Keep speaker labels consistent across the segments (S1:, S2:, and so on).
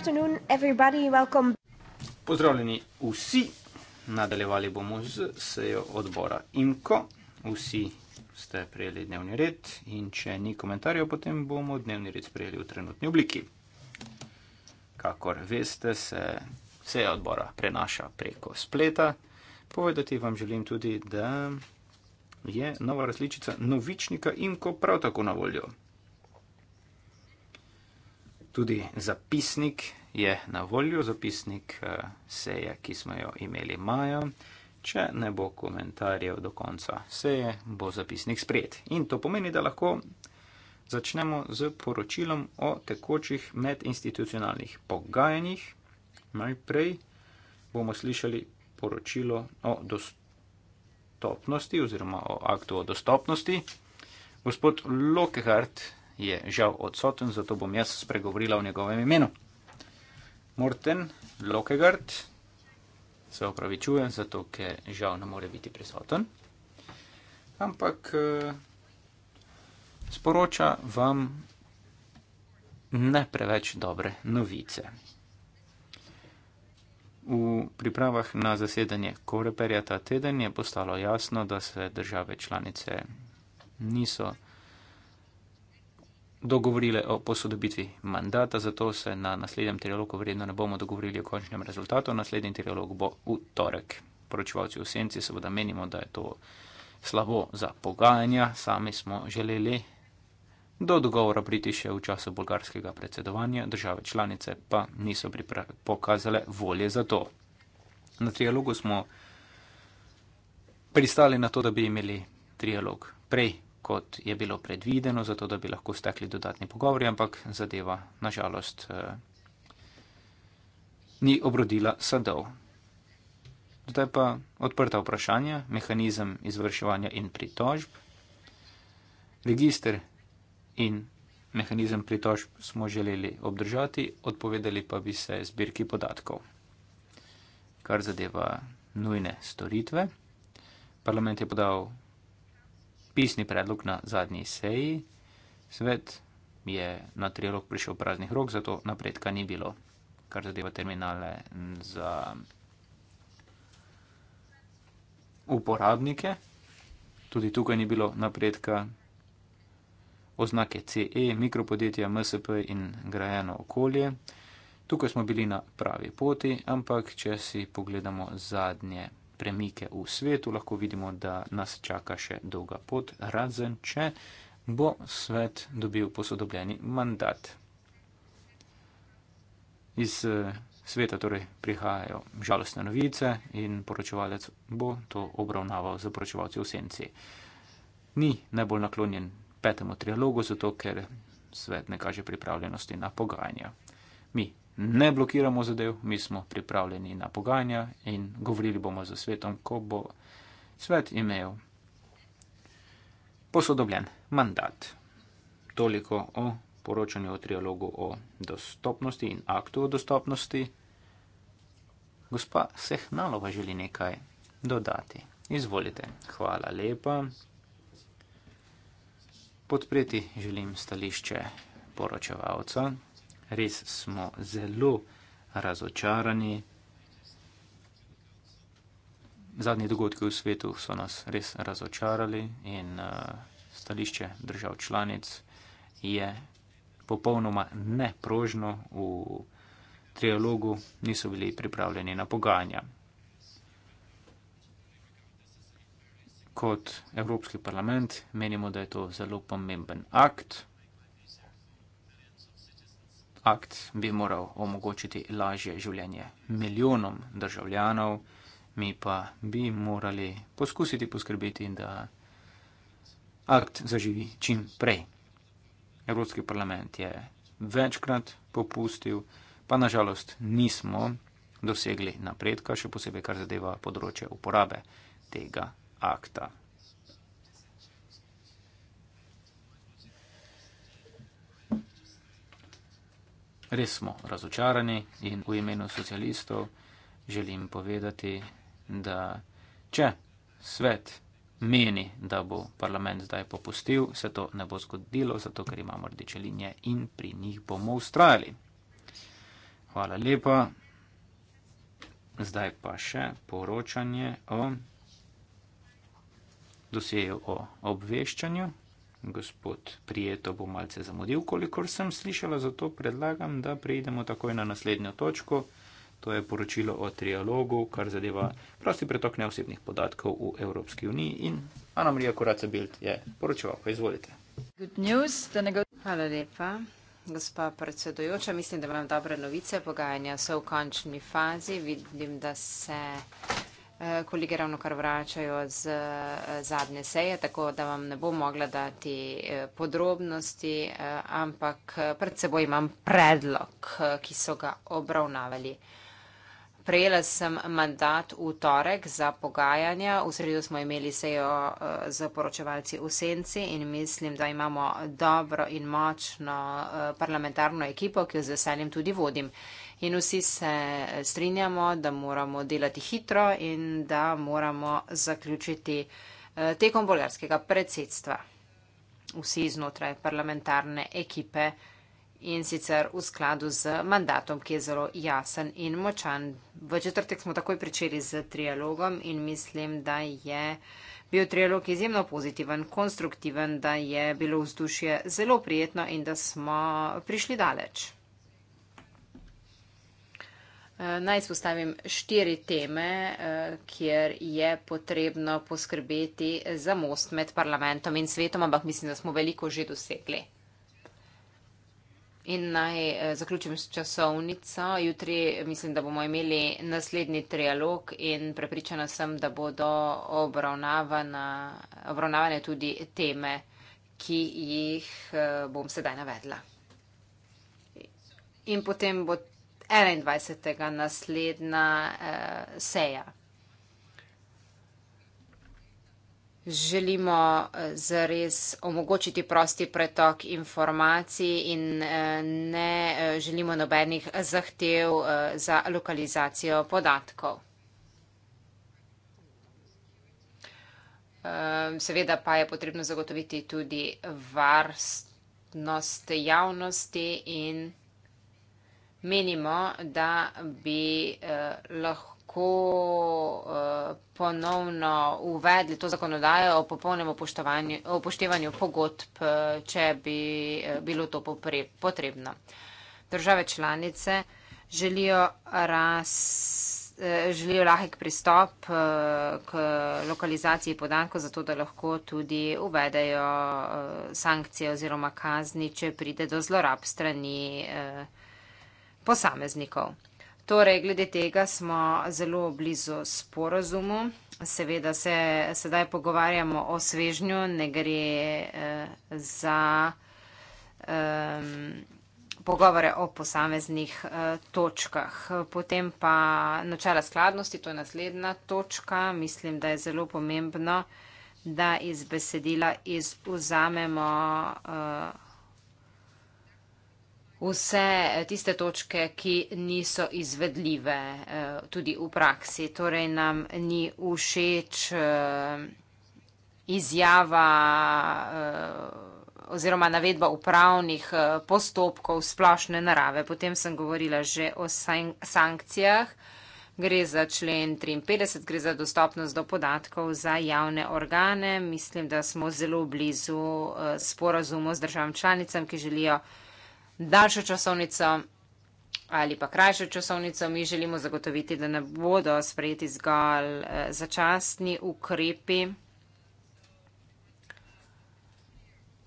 S1: afternoon, everybody, welcome.
S2: Pozdravljeni vsi, nadaljevali bomo z sejo odbora IMKO. Vsi ste prejeli dnevni red in če ni komentarjev, potem bomo dnevni red sprejeli v trenutni obliki. Kakor veste, se seja odbora prenaša preko spleta. Povedati vam želim tudi, da je nova različica novičnika IMKO prav tako na voljo tudi zapisnik je na voljo, zapisnik eh, seje, ki smo jo imeli maja. Če ne bo komentarjev do konca seje, bo zapisnik sprejet. In to pomeni, da lahko začnemo z poročilom o tekočih medinstitucionalnih pogajanjih. Najprej bomo slišali poročilo o dostopnosti oziroma o aktu o dostopnosti. Gospod Lockhart je žal odsoten, zato bom jaz spregovorila v njegovem imenu. Morten Lokegard se opravičuje, zato ker žal ne more biti prisoten. Ampak eh, sporoča vam ne preveč dobre novice. V pripravah na zasedanje Koreperja ta teden je postalo jasno, da se države članice niso dogovorile o posodobitvi mandata, zato se na naslednjem trialogu vredno ne bomo dogovorili o končnem rezultatu. Naslednji trialog bo v torek. Poročevalci v senci seveda menimo, da je to slabo za pogajanja. Sami smo želeli do dogovora priti še v času bolgarskega predsedovanja, države članice pa niso pokazale volje za to. Na trialogu smo pristali na to, da bi imeli trialog prej kot je bilo predvideno, zato da bi lahko stekli dodatni pogovori, ampak zadeva nažalost eh, ni obrodila sadov. Zdaj pa odprta vprašanja, mehanizem izvrševanja in pritožb. Register in mehanizem pritožb smo želeli obdržati, odpovedali pa bi se zbirki podatkov, kar zadeva nujne storitve. Parlament je podal pisni predlog na zadnji seji. Svet je na trilog prišel praznih rok, zato napredka ni bilo, kar zadeva terminale za uporabnike. Tudi tukaj ni bilo napredka. Oznake CE, mikropodjetja, MSP in grajeno okolje. Tukaj smo bili na pravi poti, ampak če si pogledamo zadnje premike v svetu, lahko vidimo, da nas čaka še dolga pot, razen če bo svet dobil posodobljeni mandat. Iz eh, sveta torej prihajajo žalostne novice in poročevalec bo to obravnaval za poročevalce v senci. Ni najbolj naklonjen petemu trialogu, zato ker svet ne kaže pripravljenosti na pogajanja. Mi ne blokiramo zadev, mi smo pripravljeni na pogajanja in govorili bomo z svetom, ko bo svet imel posodobljen mandat. Toliko o poročanju o trialogu o dostopnosti in aktu o dostopnosti. Gospa Sehnalova želi nekaj dodati. Izvolite. Hvala lepa. Podpreti želim stališče poročevalca res smo zelo razočarani. Zadnji dogodki v svetu so nas res razočarali in eh, stališče držav članic je popolnoma neprožno v trialogu, niso bili pripravljeni na pogajanja. Kot Evropski parlament menimo, da je to zelo pomemben akt akt bi moral omogočiti lažje življenje milijonom državljanov, mi pa bi morali poskusiti poskrbeti, da akt zaživi čim prej. Evropski parlament je večkrat popustil, pa nažalost nismo dosegli napredka, še posebej kar zadeva področje uporabe tega akta. res smo razočarani in v imenu socialistov želim povedati, da če svet meni, da bo parlament zdaj popustil, se to ne bo zgodilo, zato ker imamo rdeče linije in pri njih bomo ustrajali. Hvala lepa. Zdaj pa še poročanje o dosjeju o obveščanju gospod Prijeto bo malce zamudil, kolikor sem slišala, zato predlagam, da preidemo takoj na naslednjo točko. To je poročilo o trialogu, kar zadeva prosti pretok neosebnih podatkov v Evropski uniji in Ana Marija Koraca Bild je poročila, pa izvolite.
S3: News, nego... Hvala lepa, gospa predsedojoča. Mislim, da imam dobre novice. Pogajanja so v končni fazi. Vidim, da se kolege ravno kar vračajo z eh, zadnje seje, tako da vam ne bom mogla dati eh, podrobnosti, eh, ampak pred seboj imam predlog, ki so ga obravnavali. Prejela sem mandat v torek za pogajanja. V sredo smo imeli sejo z poročevalci v Senci in mislim, da imamo dobro in močno parlamentarno ekipo, ki jo z veseljem tudi vodim in vsi se eh, strinjamo, da moramo delati hitro in da moramo zaključiti eh, tekom bolgarskega predsedstva. Vsi znotraj parlamentarne ekipe in sicer v skladu z mandatom, ki je zelo jasen in močan. V četrtek smo takoj pričeli z trialogom in mislim, da je bil trialog izjemno pozitiven, konstruktiven, da je bilo vzdušje zelo prijetno in da smo prišli daleč. Eh, naj spostavim štiri teme, eh, kjer je potrebno poskrbeti za most med parlamentom in svetom, ampak mislim, da smo veliko že dosegli. In naj eh, zaključim s časovnico. Jutri mislim, da bomo imeli naslednji trialog in prepričana sem, da bodo obravnavane tudi teme, ki jih bom sedaj navedla. In potem bo 21. naslednja uh, seja. Želimo eh, zares omogočiti prosti pretok informacij in eh, ne želimo nobenih zahtev za lokalizacijo podatkov. Seveda pa je potrebno zagotoviti tudi varnost javnosti in. Menimo, da bi eh, lahko eh, ponovno uvedli to zakonodajo o popolnem upoštevanju pogodb, eh, če bi eh, bilo to popre, potrebno. Države članice želijo, eh, želijo lahek pristop eh, k lokalizaciji podankov, zato da lahko tudi uvedajo eh, sankcije oziroma kazni, če pride do zlorab strani. Eh, posameznikov. Torej, glede tega smo zelo blizu sporazumu. Seveda se sedaj pogovarjamo o svežnju, ne gre eh, za eh, pogovore o posameznih eh, točkah. Potem pa načela skladnosti, to je naslednja točka. Mislim, da je zelo pomembno, da iz besedila izuzamemo. Eh, vse eh, tiste točke, ki niso izvedljive eh, tudi v praksi. Torej nam ni všeč eh, izjava oziroma navedba upravnih postopkov splošne narave. Potem sem govorila že o sankcijah. Gre za člen 53, gre za dostopnost do podatkov za javne organe. Mislim, da smo zelo blizu sporazumu z državam članicam, ki želijo daljšo časovnico ali pa krajšo časovnico, mi želimo zagotoviti, da ne bodo sprejeti zgolj eh, začasni ukrepi.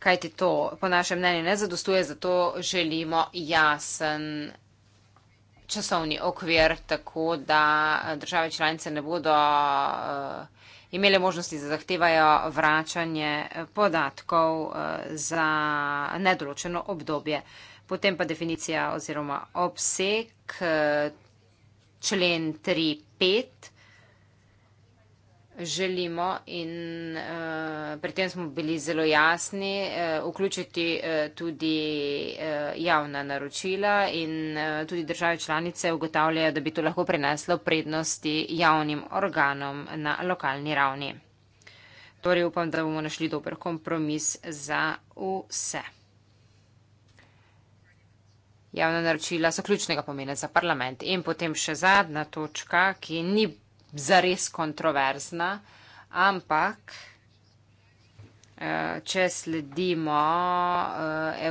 S3: Kaj ti to po našem mnenju ne zadostuje, zato želimo jasen časovni okvir, tako da eh, države članice ne bodo eh, imele možnosti za zahtevajo vračanje podatkov za nedoločeno obdobje. Potem pa definicija oziroma obseg, eh, člen 3.5. Želimo in eh, pri tem smo bili zelo jasni, eh, vključiti tudi javna naročila in tudi države članice ugotavljajo, da bi to lahko prineslo prednosti javnim organom na lokalni ravni. Torej upam, da bomo našli dober kompromis za vse. Javna naročila so ključnega pomena za parlament. In potem še zadnja točka, ki ni zares kontroverzna, ampak eh, če sledimo eh,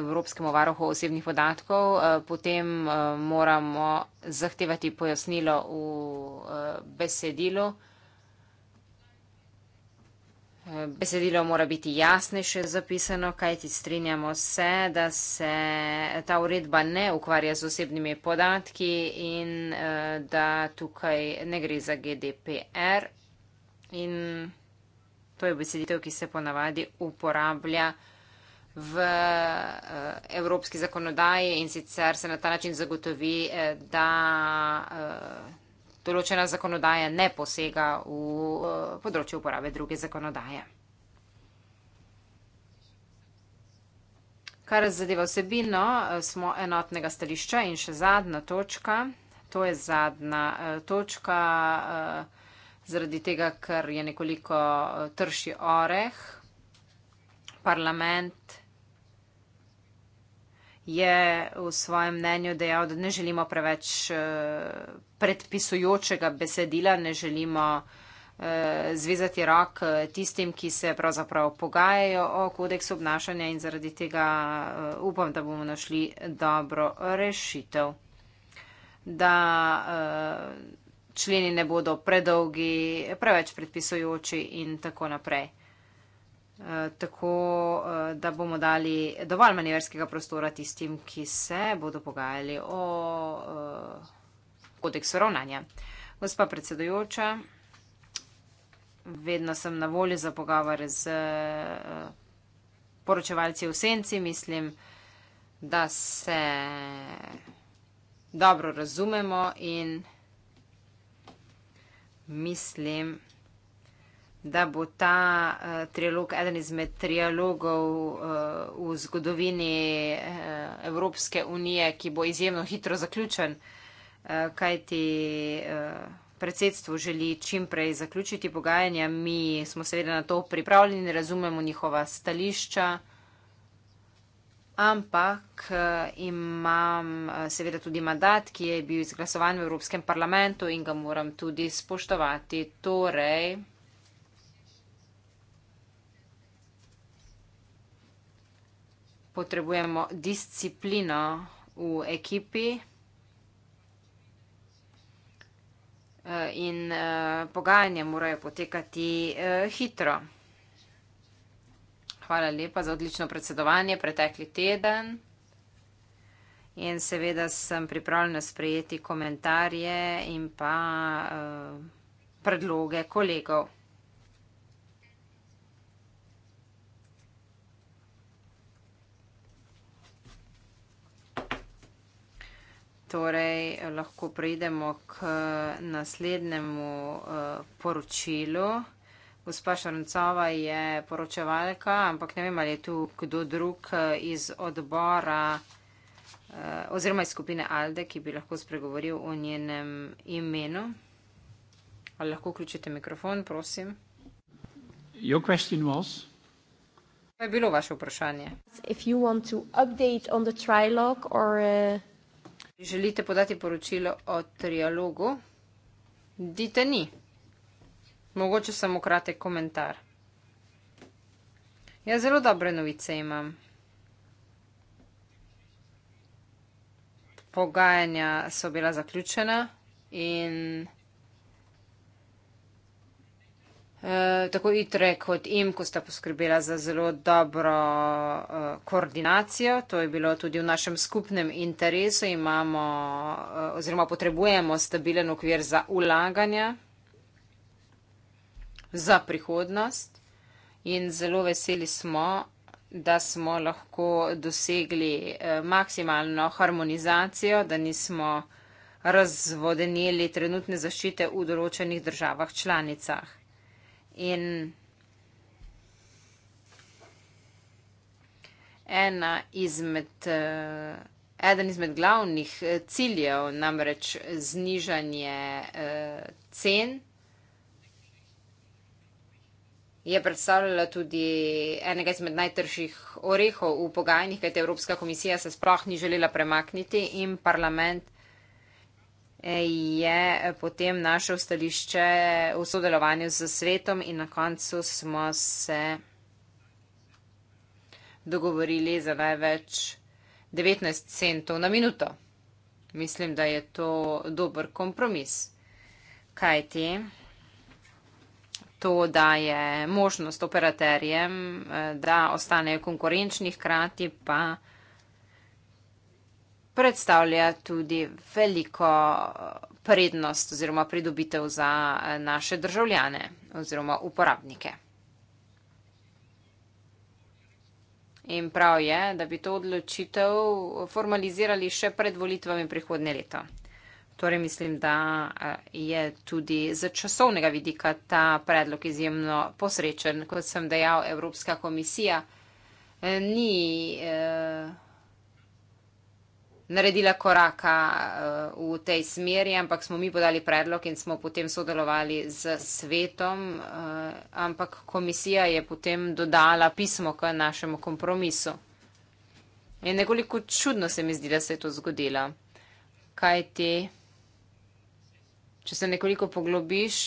S3: Evropskemu varohu osebnih podatkov, eh, potem moramo zahtevati pojasnilo v besedilu. Besedilo mora biti jasnejše zapisano, kaj ti strinjamo se, da se ta uredba ne ukvarja z osebnimi podatki in eh, da tukaj ne gre za GDPR. In to je besedilo, ki se ponavadi uporablja v eh, evropski zakonodaji in sicer se na ta način zagotovi, eh, da določena zakonodaja ne posega v eh, področje uporabe druge zakonodaje. Kar zadeva vsebino, eh, smo enotnega stališča in še zadnja točka. To je zadnja eh, točka zaradi tega, ker je nekoliko trši oreh. Parlament je v svojem mnenju dejal, da ne želimo preveč eh, predpisujočega besedila, ne želimo eh, zvezati rok eh, tistim, ki se pravzaprav pogajajo o kodeksu obnašanja in zaradi tega upam, da bomo našli dobro rešitev. Da členi ne bodo predolgi, preveč predpisujoči in tako naprej. Eh, tako eh, da bomo dali dovolj manjverskega prostora tistim, ki se bodo pogajali o eh, kodeksu ravnanja. Gospa predsedujoča, vedno sem na voljo za pogovore z poročevalci v senci, mislim, da se dobro razumemo in mislim, da bo ta uh, trilog eden izmed trilogov uh, eh, v zgodovini uh, Evropske unije, ki bo izjemno hitro zaključen, uh, kajti uh, predsedstvo želi čimprej zaključiti pogajanja. Mi smo seveda na to pripravljeni, razumemo njihova stališča. Ampak imam seveda tudi mandat, ki je bil izglasovan v Evropskem parlamentu in ga moram tudi spoštovati. Torej, potrebujemo disciplino v ekipi. Eh, in eh, pogajanja morajo potekati eh, hitro. Hvala lepa za odlično predsedovanje pretekli teden. In seveda sem pripravljena sprejeti komentarje in pa predloge kolegov. torej lahko preidemo k naslednjemu uh, poročilu. Gospa Šarncova je poročevalka, ampak ne vem, ali je tu kdo drug eh, iz odbora uh, oziroma iz skupine Alde, ki bi lahko spregovoril o njenem imenu. Ali lahko vključite mikrofon, prosim? Kaj je bilo vaše vprašanje? Trilog, or, uh, Želite podati poročilo o trialogu? Dite ni. Mogoče samo kratek komentar. Ja, zelo dobre novice imam. Pogajanja so bila zaključena in... Eh, tako ITRE kot IMKO sta poskrbela za zelo dobro eh, koordinacijo. To je bilo tudi v našem skupnem interesu. Imamo eh, oziroma potrebujemo stabilen okvir za ulaganja, za prihodnost in zelo veseli smo da smo lahko dosegli maksimalno harmonizacijo, da nismo razvodenili trenutne zaščite v določenih državah članicah in ena izmed, eh, eden izmed glavnih eh, ciljev, namreč znižanje eh, cen. Je predstavljala tudi enega izmed najtržjih orehov v pogajanjih, kajte Evropska komisija se sploh ni želela premakniti in parlament je eh, potem našel stališče v sodelovanju z svetom in na koncu smo se dogovorili za največ 19 centov na minuto. Mislim, da je to dober kompromis. Kaj ti? To daje možnost operaterjem, eh, da ostanejo konkurenčni, hkrati pa predstavlja tudi veliko prednost oziroma pridobitev za eh, naše državljane oziroma uporabnike. In prav je, da bi to odločitev formalizirali še pred volitvami prihodnje leto. Torej mislim, da eh, je tudi z časovnega vidika ta predlog izjemno posrečen. Kot sem dejal, Evropska komisija eh, ni. Eh, naredila koraka eh, v tej smeri, ampak smo mi podali predlog in smo potem sodelovali z svetom, eh, ampak komisija je potem dodala pismo k našemu kompromisu. In nekoliko čudno se mi zdi, da se je to zgodilo. Kaj ti, če se nekoliko poglobiš,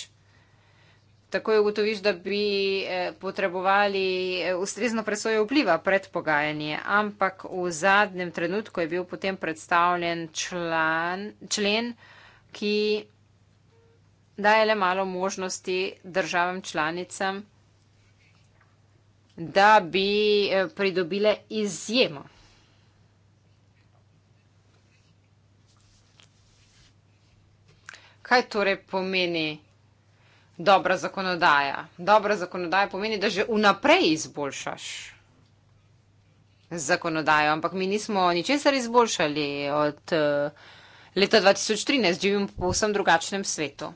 S3: takoj ugotoviš, da bi eh, potrebovali eh, ustrezno presojo vpliva pred pogajanje, ampak v zadnjem trenutku je bil potem predstavljen član, člen, ki daje le malo možnosti državam članicam, da bi eh, pridobile izjemo. Kaj torej pomeni? dobra zakonodaja. Dobra zakonodaja pomeni, da že vnaprej izboljšaš zakonodajo, ampak mi nismo ničesar izboljšali od eh, leta 2013, živimo v povsem drugačnem svetu.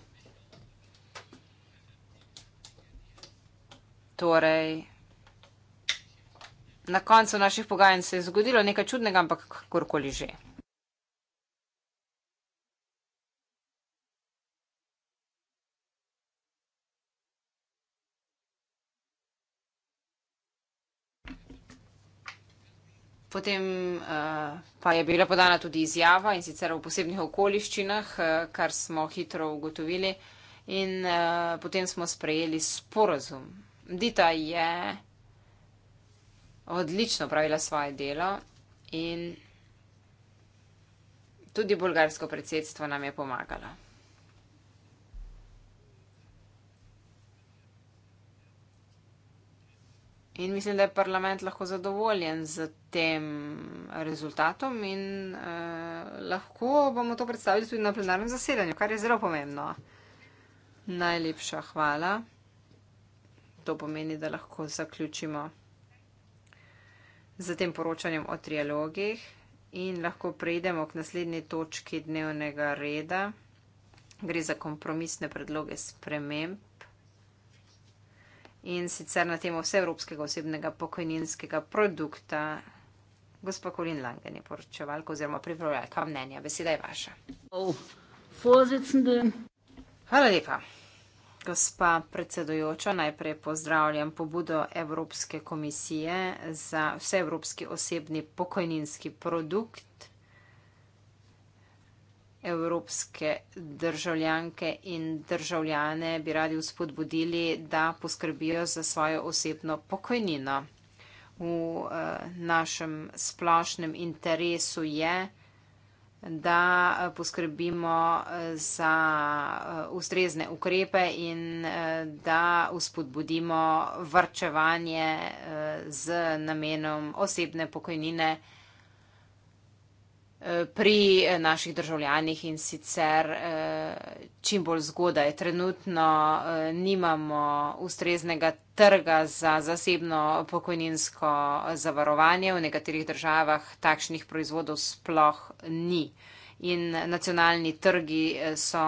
S3: Torej, na koncu naših pogajanj se je zgodilo nekaj čudnega, ampak kakorkoli že. Potem uh, pa je bila podana tudi izjava in sicer v posebnih okoliščinah, uh, kar smo hitro ugotovili in uh, potem smo sprejeli sporozum. Dita je odlično pravila svoje delo in tudi bolgarsko predsedstvo nam je pomagalo. In mislim, da je parlament lahko zadovoljen z tem rezultatom in uh, lahko bomo to predstavili tudi na plenarnem zasedanju, kar je zelo pomembno. Najlepša hvala. To pomeni, da lahko zaključimo z tem poročanjem o trialogih in lahko prejdemo k naslednji točki dnevnega reda. Gre za kompromisne predloge sprememb in sicer na temo vseevropskega osebnega pokojninskega produkta. Gospod Kolin Langen je poročevalka oziroma pripravljalka mnenja. Beseda je vaša. Oh, Hvala lepa. Gospa predsedujoča, najprej pozdravljam pobudo Evropske komisije za vseevropski osebni pokojninski produkt evropske državljanke in državljane bi radi vzpodbudili, da poskrbijo za svojo osebno pokojnino. V eh, našem splošnem interesu je, da eh, poskrbimo eh, za ustrezne ukrepe in da vzpodbudimo vrčevanje z namenom osebne pokojnine pri eh, naših državljanih in sicer eh, čim bolj zgodaj. Trenutno eh, nimamo ustreznega trga za zasebno pokojninsko zavarovanje, v nekaterih državah takšnih proizvodov sploh ni in nacionalni trgi so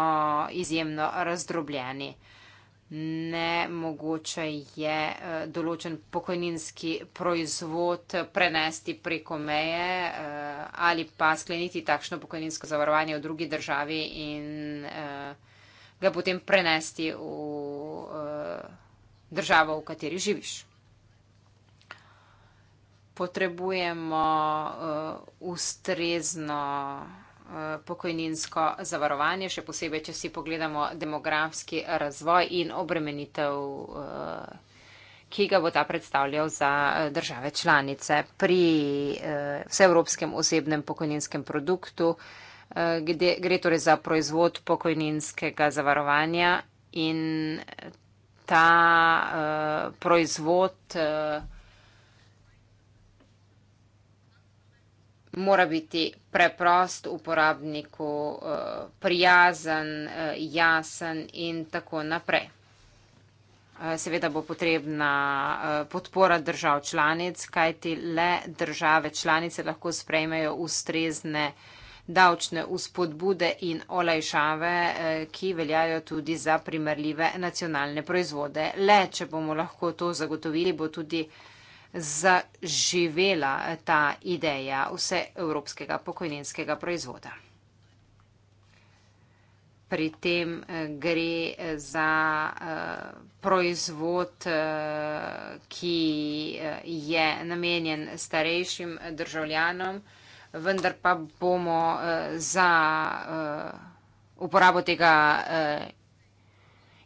S3: izjemno razdrobljeni ne mogoče je eh, določen pokojninski proizvod prenesti preko meje eh, ali pa skleniti takšno pokojninsko zavarovanje v drugi državi in eh, ga potem prenesti v državo, v kateri živiš. Potrebujemo ustrezno Eh, pokojninsko zavarovanje, še posebej, če si pogledamo demografski razvoj in obremenitev, eh, ki ga bo ta predstavljal za eh, države članice pri vseevropskem osebnem pokojninskem produktu. Gde, gre torej za proizvod pokojninskega zavarovanja in ta uh, proizvod uh, mora biti preprost, uporabniku eh, prijazen, eh, jasen in tako naprej. Eh, seveda bo potrebna podpora držav članic, kajti le države članice lahko sprejmejo ustrezne davčne uspodbude in olajšave, ki veljajo tudi za primerljive nacionalne proizvode. Le, če bomo lahko to zagotovili, bo tudi zaživela ta ideja vseevropskega pokojninskega proizvoda. Pri tem eh, gre eh, za eh, proizvod, ki je namenjen starejšim državljanom, vendar pa bomo za uporabo tega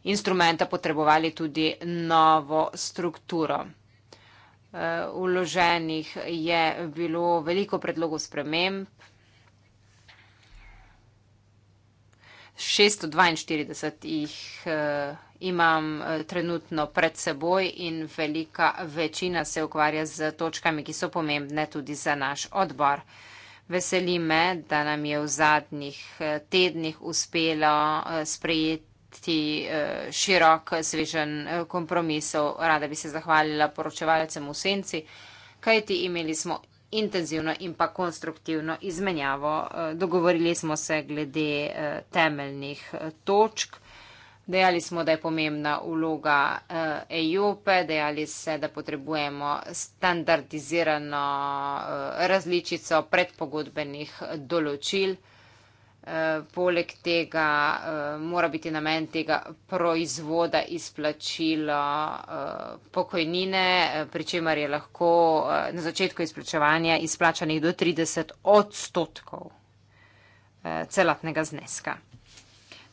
S3: instrumenta potrebovali tudi novo strukturo. Eh, vloženih je bilo veliko predlogov sprememb. 642 jih eh, imam eh, trenutno pred seboj in velika večina se ukvarja z točkami, ki so pomembne tudi za naš odbor. Veseli me, da nam je v zadnjih tednih uspelo sprejeti ti eh, širok svežen eh, kompromisov. Rada bi se zahvalila poročevalcem v senci, kajti imeli smo intenzivno in pa konstruktivno izmenjavo. Eh, dogovorili smo se glede eh, temeljnih eh, točk. Dejali smo, da je pomembna vloga eh, EUP-e, dejali se, da potrebujemo standardizirano eh, različico predpogodbenih določil. Eh, Eh, poleg tega uh, mora biti namen tega proizvoda izplačilo uh, pokojnine, pri čemer je lahko uh, na začetku izplačevanja izplačanih do 30 odstotkov uh, celotnega zneska.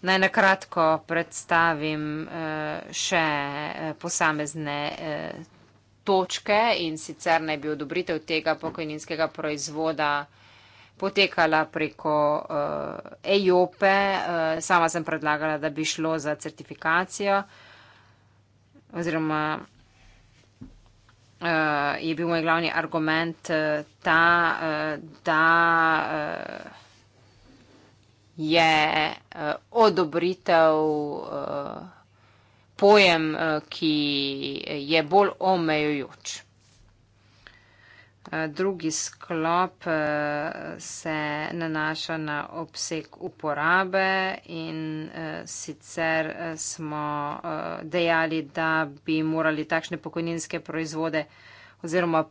S3: Naj na kratko predstavim uh, še posamezne. Uh, Točke in sicer naj bi odobritev tega pokojninskega proizvoda uh, potekala preko uh, eh, EIOPE, uh, eh, sama sem predlagala, da bi šlo za certifikacijo, oziroma uh, je bil moj glavni argument uh, ta, uh, da uh, je uh, odobritev. Uh, pojem, ki je bolj omejujoč. Eh, drugi sklop eh, se nanaša na obseg uporabe in eh, sicer smo dejali, da bi morali takšne pokojninske proizvode oziroma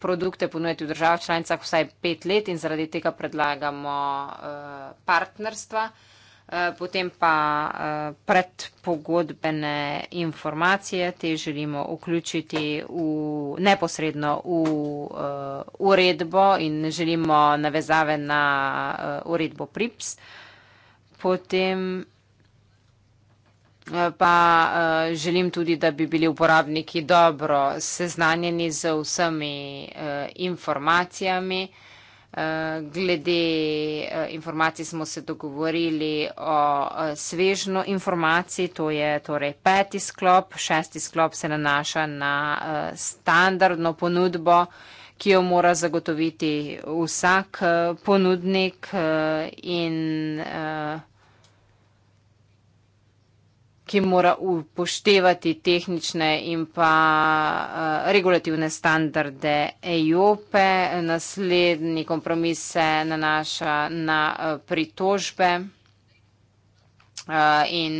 S3: produkte ponujati v državah članicah vsaj pet let in zaradi tega predlagamo partnerstva. Eh, potem pa eh, predpogodbene informacije, te želimo vključiti v, neposredno v eh, uredbo in želimo navezave na uredbo PRIPS. Potem pa želim tudi, da bi bili uporabniki dobro seznanjeni z vsemi informacijami in Eh, glede eh, informacij smo se dogovorili o eh, svežno informaciji, to je torej peti sklop, šesti sklop se nanaša na standardno ponudbo, ki jo mora zagotoviti vsak ponudnik in ki mora upoštevati tehnične in pa eh, regulativne standarde EIOPE. E. Naslednji kompromis se nanaša na eh, pritožbe eh, in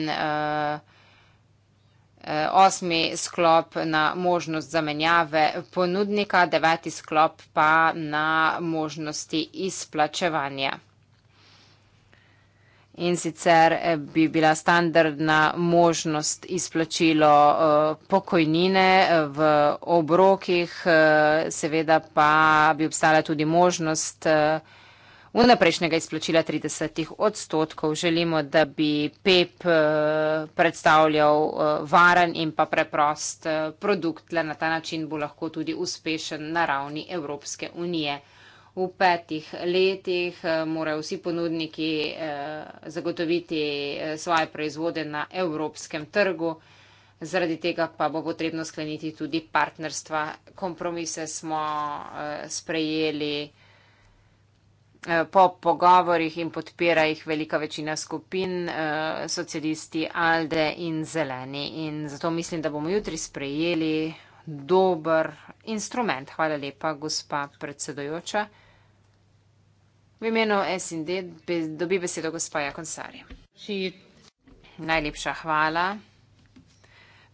S3: osmi sklop na možnost zamenjave ponudnika, deveti sklop pa na možnosti izplačevanja. In sicer eh, bi bila standardna možnost izplačilo eh, pokojnine eh, v obrokih, seveda pa bi obstala tudi možnost vnaprejšnjega izplačila 30 odstotkov. Želimo, da bi PEP predstavljal varen in pa preprost produkt, le na ta način bo lahko tudi uspešen na ravni Evropske unije v petih letih eh, morajo vsi ponudniki eh, zagotoviti eh, svoje proizvode na evropskem trgu. Zaradi tega pa bo potrebno skleniti tudi partnerstva. Kompromise smo sprejeli po pogovorjih in podpira jih velika večina skupin, socialisti, Alde in Zeleni. In zato mislim, da bomo jutri sprejeli dober instrument. Hvala lepa, gospa predsedojoča. V imenu SND dobi besedo gospoja Konsari. Najlepša hvala.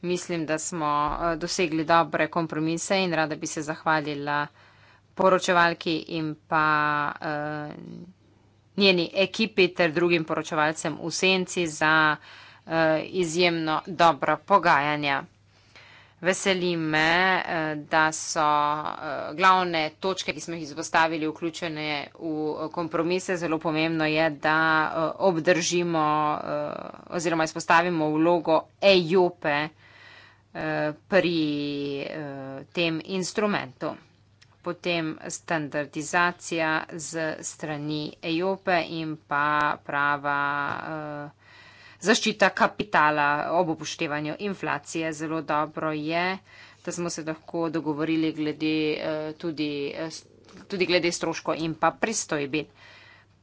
S3: Mislim, da smo eh, dosegli dobre kompromise in rada bi se zahvalila poročevalki in pa uh, njeni ekipi ter drugim poročevalcem v senci za uh, izjemno dobra pogajanja. Veseli me, eh, da so eh, glavne točke, ki smo jih izpostavili, vključene v kompromise. Zelo pomembno je, da eh, obdržimo oziroma izpostavimo vlogo EJOPE pri tem instrumentu. Potem standardizacija z strani EJOPE in pa prava zaščita kapitala ob upoštevanju inflacije. Zelo dobro je, da smo se lahko dogovorili glede, eh, tudi, eh, tudi glede stroško in pa pristojbi.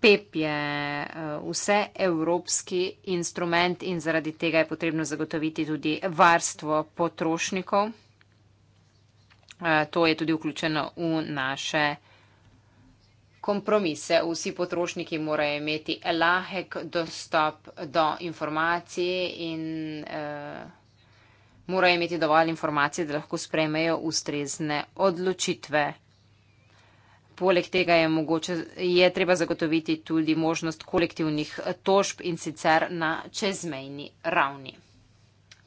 S3: PEP je eh, vse evropski instrument in zaradi tega je potrebno zagotoviti tudi varstvo potrošnikov. To je tudi vključeno v naše kompromise. Vsi potrošniki morajo imeti lahek dostop do informacij in uh, morajo imeti dovolj informacij, da lahko sprejmejo ustrezne odločitve. Poleg tega je, mogoče, je treba zagotoviti tudi možnost kolektivnih tožb in sicer na čezmejni ravni.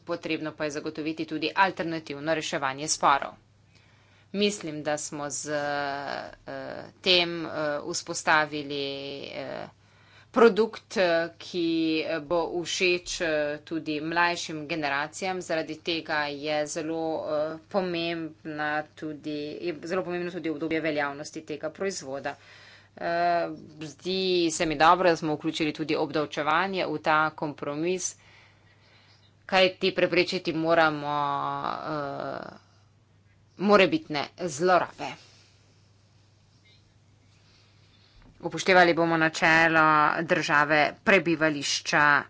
S3: Potrebno pa je zagotoviti tudi alternativno reševanje sporov mislim, da smo z uh, tem uh, vzpostavili uh, produkt, ki bo všeč uh, tudi mlajšim generacijam. Zaradi tega je zelo, uh, tudi, je zelo pomembno tudi obdobje veljavnosti tega proizvoda. Uh, zdi se mi dobro, da smo vključili tudi obdavčevanje v ta kompromis. Kaj ti preprečiti moramo? Uh, morebitne zlorabe. Upoštevali bomo načelo države prebivališča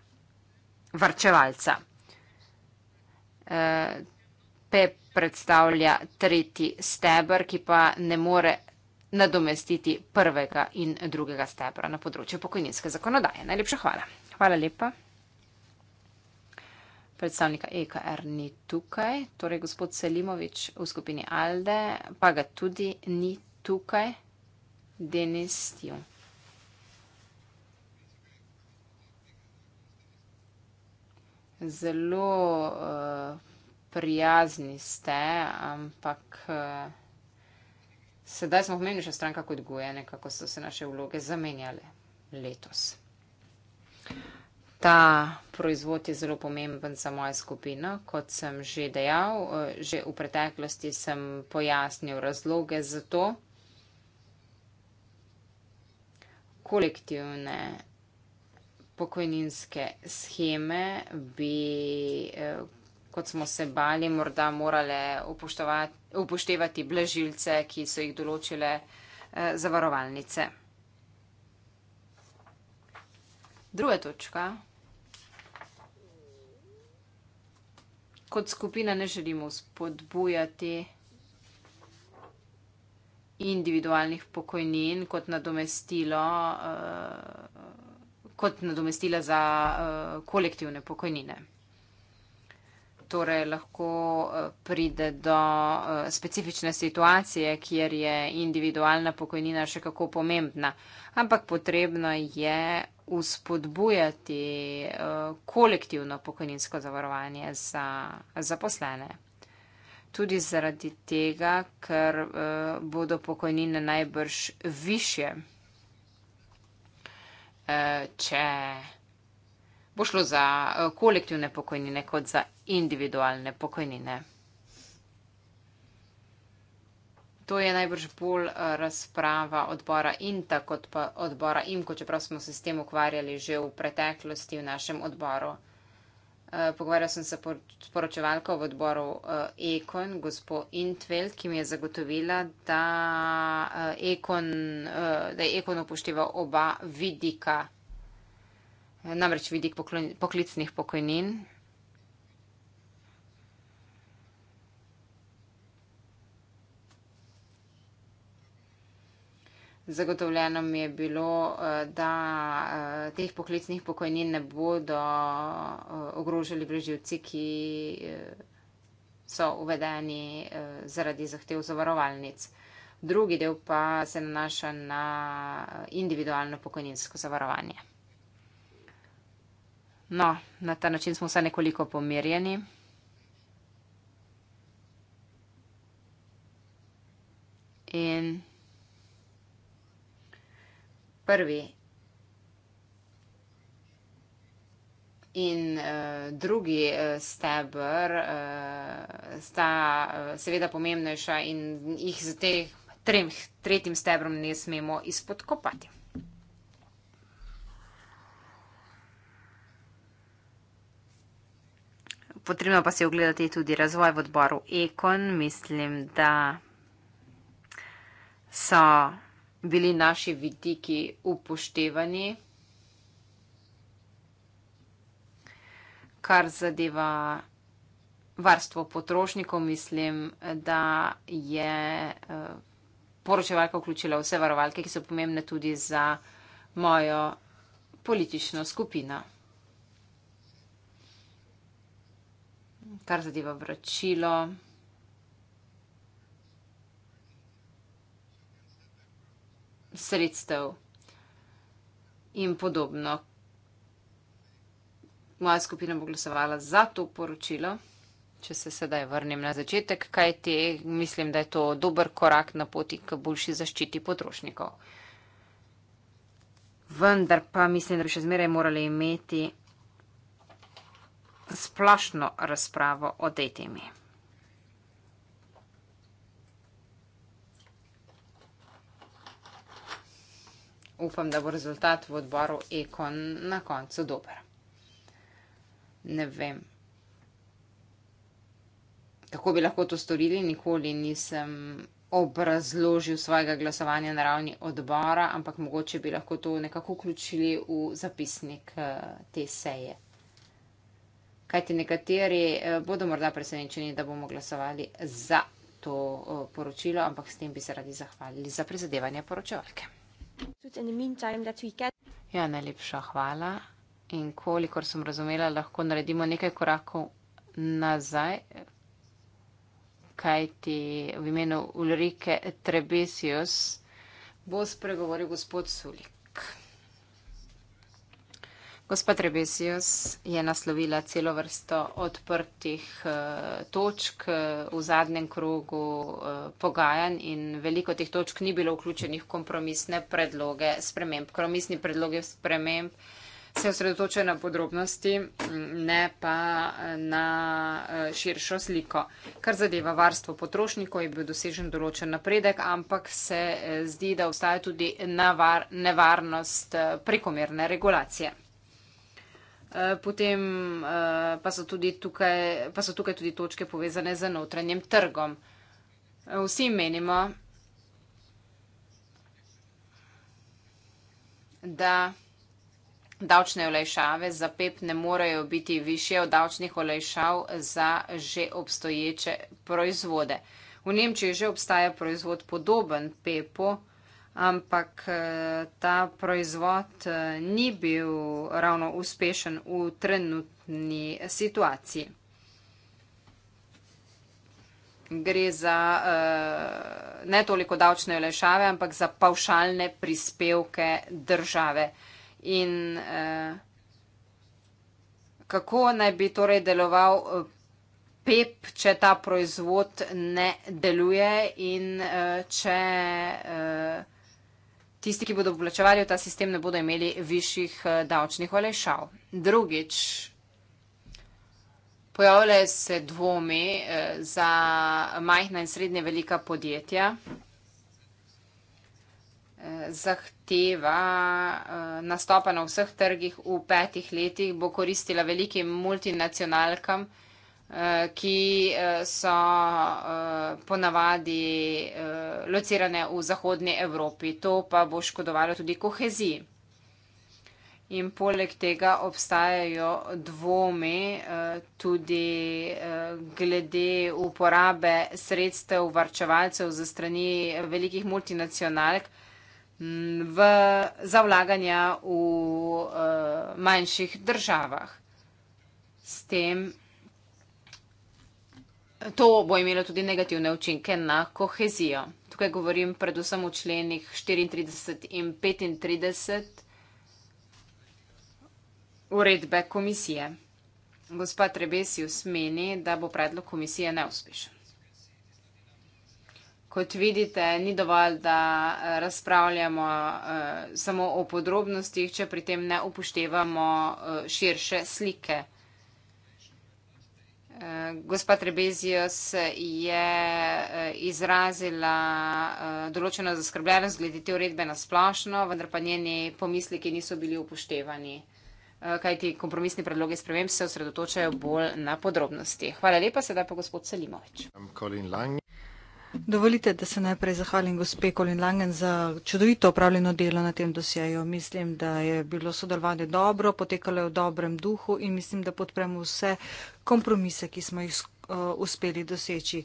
S3: varčevalca. PE predstavlja tretji stebr, ki pa ne more nadomestiti prvega in drugega stebra na področju pokojninske zakonodaje. Najlepša hvala. Hvala lepa predstavnika EKR ni tukaj, torej gospod Selimovič v skupini Alde, pa ga tudi ni tukaj, Denis Tiju. Zelo uh, prijazni ste, ampak uh, sedaj smo v meni še stranka kot guje, nekako so se naše vloge zamenjale letos ta proizvod je zelo pomemben za mojo skupino. Kot sem že dejal, eh, že v preteklosti sem pojasnil razloge za to. Kolektivne pokojninske scheme bi, eh, kot smo se bali, morda morale upoštevati blažilce, ki so jih določile eh, zavarovalnice. Druga točka. kot skupina ne želimo spodbujati individualnih pokojnin kot nadomestilo, uh, kot nadomestila za uh, kolektivne pokojnine. Torej lahko eh, pride do specifične situacije, kjer je individualna pokojnina še kako pomembna, ampak potrebno je vzpodbujati eh, kolektivno pokojninsko zavarovanje za zaposlene. Tudi zaradi tega, ker eh, bodo pokojnine najbrž više, eh, če bo šlo za kolektivne pokojnine kot za individualne pokojnine. To je najbrž bolj eh, razprava odbora INTA kot pa odbora IMKO, čeprav smo se s tem ukvarjali že v preteklosti v našem odboru. Eh, pogovarjal sem se s poročevalko v odboru eh, EKON, gospo Intveld, ki mi je zagotovila, da, Econ, da je EKON upošteval oba vidika, namreč vidik poklicnih pokojnin. Zagotovljeno mi je bilo, eh, da eh, teh poklicnih pokojnin ne bodo eh, ogrožali preživci, ki so uvedeni zaradi zahtev zavarovalnic. Drugi del pa se nanaša na individualno pokojninsko zavarovanje. No, na ta način smo vse nekoliko pomirjeni. In prvi in uh, drugi eh, steber uh, sta uh, seveda pomembnejša in jih z tem tretjim stebrom ne smemo izpodkopati. Potrebno pa si ogledati tudi razvoj v odboru Ekon. Mislim, da so bili naši vidiki upoštevani, kar zadeva varstvo potrošnikov, mislim, da je eh, poročevalka vključila vse varovalke, ki so pomembne tudi za mojo politično skupino. Kar zadeva vračilo. sredstev in podobno. Moja skupina bo glasovala za to poročilo. Če se sedaj vrnem na začetek, kaj ti mislim, da je to dober korak na poti k boljši zaščiti potrošnikov. Vendar pa mislim, da bi še zmeraj morali imeti splošno razpravo o tej temi. upam, da bo rezultat v odboru Ekon na koncu dober. Ne vem, kako bi lahko to storili, nikoli nisem obrazložil svojega glasovanja na ravni odbora, ampak mogoče bi lahko to nekako vključili v zapisnik eh, te seje. Kajti nekateri eh, bodo morda presenečeni, da bomo glasovali za to eh, poročilo, ampak s tem bi se radi zahvalili za prizadevanje poročevalke. Ja, najlepša hvala. In kolikor sem razumela, lahko naredimo nekaj korakov nazaj, kaj ti v imenu Ulrike Trebesius bo spregovoril gospod Sulik. Gospa Trebesijos je naslovila celo vrsto odprtih eh, točk eh, v zadnjem krogu eh, pogajanj in veliko teh točk ni bilo vključenih v kompromisne predloge sprememb. Kompromisni predloge sprememb se osredotočajo na podrobnosti, mm, ne pa na širšo sliko. Kar zadeva varstvo potrošnikov, je bil dosežen določen napredek, ampak se zdi, da obstaja tudi nevarnost prekomerne regulacije. Eh, potem eh, pa so, tukaj, pa so tukaj tudi točke povezane z notranjem trgom. Eh, vsi menimo, da davčne olejšave za PEP ne morejo biti više od davčnih olejšav za že obstoječe proizvode. V Nemčiji že obstaja proizvod podoben PEP-u ampak eh, ta proizvod eh, ni bil ravno uspešen v trenutni situaciji. Gre za eh, ne toliko davčne olešave, ampak za pavšalne prispevke države. In kako naj bi torej deloval PEP, če ta proizvod ne deluje in če proizvod tisti, ki bodo vplačevali v ta sistem, ne bodo imeli višjih eh, davčnih olejšav. Drugič, pojavljajo se dvomi eh, za majhna in srednje velika podjetja. Eh, zahteva nastopa na vseh trgih v petih letih bo koristila velikim multinacionalkam. Eh, ki eh, so eh, ponavadi locirane v Zahodnji Evropi. To pa bo škodovalo tudi koheziji. In poleg tega obstajajo dvomi tudi glede uporabe sredstev varčevalcev za strani velikih multinacionalk v zavlaganja v manjših državah. S tem To bo imelo tudi negativne učinke na kohezijo. Tukaj govorim predvsem o členih 34 in 35 uredbe komisije. Gospa Trebesius meni, da bo predlog komisije neuspešen. Kot vidite, ni dovolj, da eh, razpravljamo eh, samo o podrobnostih, če pri tem ne upoštevamo eh, širše slike komisije. Gospa Trebezijos je eh, izrazila eh, določeno zaskrbljenost glede te uredbe na splošno, vendar pa njeni pomisliki niso bili upoštevani, eh, kajti kompromisni predloge sprememb se osredotočajo bolj na podrobnosti. Hvala lepa, sedaj pa gospod Salimovič.
S1: Dovolite, da se najprej zahvalim gospe Kolin Langen za čudovito opravljeno delo na tem dosjeju. Mislim, da je bilo sodelovanje dobro, potekalo je v dobrem duhu in mislim, da podpremo vse kompromise, ki smo jih uh, uspeli doseči.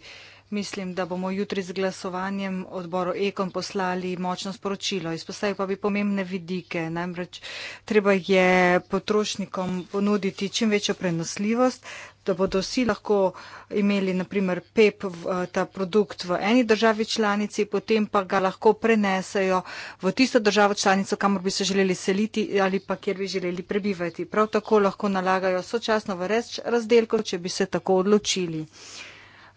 S1: Mislim, da bomo jutri z glasovanjem odboru Ekom poslali močno sporočilo. Izpostavil pa bi pomembne vidike. Namreč treba je potrošnikom ponuditi čim večjo prenosljivost, da bodo vsi lahko imeli, naprimer, PEP v, eh, ta produkt v eni državi članici, potem pa ga lahko prenesejo v tisto državo članico, kamor bi se želeli seliti ali pa kjer bi želeli prebivati. Prav tako lahko nalagajo sočasno v reč razdelkov, če bi se tako odločili.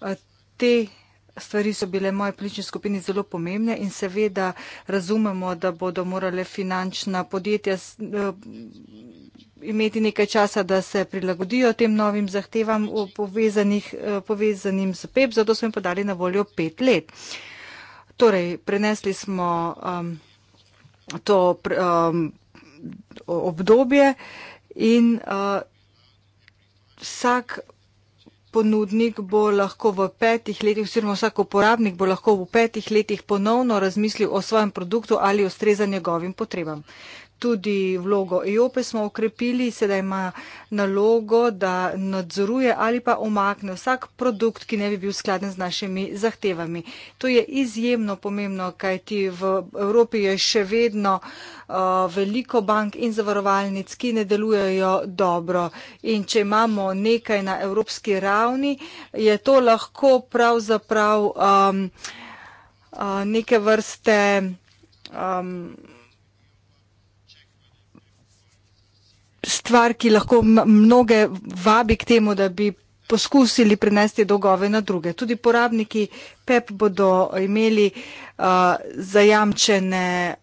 S1: Eh, te stvari so bile moje politične skupine zelo pomembne in seveda razumemo, da bodo morale finančna podjetja. Eh, imeti nekaj časa, da se prilagodijo tem novim zahtevam povezanih, eh, povezanim s PEP, e zato smo jim podali na voljo pet let. Torej, prenesli smo um, to um, obdobje in uh, vsak ponudnik bo lahko v petih letih, oziroma vsak uporabnik bo lahko v petih letih ponovno razmislil o svojem produktu ali ustreza njegovim potrebam. Tudi vlogo EOP e smo okrepili, sedaj ima nalogo, da nadzoruje ali pa omakne vsak produkt, ki ne bi bil skladen z našimi zahtevami. To je izjemno pomembno, kajti v Evropi je še vedno uh, veliko bank in zavarovalnic, ki ne delujejo dobro. In če imamo nekaj na evropski ravni, je to lahko pravzaprav um, uh, neke vrste. Um, stvar, ki lahko mnoge vabi k temu, da bi poskusili prenesti dolgove na druge. Tudi porabniki PEP bodo imeli uh, zajamčene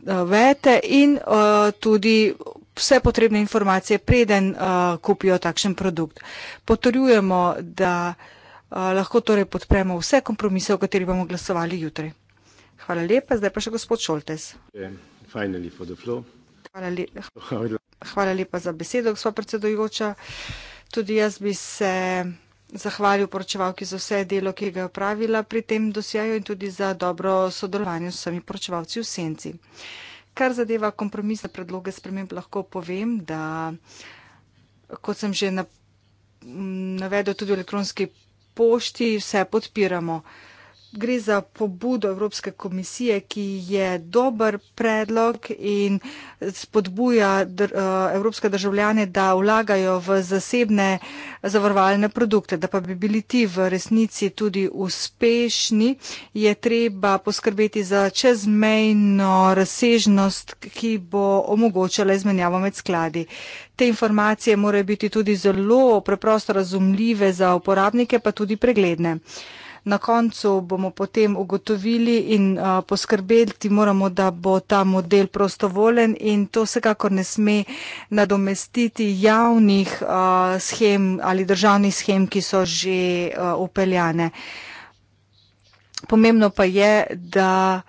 S1: navete in uh, tudi vse potrebne informacije, preden uh, kupijo takšen produkt. Potrjujemo, da uh, lahko torej podpremo vse kompromise, o katerih bomo glasovali jutri. Hvala lepa, zdaj pa še gospod Šoltes. Yeah, Hvala, le Hvala. Hvala lepa za besedo, gospod predsedujoča. Tudi jaz bi se zahvalil poročevalki za vse delo, ki ga je upravila pri tem dosjaju in tudi za dobro sodelovanje s vsemi poročevalci v senci. Kar zadeva kompromisne predloge sprememb, lahko povem, da kot sem že navedel tudi v elektronski pošti, vse podpiramo. Uh, gre za pobudo Evropske komisije, ki je dober predlog in spodbuja dr eh, evropske državljane, da vlagajo v zasebne zavarovalne produkte. Da pa bi bili ti v resnici tudi uspešni, je treba poskrbeti za čezmejno razsežnost, ki bo omogočala izmenjavo med skladi. Te informacije morajo biti tudi zelo preprosto razumljive za uporabnike, pa tudi pregledne na koncu bomo potem ugotovili in uh, poskrbeti moramo, da bo ta model prostovolen in to vsekakor ne sme nadomestiti javnih uh, schem ali državnih schem, ki so že uh, upeljane. Pomembno pa je, da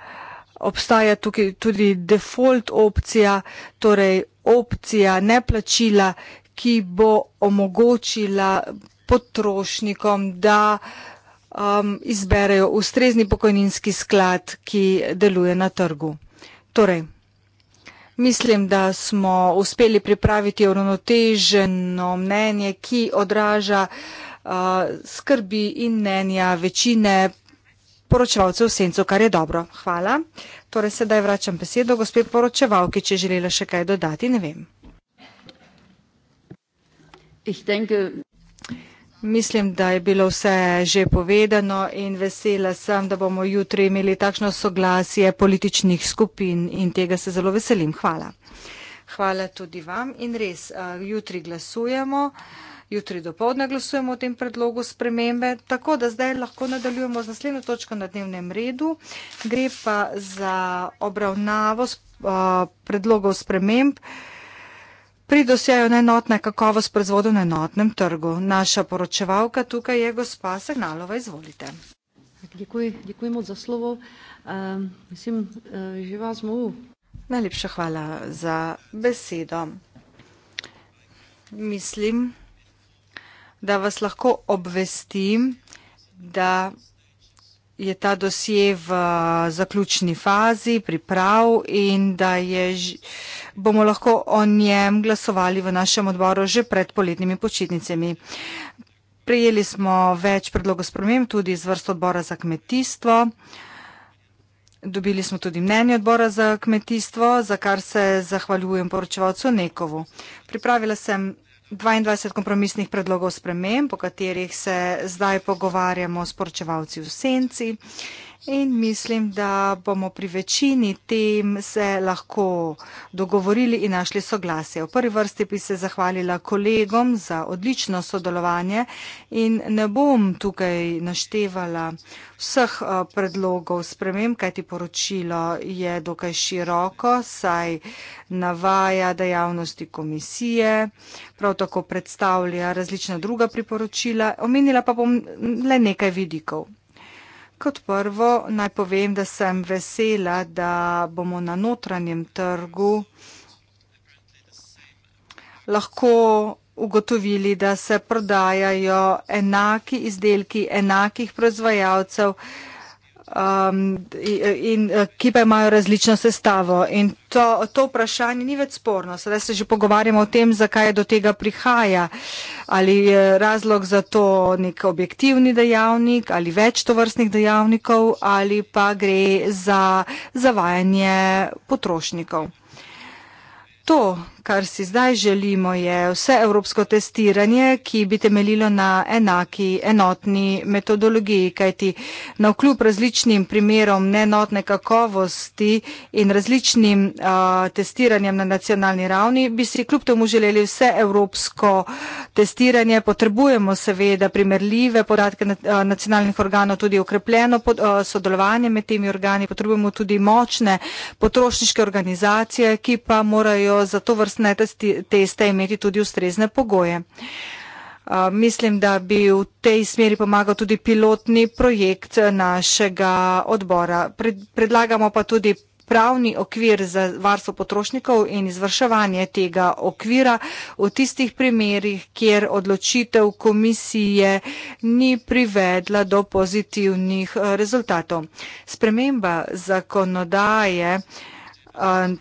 S1: obstaja tukaj tudi default opcija, torej opcija neplačila, ki bo omogočila potrošnikom, da uh, um, izberejo ustrezni pokojninski sklad, ki deluje na trgu. Torej, mislim, da smo uspeli pripraviti uravnoteženo mnenje, ki odraža uh, skrbi in mnenja večine poročevalcev v sencu, kar je dobro. Hvala. Torej, sedaj vračam besedo gospe poročevalki, če želela še kaj dodati, ne vem. Ich denke, Mislim, da je bilo vse že povedano in vesela sem, da bomo jutri imeli takšno soglasje političnih skupin in tega se zelo veselim. Hvala. Hvala tudi vam in res, eh, jutri glasujemo, jutri dopoledne glasujemo o tem predlogu spremembe, tako da zdaj lahko nadaljujemo z naslednjo točko na dnevnem redu. Gre pa za obravnavo eh, predlogov spremembe pri dosjaju neenotna kakovost proizvodov na enotnem trgu. Naša poročevalka tukaj je gospa Sagnalova, izvolite. Děkuji moc za slovo. Uh, mislim, uh, že vas mogu. Najlepša hvala za besedo. Mislim, da vas lahko obvestim, da je ta dosje v eh, zaključni fazi priprav in da je, bomo lahko o njem glasovali v našem odboru že pred poletnimi počitnicami. Prijeli smo več predlogov sprememb tudi iz vrst odbora za kmetijstvo. Dobili smo tudi mnenje odbora za kmetijstvo, za kar se zahvaljujem poročevalcu Nekovu. Pripravila sem 22 kompromisnih predlogov sprememb, po katerih se zdaj pogovarjamo s poročevalci v senci. In mislim, da bomo pri večini tem se lahko dogovorili in našli soglasje. V prvi vrsti bi se zahvalila kolegom za odlično sodelovanje in ne bom tukaj naštevala vseh eh, predlogov spremem, kajti poročilo je dokaj široko, saj navaja dejavnosti komisije, prav tako predstavlja različna druga priporočila. Omenila pa bom le nekaj vidikov. Kot prvo naj povem, da sem vesela, da bomo na notranjem trgu lahko ugotovili, da se prodajajo enaki izdelki enakih proizvajalcev, um, in, eh, ki pa imajo različno sestavo. In to, to vprašanje ni več sporno. Sedaj se že pogovarjamo o tem, zakaj je do tega prihaja. Ali je razlog za to nek objektivni dejavnik ali več tovrstnih dejavnikov ali pa gre za zavajanje potrošnikov. To, kar si zdaj želimo, je vse evropsko testiranje, ki bi temeljilo na enaki, enotni metodologiji, kajti na vkljub različnim primerom neenotne kakovosti in različnim a, testiranjem na nacionalni ravni bi si kljub temu želeli vse evropsko testiranje. Potrebujemo seveda primerljive podatke nacionalnih organov, tudi okrepljeno pod, a, sodelovanje med temi organi. Potrebujemo tudi močne potrošniške organizacije, ki pa morajo za to vrstno zdravstvene teste imeti tudi ustrezne pogoje. Uh, mislim, da bi v tej smeri pomagal tudi pilotni projekt eh, našega odbora. Pred, predlagamo pa tudi pravni okvir za varstvo potrošnikov in izvrševanje tega okvira v tistih primerjih, kjer odločitev komisije ni privedla do pozitivnih eh, rezultatov. Sprememba zakonodaje uh,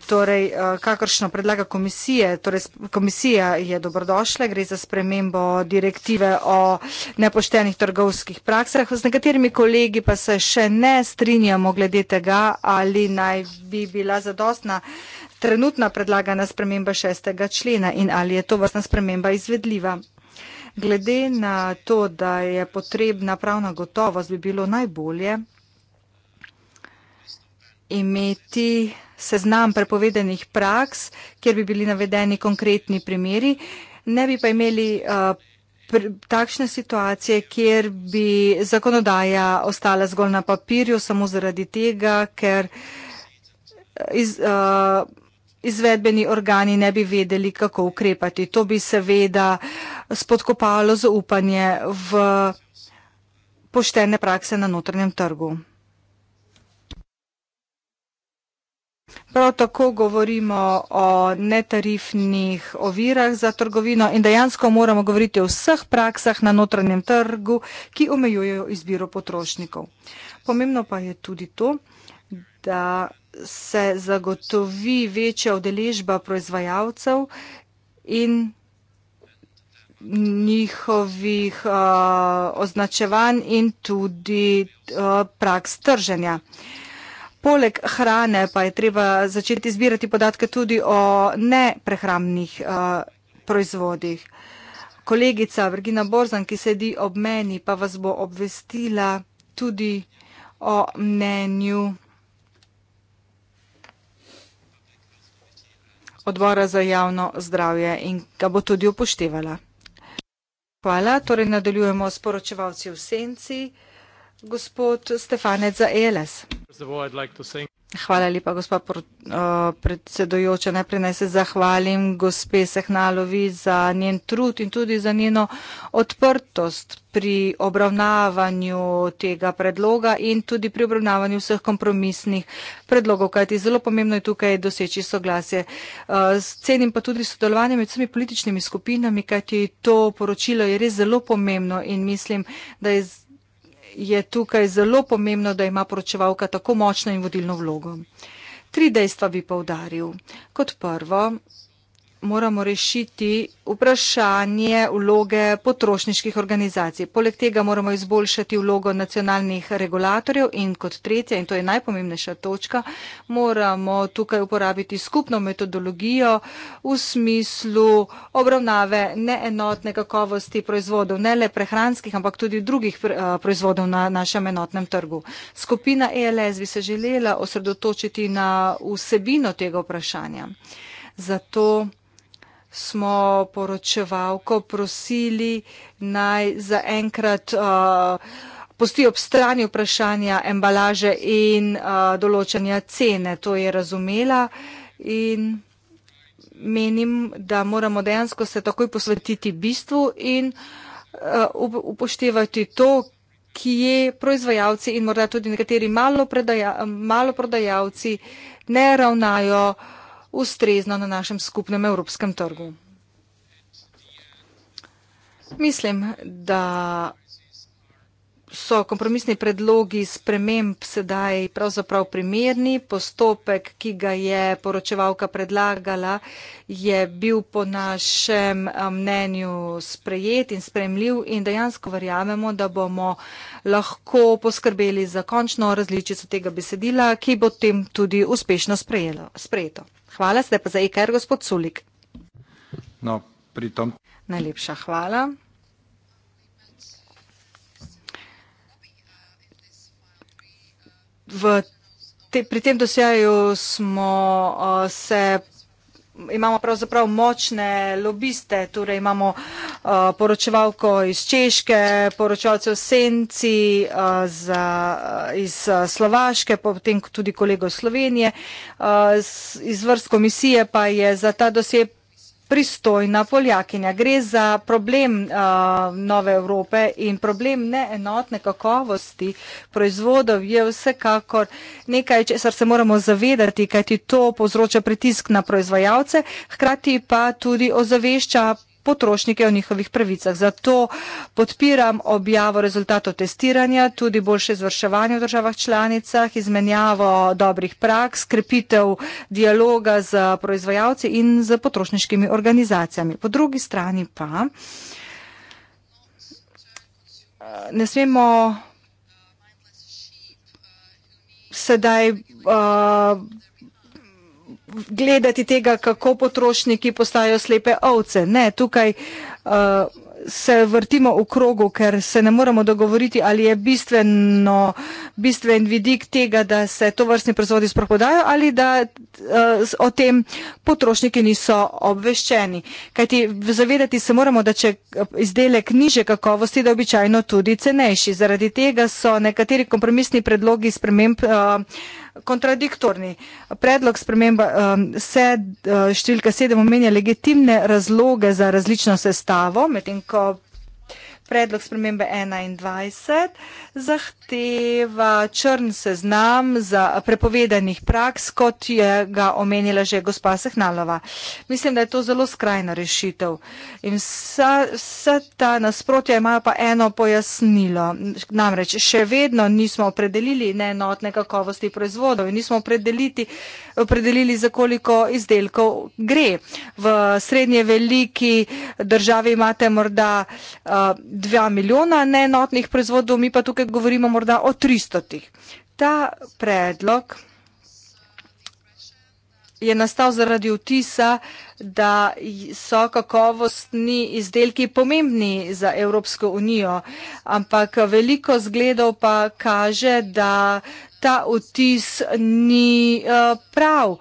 S1: torej, eh, kakršno predlaga komisije, torej komisija je dobrodošla, gre za spremembo direktive o nepoštenih trgovskih praksah. Z nekaterimi kolegi pa se še ne strinjamo glede tega, ali naj bi bila zadostna trenutna predlagana sprememba šestega člena in ali je to vrstna sprememba izvedljiva. Glede na to, da je potrebna pravna gotovost, bi bilo najbolje imeti seznam prepovedanih praks, kjer bi bili navedeni konkretni primeri, ne bi pa imeli uh, takšne situacije, kjer bi zakonodaja ostala zgolj na papirju, samo zaradi tega, ker uh, iz, uh, izvedbeni organi ne bi vedeli, kako ukrepati. To bi seveda spodkopalo zaupanje v poštene prakse na notranjem trgu. Prav tako govorimo o netarifnih ovirah za trgovino in dejansko moramo govoriti o vseh praksah na notranjem trgu, ki omejujejo izbiro potrošnikov. Pomembno pa je tudi to, da se zagotovi večja udeležba proizvajalcev in njihovih uh, označevanj in tudi uh, praks trženja. Poleg hrane pa je treba začeti zbirati podatke tudi o neprehramnih uh, proizvodih. Kolegica Virgina Borzan, ki sedi ob meni, pa vas bo obvestila tudi o mnenju odbora za javno zdravje in ga bo tudi upoštevala. Hvala, torej nadaljujemo s poročevalci v senci gospod Stefanec Zaeles. Hvala lepa, gospa uh, predsedojoča. Najprej naj se zahvalim gospe Sehnalovi za njen trud in tudi za njeno odprtost pri obravnavanju tega predloga in tudi pri obravnavanju vseh kompromisnih predlogov, kajti zelo pomembno je tukaj doseči soglasje. Uh, cenim pa tudi sodelovanje med vsemi političnimi skupinami, kajti to poročilo je res zelo pomembno in mislim, da je je tukaj zelo pomembno, da ima poročevalka tako močno in vodilno vlogo. Tri dejstva bi povdaril. Kot prvo, moramo rešiti vprašanje vloge potrošniških organizacij. Poleg tega moramo izboljšati vlogo nacionalnih regulatorjev in kot tretja, in to je najpomembnejša točka, moramo tukaj uporabiti skupno metodologijo v smislu obravnave neenotne kakovosti proizvodov, ne le prehranskih, ampak tudi drugih eh, proizvodov na našem enotnem trgu. Skupina ELS bi se želela osredotočiti na vsebino tega vprašanja. Zato smo poročevalko prosili naj zaenkrat uh, posti ob strani vprašanja embalaže in uh, določanja cene. To je razumela in menim, da moramo dejansko se takoj posvetiti bistvu in uh, upoštevati to, ki je proizvajalci in morda tudi nekateri maloprodajalci ne ravnajo uh, ustrezno na našem skupnem evropskem trgu. Mislim, da so kompromisni predlogi sprememb sedaj pravzaprav primerni. Postopek, ki ga je poročevalka predlagala, je bil po našem eh, mnenju sprejet in spremljiv in dejansko verjamemo, da bomo lahko poskrbeli za končno različico tega besedila, ki bo tem tudi uspešno sprejelo, sprejeto. Hvala, zdaj pa za IKR, e gospod Sulik.
S2: No, pritom.
S1: Najlepša hvala. V te, pri tem dosjaju smo uh, se imamo pravzaprav močne lobiste, torej imamo uh, poročevalko iz Češke, poročevalce v Senci, uh, z, uh, iz uh, Slovaške, potem tudi kolego Slovenije. Uh, z, iz vrst komisije pa je za ta dosep pristojna poljakinja. Gre za problem uh, nove Evrope in problem neenotne kakovosti proizvodov je vsekakor nekaj, česar se moramo zavedati, kajti to povzroča pritisk na proizvajalce, hkrati pa tudi ozavešča potrošnike o njihovih pravicah. Zato podpiram objavo rezultatov testiranja, tudi boljše izvrševanje v državah članicah, izmenjavo dobrih praks, krepitev dialoga z proizvajalci in z potrošniškimi organizacijami. Po drugi strani pa eh, ne smemo sedaj uh, gledati tega, kako potrošniki postajajo slepe ovce. Ne, tukaj uh, se vrtimo v krogu, ker se ne moremo dogovoriti, ali je bistveno, bistven vidik tega, da se to vrstni proizvodi sprohodajo ali da uh, o tem potrošniki niso obveščeni. Kajti zavedati se moramo, da če izdelek niže kakovosti, da je običajno tudi cenejši. Zaradi tega so nekateri kompromisni predlogi sprememb. Uh, kontradiktorni. Predlog sprememba um, se uh, številka sedem omenja legitimne razloge za različno sestavo, medtem ko predlog spremembe 21 zahteva črn seznam za prepovedanih praks, kot je ga omenila že gospa Sehnalova. Mislim, da je to zelo skrajna rešitev. In vsa, vsa ta nasprotja imajo pa eno pojasnilo. Namreč še vedno nismo opredelili neenotne kakovosti proizvodov in nismo opredeliti, uh, opredelili, za koliko izdelkov gre. V srednje veliki državi imate morda uh, eh, 2 milijona neenotnih proizvodov, mi pa tukaj govorimo morda o 300. Ta predlog je nastal zaradi vtisa, da so kakovostni izdelki pomembni za Evropsko unijo, ampak veliko zgledov pa kaže, da ta vtis ni eh, prav.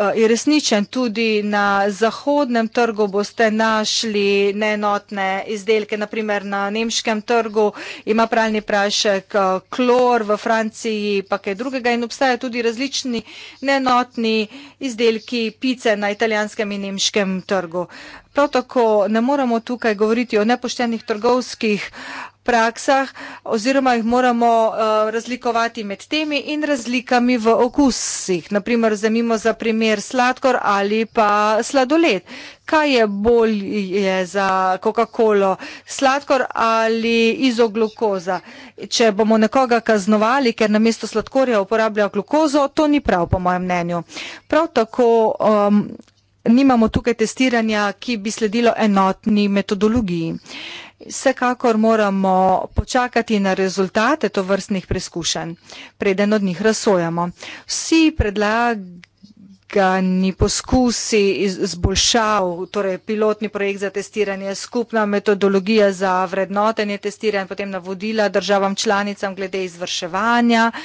S1: Eh, je resničen tudi na zahodnem trgu, boste našli neenotne izdelke, naprimer na nemškem trgu ima pralni prašek eh, klor, v Franciji pa kaj drugega in obstaja tudi različni neenotni izdelki pice na italijanskem in nemškem trgu. Prav tako ne moremo tukaj govoriti o nepoštenih trgovskih uh, praksah oziroma jih moramo uh, razlikovati med temi in razlikami v okusih. Naprimer, zamimo za primer sladkor ali pa sladoled. Kaj je bolje za Coca-Colo, sladkor ali izoglukoza? Če bomo nekoga kaznovali, ker na mesto sladkorja uporablja glukozo, to ni prav, po mojem mnenju. Prav tako. Um, Nimamo tukaj testiranja, ki bi sledilo enotni metodologiji. Vsekakor moramo počakati na rezultate to vrstnih preizkušenj, preden od njih razsojamo. Vsi predlagani poskusi izboljšav, torej pilotni projekt za testiranje, skupna metodologija za vrednotenje testiranja, potem navodila državam članicam glede izvrševanja, uh,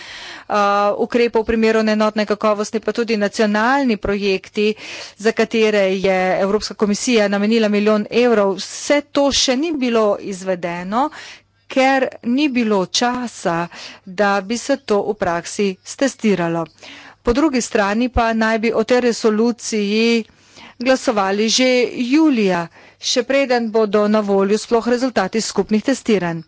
S1: Uh, ukrepov v primeru neenotne kakovosti, pa tudi nacionalni projekti, za katere je Evropska komisija namenila milijon evrov. Vse to še ni bilo izvedeno, ker ni bilo časa, da bi se to v praksi stestiralo. Po drugi strani pa naj bi o tej resoluciji glasovali že julija, še preden bodo na voljo sploh rezultati skupnih testiranj.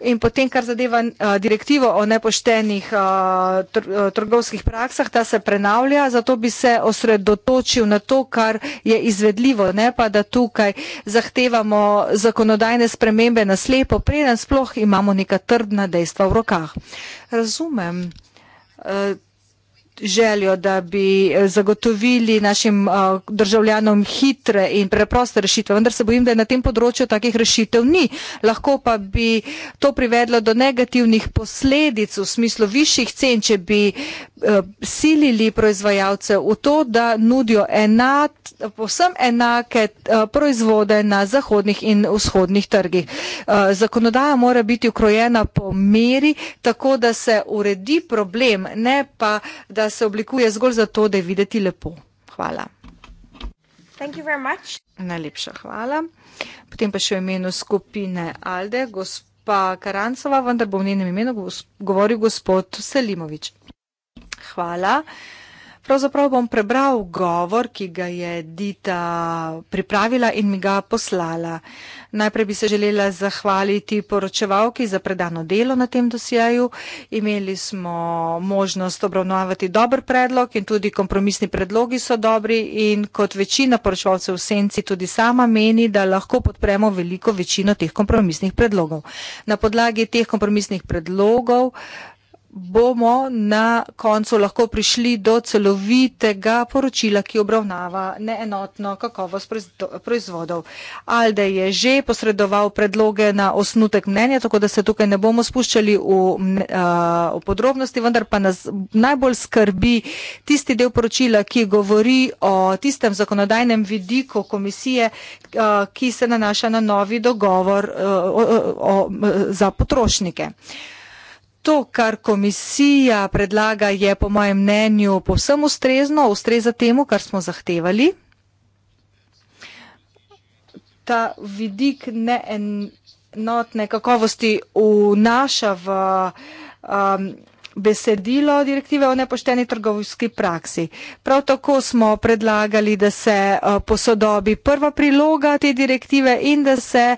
S1: In potem, kar zadeva eh, direktivo o nepoštenih eh, eh, trgovskih praksah, ta se prenavlja, zato bi se osredotočil na to, kar je izvedljivo, ne pa da tukaj zahtevamo zakonodajne spremembe na slepo, preden sploh imamo neka trdna dejstva v rokah. Razumem željo, da bi eh, zagotovili našim eh, državljanom hitre in preproste rešitve, vendar se bojim, da na tem področju takih rešitev ni. Lahko pa bi to privedlo do negativnih posledic v smislu višjih cen, če bi eh, silili proizvajalce v to, da nudijo enak, povsem enake proizvode na zahodnih in vzhodnih trgih. Zakonodaja mora biti ukrojena po meri, tako da se uredi problem, ne pa da se oblikuje zgolj zato, da je videti lepo. Hvala. Najlepša hvala. Potem pa še v imenu skupine Alde, gospa Karancova, vendar bo v njenem imenu govoril gospod Selimovič. Hvala. Uh, Pravzaprav bom prebral govor, ki ga je Dita pripravila in mi ga poslala. Najprej bi se želela zahvaliti poročevalki za predano delo na tem dosjeju. Imeli smo možnost obravnavati dober predlog in tudi kompromisni predlogi so dobri in kot večina poročevalcev v senci tudi sama meni, da lahko podpremo veliko večino teh kompromisnih predlogov. Na podlagi teh kompromisnih predlogov bomo na koncu lahko prišli do celovitega poročila, ki obravnava neenotno kakovost proizvodov. Alde je že posredoval predloge na osnutek mnenja, tako da se tukaj ne bomo spuščali v, v podrobnosti, vendar pa nas najbolj skrbi tisti del poročila, ki govori o tistem zakonodajnem vidiku komisije, ki se nanaša na novi dogovor za potrošnike. To, kar komisija predlaga, je po mojem mnenju povsem ustrezno, ustreza temu, kar smo zahtevali. Ta vidik neenotne kakovosti vnaša v um, besedilo direktive o nepošteni trgovski praksi. Prav tako smo predlagali, da se eh, posodobi prva priloga te direktive in da se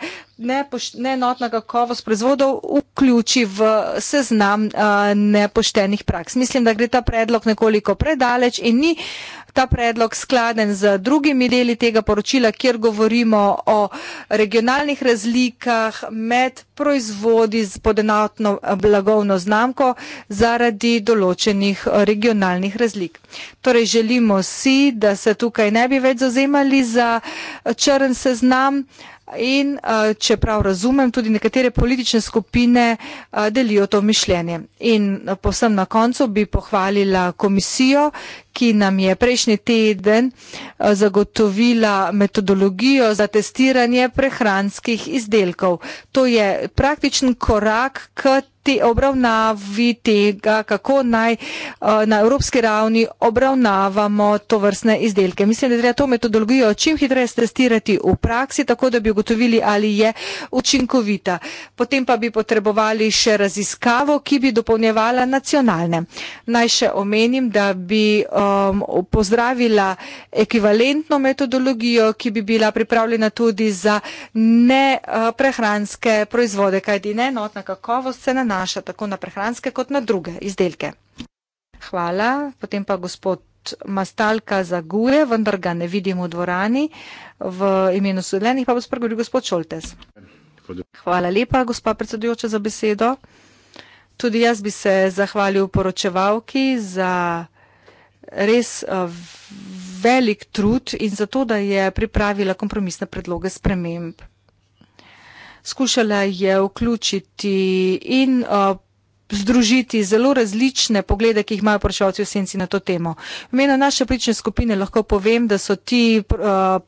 S1: neenotna kakovost proizvodov vključi v seznam eh, nepoštenih praks. Mislim, da gre ta predlog nekoliko predaleč in ni uh, ta predlog skladen z drugimi deli tega poročila, kjer govorimo o regionalnih razlikah med proizvodi pod enotno blagovno znamko zaradi določenih eh, regionalnih razlik. Torej želimo si, da se tukaj ne bi več zauzemali za eh, črn seznam in eh, če prav razumem, tudi nekatere politične skupine eh, delijo to mišljenje. In eh, posem na koncu bi pohvalila komisijo, ki nam je prejšnji teden zagotovila metodologijo za testiranje prehranskih izdelkov. To je praktičen korak k te obravnavi tega, kako naj eh, na evropski ravni obravnavamo to vrstne izdelke. Mislim, da treba to metodologijo čim hitreje testirati v praksi, tako da bi ugotovili, ali je učinkovita. Potem pa bi potrebovali še raziskavo, ki bi dopolnjevala nacionalne. Naj še omenim, da bi um, pozdravila ekvivalentno metodologijo, ki bi bila pripravljena tudi za neprehranske eh, uh, proizvode, kajti neenotna kakovost se nanaša nanaša tako na prehranske kot na druge izdelke. Hvala, potem pa gospod Mastalka za gure, vendar ga ne vidimo v dvorani. V imenu sodelenih pa bo spregovoril gospod Šoltes. Hvala lepa, gospa predsedujoča, za besedo. Tudi jaz bi se zahvalil poročevalki za res eh, velik trud in za to, da je pripravila kompromisne predloge sprememb. Skušala je vključiti in uh, združiti zelo različne poglede, ki jih imajo vprašalci v senci na to temo. V imenu naše prične skupine lahko povem, da so ti uh,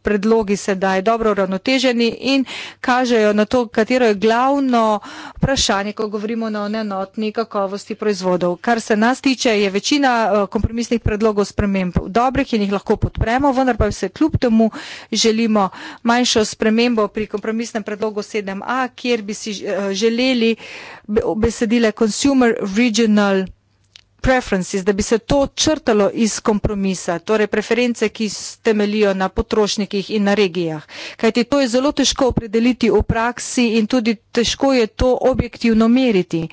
S1: predlogi sedaj dobro ravnoteženi in kažejo na to, katero je glavno vprašanje, ko govorimo o neenotni kakovosti proizvodov. Kar se nas tiče, je večina uh, kompromisnih predlogov sprememb dobrih in jih lahko podpremo, vendar pa se kljub temu želimo manjšo spremembo pri kompromisnem predlogu 7a, kjer bi si uh, želeli besedile konsumirati consumer regional preferences, da bi se to črtalo iz kompromisa, torej preference, ki temelijo na potrošnikih in na regijah. Kajti to je zelo težko opredeliti v praksi in tudi težko je to objektivno meriti.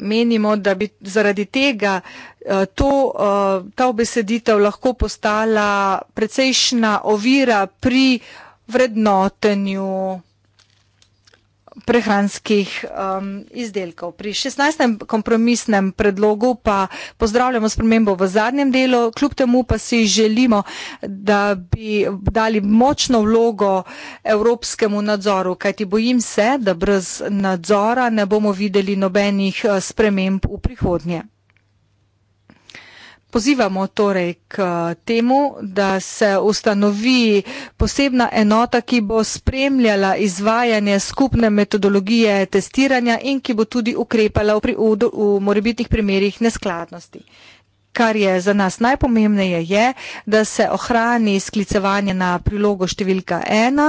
S1: Menimo, da bi zaradi tega eh, to, eh, ta obeseditev lahko postala precejšna ovira pri vrednotenju prehranskih um, izdelkov. Pri 16. kompromisnem predlogu pa pozdravljamo spremembo v zadnjem delu, kljub temu pa si želimo, da bi dali močno vlogo evropskemu nadzoru, kajti bojim se, da brez nadzora ne bomo videli nobenih uh, sprememb v prihodnje. Pozivamo torej k eh, temu, da se ustanovi posebna enota, ki bo spremljala izvajanje skupne metodologije testiranja in ki bo tudi ukrepala v, v, v morebitnih primerjih neskladnosti. Kar je za nas najpomembneje, je, da se ohrani sklicevanje na prilogo številka 1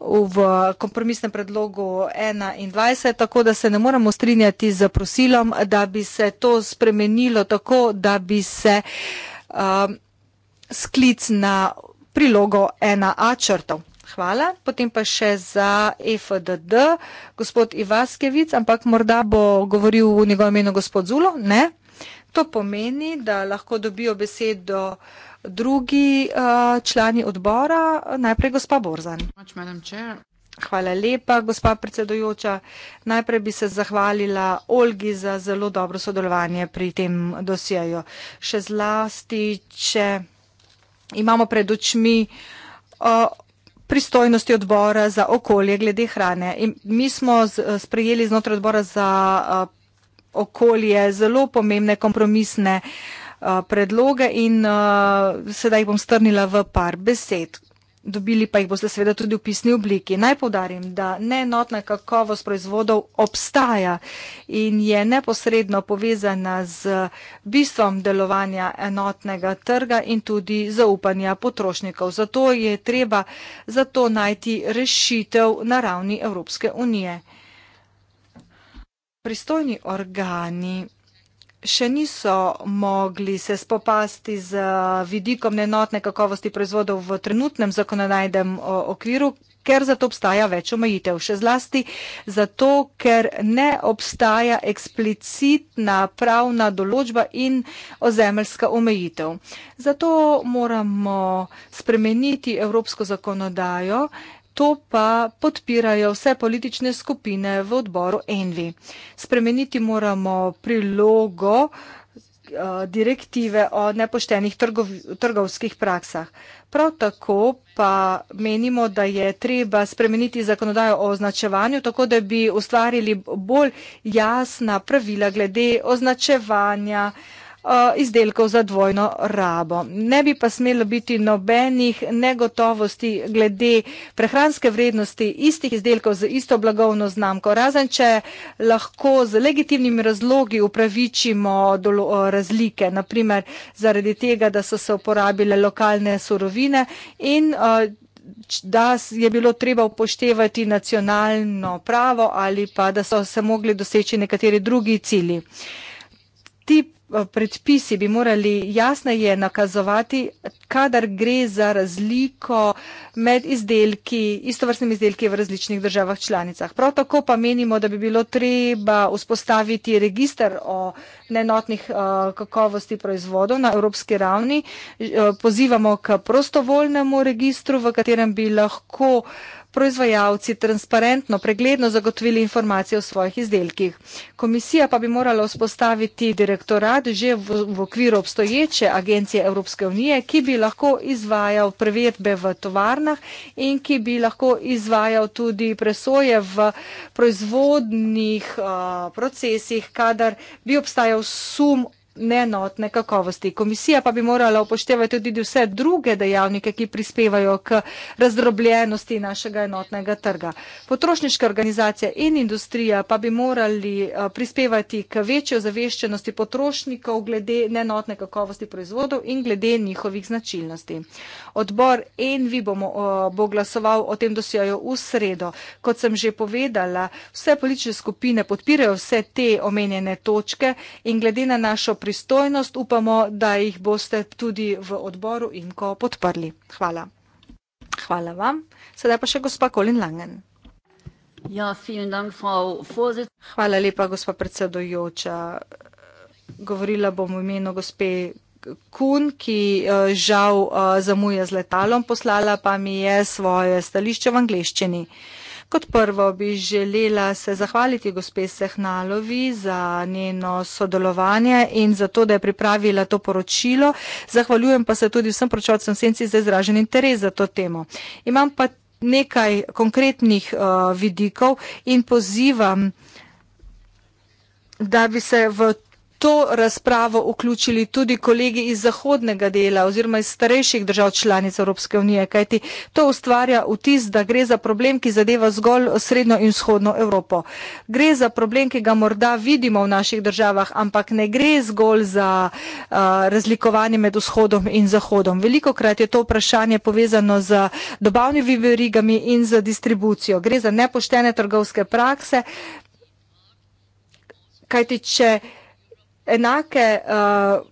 S1: v kompromisnem predlogu 21, tako da se ne moramo strinjati z prosilom, da bi se to spremenilo tako, da bi se um, sklic na prilogo 1a črtal. Hvala. Potem pa še za FDD, gospod Ivaskevic, ampak morda bo govoril v njegovem imenu gospod Zulo. Ne. To pomeni, da lahko dobijo besedo drugi uh, člani odbora, najprej gospa Borzan. Hvala lepa, gospa predsedujoča. Najprej bi se zahvalila Olgi za zelo dobro sodelovanje pri tem dosjeju. Še zlasti, če imamo pred očmi uh, pristojnosti odbora za okolje glede hrane. In mi smo z, eh, sprejeli znotraj odbora za. Uh, okolje, zelo pomembne kompromisne uh, predloge in uh, sedaj jih bom strnila v par besed. Dobili pa jih boste seveda tudi v pisni obliki. Naj povdarim, da neenotna kakovost proizvodov obstaja in je neposredno povezana z bistvom delovanja enotnega trga in tudi zaupanja potrošnikov. Zato je treba za to najti rešitev na ravni Evropske unije pristojni organi še niso mogli se spopasti z vidikom nenotne kakovosti proizvodov v trenutnem zakonodajnem okviru, ker zato obstaja več omejitev. Še zlasti zato, ker ne obstaja eksplicitna pravna določba in ozemeljska omejitev. Zato moramo spremeniti evropsko zakonodajo, To pa podpirajo vse politične skupine v odboru Envi. Spremeniti moramo prilogo eh, direktive o nepoštenih trgov, trgovskih praksah. Prav tako pa menimo, da je treba spremeniti zakonodajo o označevanju, tako da bi ustvarili bolj jasna pravila glede označevanja uh, Eh, izdelkov za dvojno rabo. Ne bi pa smelo biti nobenih negotovosti glede prehranske vrednosti istih izdelkov z isto blagovno znamko, razen če lahko z legitimnimi razlogi upravičimo eh, razlike, naprimer zaradi tega, da so se uporabile lokalne sorovine in eh, da je bilo treba upoštevati nacionalno pravo ali pa da so se mogli doseči nekateri drugi cilji. Ti predpisi bi morali jasneje nakazovati, kadar gre za razliko med izdelki, istovrstnimi izdelki v različnih državah članicah. Prav tako pa menimo, da bi bilo treba vzpostaviti registr o nenotnih eh, kakovosti proizvodov na evropski ravni. Eh, pozivamo k prostovoljnemu registru, v katerem bi lahko uh, proizvajalci transparentno, pregledno zagotovili informacije o svojih izdelkih. Komisija pa bi morala vzpostaviti direktorat že v, v okviru obstoječe agencije Evropske unije, ki bi lahko izvajal prevedbe v tovarnah in ki bi lahko izvajal tudi presoje v proizvodnih uh, procesih, kadar bi obstajal sum neenotne kakovosti. Komisija pa bi morala upoštevati tudi vse druge dejavnike, ki prispevajo k razdrobljenosti našega enotnega trga. Potrošniška organizacija in industrija pa bi morali eh, prispevati k večjo zaveščenosti potrošnikov glede neenotne kakovosti proizvodov in glede njihovih značilnosti. Odbor Envi bomo, o, bo glasoval o tem dosijajo v sredo. Kot sem že povedala, vse politične skupine podpirajo vse te omenjene točke in glede na našo pristojnost upamo, da jih boste tudi v odboru Inko podprli. Hvala. Hvala vam. Sedaj pa še gospa Kolin Langen. Ja, dank, Hvala lepa, gospa predsedojoča. Govorila bom v imenu gospe Kun, ki eh, žal eh, zamuja z letalom, poslala pa mi je svoje stališče v angleščini. Kot prvo bi želela se zahvaliti gospe Sehnalovi za njeno sodelovanje in za to, da je pripravila to poročilo. Zahvaljujem pa se tudi vsem pročovcem senci za izražen interes za to temo. Imam pa nekaj konkretnih uh, vidikov in pozivam, da bi se v to razpravo vključili tudi kolegi iz zahodnega dela oziroma iz starejših držav članic Evropske unije, kajti to ustvarja vtis, da gre za problem, ki zadeva zgolj srednjo in vzhodno Evropo. Gre za problem, ki ga morda vidimo v naših državah, ampak ne gre zgolj za uh, razlikovanje med vzhodom in zahodom. Veliko krat je to vprašanje povezano z dobavnimi verigami in z distribucijo. Gre za nepoštene trgovske prakse, kajti če enake uh,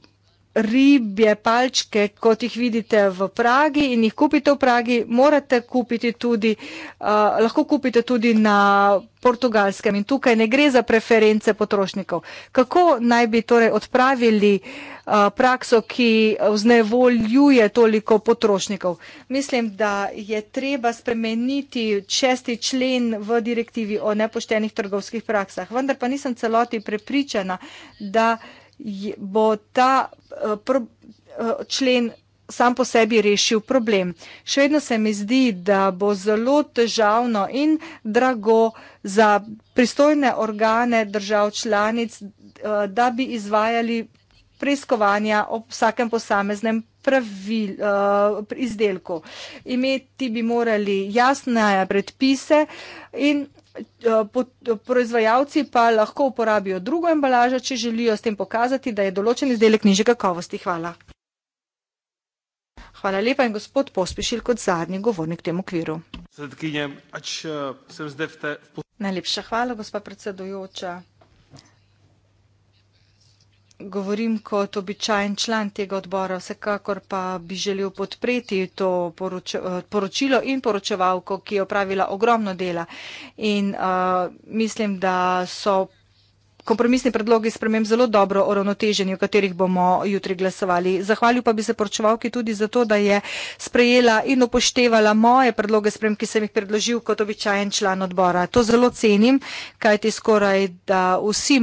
S1: ribje palčke, kot jih vidite v Pragi in jih kupite v Pragi, morate kupiti tudi, uh, lahko kupite tudi na portugalskem in tukaj ne gre za preference potrošnikov. Kako naj bi torej odpravili uh, prakso, ki vznevoljuje toliko potrošnikov? Mislim, da je treba spremeniti česti člen v direktivi o nepoštenih trgovskih praksah, vendar pa nisem celoti prepričana, da uh, bo ta eh, eh, člen sam po sebi rešil problem. Še vedno se mi zdi, da bo zelo težavno in drago za pristojne organe držav članic, eh, da bi izvajali preiskovanja ob vsakem posameznem pravil, izdelku. Imeti bi morali jasne predpise in Eh, eh, proizvajalci pa lahko uporabijo drugo embalažo, če želijo s tem pokazati, da je določen izdelek nižje kakovosti. Hvala. Hvala lepa in gospod Pospišil kot zadnji govornik v tem okviru. Eh, Najlepša hvala, gospa predsedujoča govorim kot običajen član tega odbora, vsekakor pa bi želel podpreti to poroče, eh, poročilo in poročevalko, ki je opravila ogromno dela. In uh, mislim, da so kompromisni predlogi sprememb zelo dobro o ravnoteženju, o katerih bomo jutri glasovali. Zahvalil pa bi se poročevalki tudi za to, da je sprejela in upoštevala moje predloge sprememb, ki sem jih predložil kot običajen član odbora. To zelo cenim, kajti skoraj, da vsi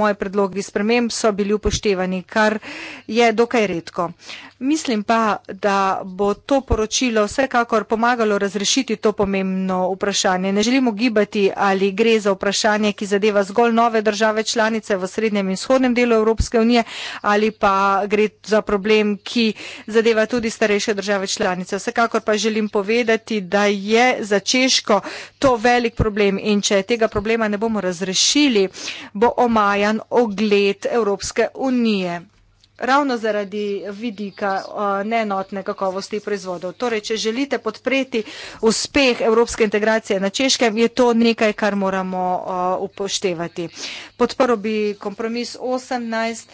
S1: moje predlogi sprememb so bili upoštevani, kar je dokaj redko. Uh, Mislim pa, da bo to poročilo vsekakor pomagalo razrešiti to pomembno vprašanje. Ne želimo gibati, ali gre za vprašanje, ki zadeva zgolj nove države članice v srednjem in vzhodnem delu Evropske unije, ali pa gre za problem, ki zadeva tudi starejše države članice. Vsekakor pa želim povedati, da je za Češko to velik problem in če tega problema ne bomo razrešili, bo omajan ogled Evropske unije ravno zaradi vidika uh, neenotne kakovosti proizvodov. Torej, če želite podpreti uspeh evropske integracije na češkem, je to nekaj, kar moramo uh, upoštevati. Podprl bi kompromis 18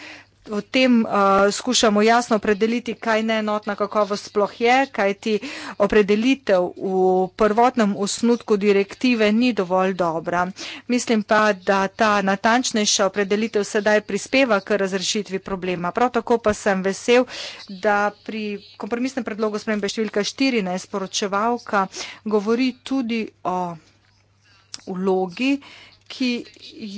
S1: v tem uh, skušamo jasno opredeliti, kaj neenotna kakovost sploh je, kaj ti opredelitev v prvotnem osnutku direktive ni dovolj dobra. Mislim pa, da ta natančnejša opredelitev sedaj prispeva k razrešitvi problema. Prav tako pa sem vesel, da pri kompromisnem predlogu spremembe številka 14 poročevalka govori tudi o vlogi, uh, ki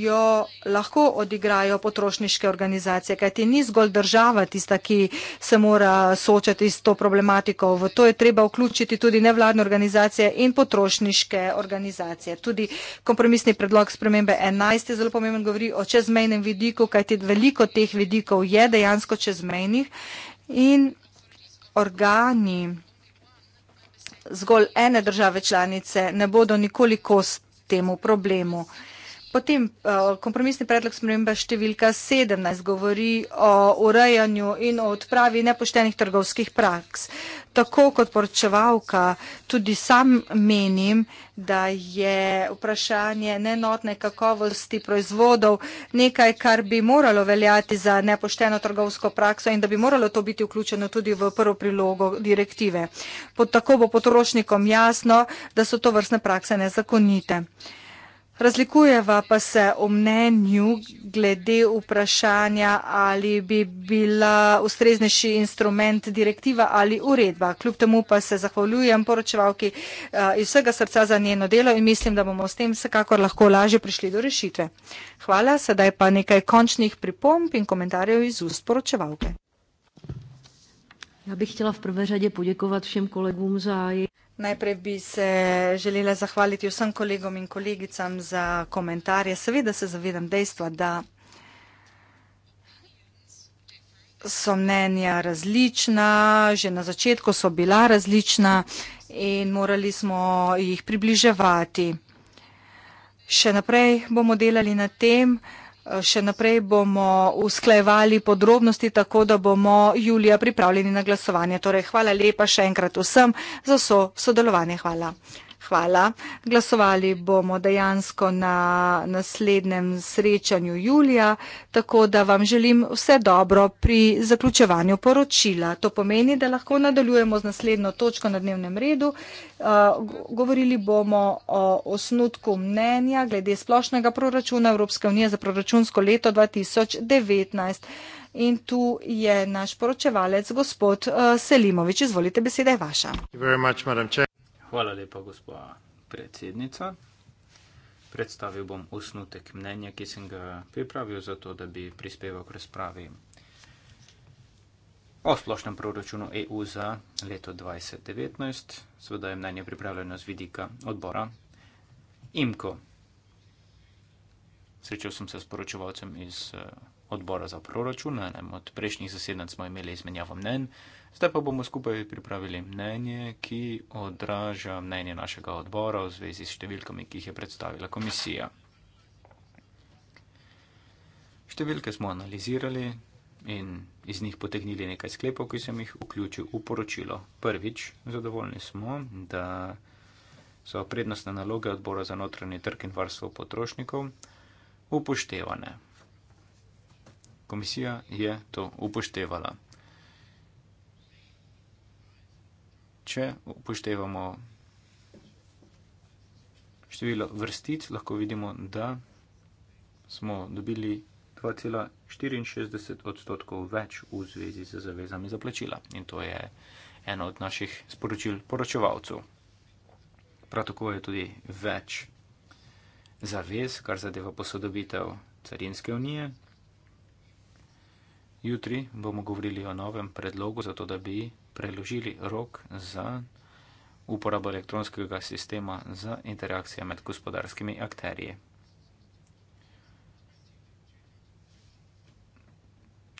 S1: jo lahko odigrajo potrošniške organizacije, kajti ni zgolj država tista, ki se mora soočati s to problematiko. V to je treba vključiti tudi nevladne organizacije in potrošniške organizacije. Tudi kompromisni predlog spremembe 11 je zelo pomemben, govori o čezmejnem vidiku, kajti veliko teh vidikov je dejansko čezmejnih in organi zgolj ene države članice ne bodo nikoli kost temu problemu. Potem eh, kompromisni predlog spremembe številka 17 govori o urejanju in o odpravi nepoštenih trgovskih praks. Tako kot poročevalka tudi sam menim, da je vprašanje nenotne kakovosti proizvodov nekaj, kar bi moralo veljati za nepošteno trgovsko prakso in da bi moralo to biti vključeno tudi v prvo prilogo direktive. Pod tako bo potrošnikom jasno, da so to vrstne prakse nezakonite. Razlikujeva pa se o mnenju glede vprašanja, ali bi bila ustreznejši instrument direktiva ali uredba. Kljub temu pa se zahvaljujem poročevalki eh, iz vsega srca za njeno delo in mislim, da bomo s tem vsekakor lahko lažje prišli do rešitve. Hvala, sedaj pa nekaj končnih pripomb in komentarjev iz ust poročevalke. Ja bih htjela v prve řadě poděkovat všem kolegům za jej... Najprej bi se želela zahvaliti vsem kolegom in kolegicam za komentarje. Seveda se zavedam dejstva, da so mnenja različna, že na začetku so bila različna in morali smo jih približevati. Še naprej bomo delali na tem, da še naprej bomo usklajevali podrobnosti, tako da bomo julija pripravljeni na glasovanje. Torej, hvala lepa še enkrat vsem za so sodelovanje. Hvala. Hvala. Glasovali bomo dejansko na naslednjem srečanju julija, tako da vam želim vse dobro pri zaključevanju poročila. To pomeni, da lahko nadaljujemo z naslednjo točko na dnevnem redu. Uh, govorili bomo o osnutku mnenja glede splošnega proračuna Evropske unije za proračunsko leto 2019. In tu je naš poročevalec, gospod uh, Selimovič. Izvolite, beseda je vaša.
S2: Hvala lepa, gospod predsednica. Predstavil bom osnutek mnenja, ki sem ga pripravil za to, da bi prispeval k razpravi o splošnem proračunu EU za leto 2019. Sveda je mnenje pripravljeno z vidika odbora IMKO. Srečal sem se s poročevalcem iz eh, odbora za proračun. Na enem od prejšnjih zasednic smo imeli izmenjavo mnenj. Zdaj pa bomo skupaj pripravili mnenje, ki odraža mnenje našega odbora v zvezi s številkami, ki jih je predstavila komisija. Številke smo analizirali in iz njih potegnili nekaj sklepov, ki sem jih vključil v poročilo. Prvič, zadovoljni smo, da so prednostne naloge odbora za notranji trg in varstvo potrošnikov upoštevane. Komisija je to upoštevala. če upoštevamo število vrstic, lahko vidimo, da smo dobili 2,64 odstotkov več v zvezi z zavezami za plačila. In to je eno od naših sporočil poročevalcev. Prav tako je tudi več zavez, kar zadeva posodobitev carinske unije. Jutri bomo govorili o novem predlogu, zato da bi preložili rok za uporabo elektronskega sistema za interakcije med gospodarskimi akterije.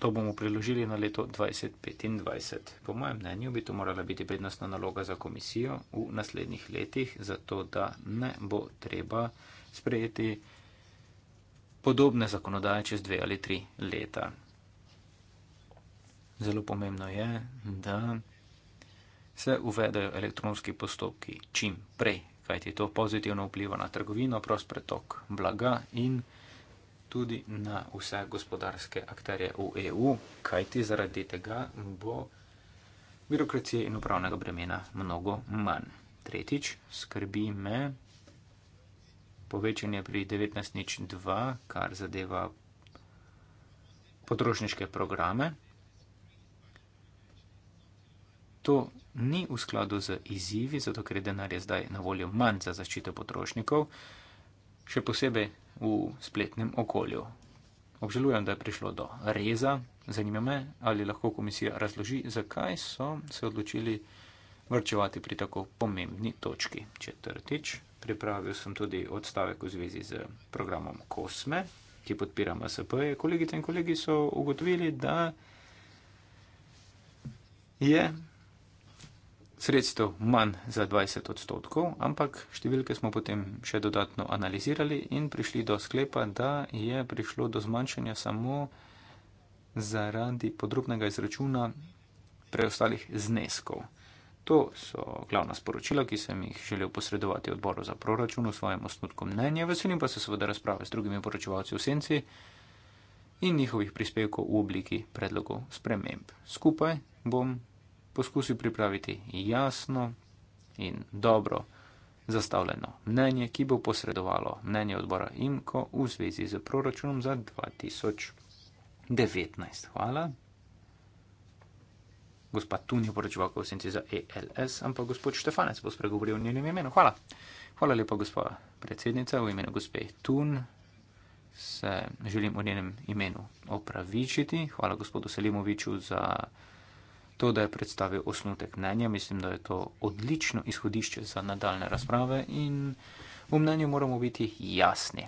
S2: To bomo preložili na leto 2025. Po mojem mnenju bi to morala biti prednostna naloga za komisijo v naslednjih letih, zato da ne bo treba sprejeti podobne zakonodaje čez dve ali tri leta zelo pomembno je, da se uvedejo elektronski postopki čim prej, kajti to pozitivno vpliva na trgovino, prost pretok blaga in tudi na vse gospodarske akterje v EU, kajti zaradi tega bo birokracije in upravnega bremena mnogo manj. Tretjič, skrbi me povečanje pri 19.2, kar zadeva potrošniške programe to ni v skladu z izzivi, zato ker je denar je zdaj na voljo manj za zaščito potrošnikov, še posebej v spletnem okolju. Obžalujem, da je prišlo do reza. Zanima me, ali lahko komisija razloži, zakaj so se odločili vrčevati pri tako pomembni točki. Četrtič, pripravil sem tudi odstavek v zvezi z programom Kosme, ki podpira MSP. Kolegice in kolegi so ugotovili, da je. Yeah sredstev manj za 20 odstotkov, ampak številke smo potem še dodatno analizirali in prišli do sklepa, da je prišlo do zmanjšanja samo zaradi podrobnega izračuna preostalih zneskov. To so glavna sporočila, ki sem jih želel posredovati odboru za proračun v svojem osnutku mnenja. Veselim pa se seveda razprave s drugimi poročevalci v senci in njihovih prispevkov v obliki predlogov sprememb. Skupaj bom poskusil pripraviti jasno in dobro zastavljeno mnenje, ki bo posredovalo mnenje odbora IMKO v zvezi z proračunom za 2019. Hvala. Gospa Tun je poročevalka v senci za ELS, ampak gospod Štefanec bo spregovoril v njenem imenu. Hvala. Hvala lepa, gospa predsednica, v imenu gospe Tun se želim v njenem imenu opravičiti. Hvala gospodu Selimoviču za. To, da je predstavil osnutek mnenja, mislim, da je to odlično izhodišče za nadaljne razprave in v mnenju moramo biti jasni.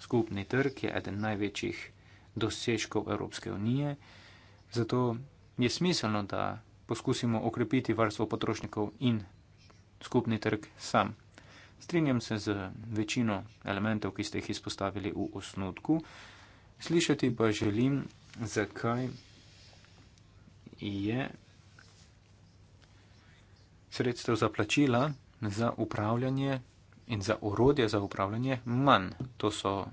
S2: Skupni trg je eden največjih dosežkov Evropske unije, zato je smiselno, da poskusimo okrepiti varstvo potrošnikov in skupni trg sam. Strinjam se z večino elementov, ki ste jih izpostavili v osnutku, slišati pa želim, zakaj je sredstev za plačila, za upravljanje in za orodje za upravljanje manj. To so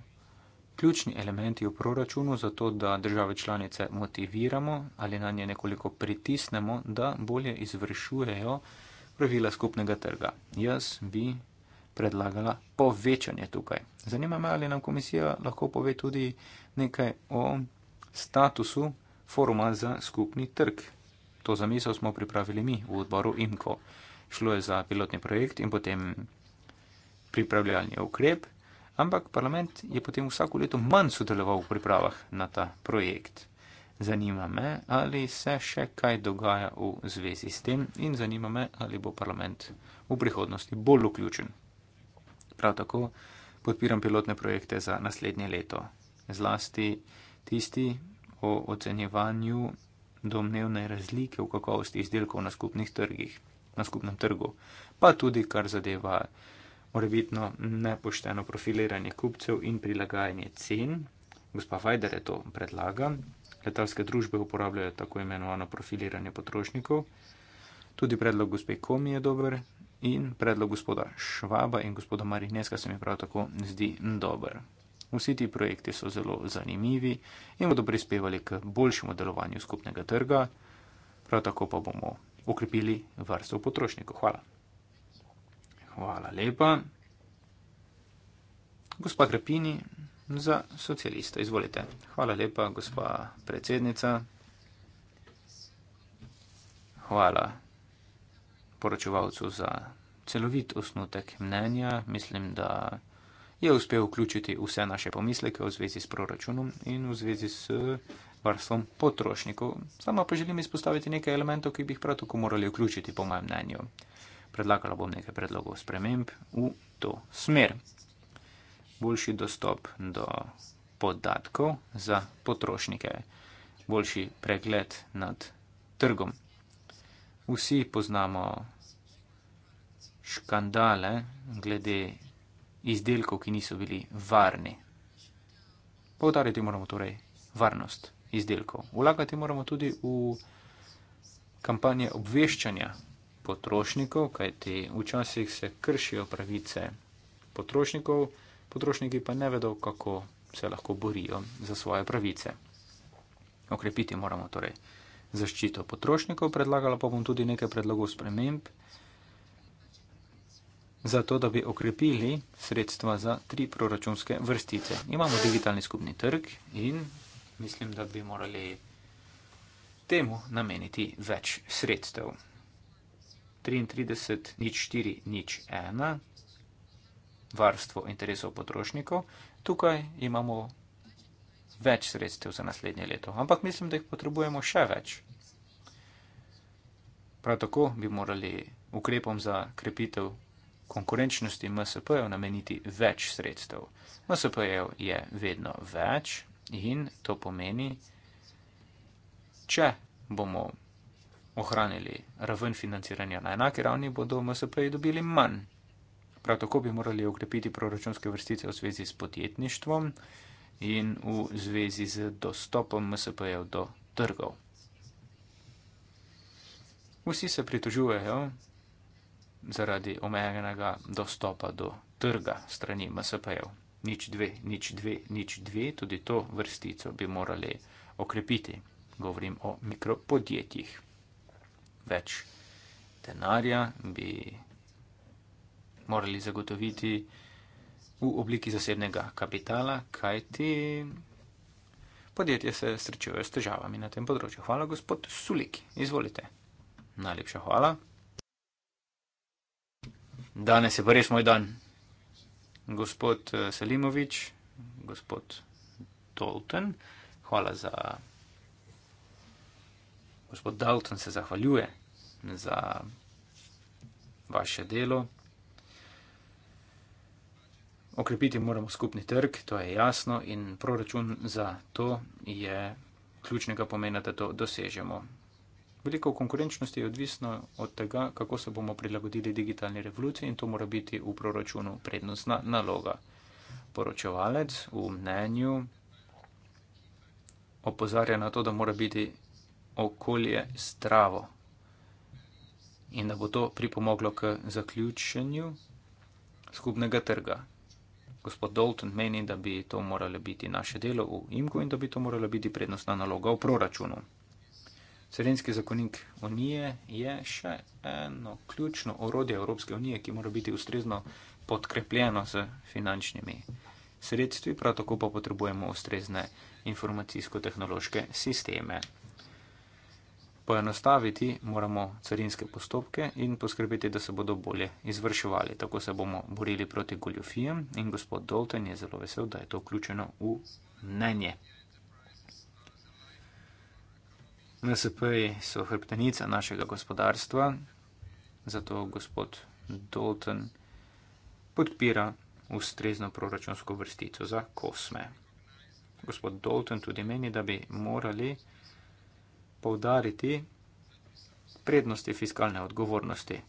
S2: ključni elementi v proračunu, zato da države članice motiviramo ali na nje nekoliko pritisnemo, da bolje izvršujejo pravila skupnega trga. Jaz bi predlagala povečanje tukaj. Zanima me, ali nam komisija lahko pove tudi nekaj o statusu foruma za skupni trg. To zamisel smo pripravili mi v odboru IMKO. Šlo je za pilotni projekt in potem pripravljalni ukrep, ampak parlament je potem vsako leto manj sodeloval v pripravah na ta projekt. Zanima me, ali se še kaj dogaja v zvezi s tem in zanima me, ali bo parlament v prihodnosti bolj vključen. Prav tako podpiram pilotne projekte za naslednje leto, zlasti tisti o ocenjevanju domnevne razlike v kakovosti izdelkov na skupnih trgih, na skupnem trgu, pa tudi kar zadeva morebitno nepošteno profiliranje kupcev in prilagajanje cen. Gospa Fajder je to predlaga. Letalske družbe uporabljajo tako imenovano profiliranje potrošnikov. Tudi predlog gospe Komi je dober in predlog gospoda Švaba in gospoda Marineska se mi prav tako zdi dober. Vsi ti projekti so zelo zanimivi in bodo prispevali k boljšemu delovanju skupnega trga, prav tako pa bomo okrepili varstvo potrošnikov. Hvala. Hvala lepa. Gospa Grepini za socialista, izvolite. Hvala lepa, gospa predsednica. Hvala poročevalcu za celovit osnutek mnenja. Mislim, da je uspel vključiti vse naše pomisleke v zvezi s proračunom in v zvezi s varstvom potrošnikov. Sama pa želim izpostaviti nekaj elementov, ki bi jih prav tako morali vključiti, po mojem mnenju. Predlagala bom nekaj predlogov sprememb v to smer. Boljši dostop do podatkov za potrošnike, boljši pregled nad trgom. Vsi poznamo škandale glede izdelkov, ki niso bili varni. Povdariti moramo torej varnost izdelkov. Vlagati moramo tudi v kampanje obveščanja potrošnikov, kajti včasih se kršijo pravice potrošnikov, potrošniki pa ne vedo, kako se lahko borijo za svoje pravice. Okrepiti moramo torej zaščito potrošnikov, predlagala pa bom tudi nekaj predlogov sprememb, zato da bi okrepili sredstva za tri proračunske vrstice. Imamo digitalni skupni trg in mislim, da bi morali temu nameniti več sredstev. 33 nič 4 nič 1, varstvo interesov potrošnikov. Tukaj imamo več sredstev za naslednje leto, ampak mislim, da jih potrebujemo še več. Prav tako bi morali ukrepom za krepitev konkurenčnosti MSP-jev nameniti več sredstev. MSP-jev je vedno več in to pomeni, če bomo ohranili raven financiranja na enaki ravni, bodo MSP-ji dobili manj. Prav tako bi morali ukrepiti proračunske vrstice v zvezi s podjetništvom in v zvezi z dostopom MSP-jev do trgov. Vsi se pritožujejo, zaradi omejenega dostopa do trga strani MSP-jev. Nič dve, nič dve, nič dve, tudi to vrstico bi morali okrepiti. Govorim o mikropodjetjih. Več denarja bi morali zagotoviti v obliki zasebnega kapitala, kajti podjetje se srečujejo s težavami na tem področju. Hvala, gospod Sulik. Izvolite. Najlepša hvala. Danes je pa res moj dan. Gospod eh, Selimovič, gospod Dalton, hvala za. Gospod Dalton se zahvaljuje za vaše delo. Okrepiti moramo skupni trg, to je jasno, in proračun za to je ključnega pomena, da to dosežemo. Veliko konkurenčnosti je odvisno od tega, kako se bomo prilagodili digitalni revoluciji in to mora biti v proračunu prednostna naloga. Poročevalec v mnenju opozarja na to, da mora biti okolje zdravo in da bo to pripomoglo k zaključenju skupnega trga. Gospod Dalton meni, da bi to moralo biti naše delo v Imku in da bi to morala biti prednostna naloga v proračunu. Sredinski zakonik Unije je še eno ključno orodje Evropske unije, ki mora biti ustrezno podkrepljeno z finančnimi sredstvi, prav tako pa potrebujemo ustrezne informacijsko-tehnološke sisteme. Poenostaviti moramo carinske postopke in poskrbeti, da se bodo bolje izvrševali. Tako se bomo borili proti goljofijem in gospod Dolten je zelo vesel, da je to vključeno v mnenje. NSP-ji so hrbtenica našega gospodarstva, zato gospod Dalton podpira ustrezno proračunsko vrstico za kosme. Gospod Dalton tudi meni, da bi morali povdariti prednosti fiskalne odgovornosti.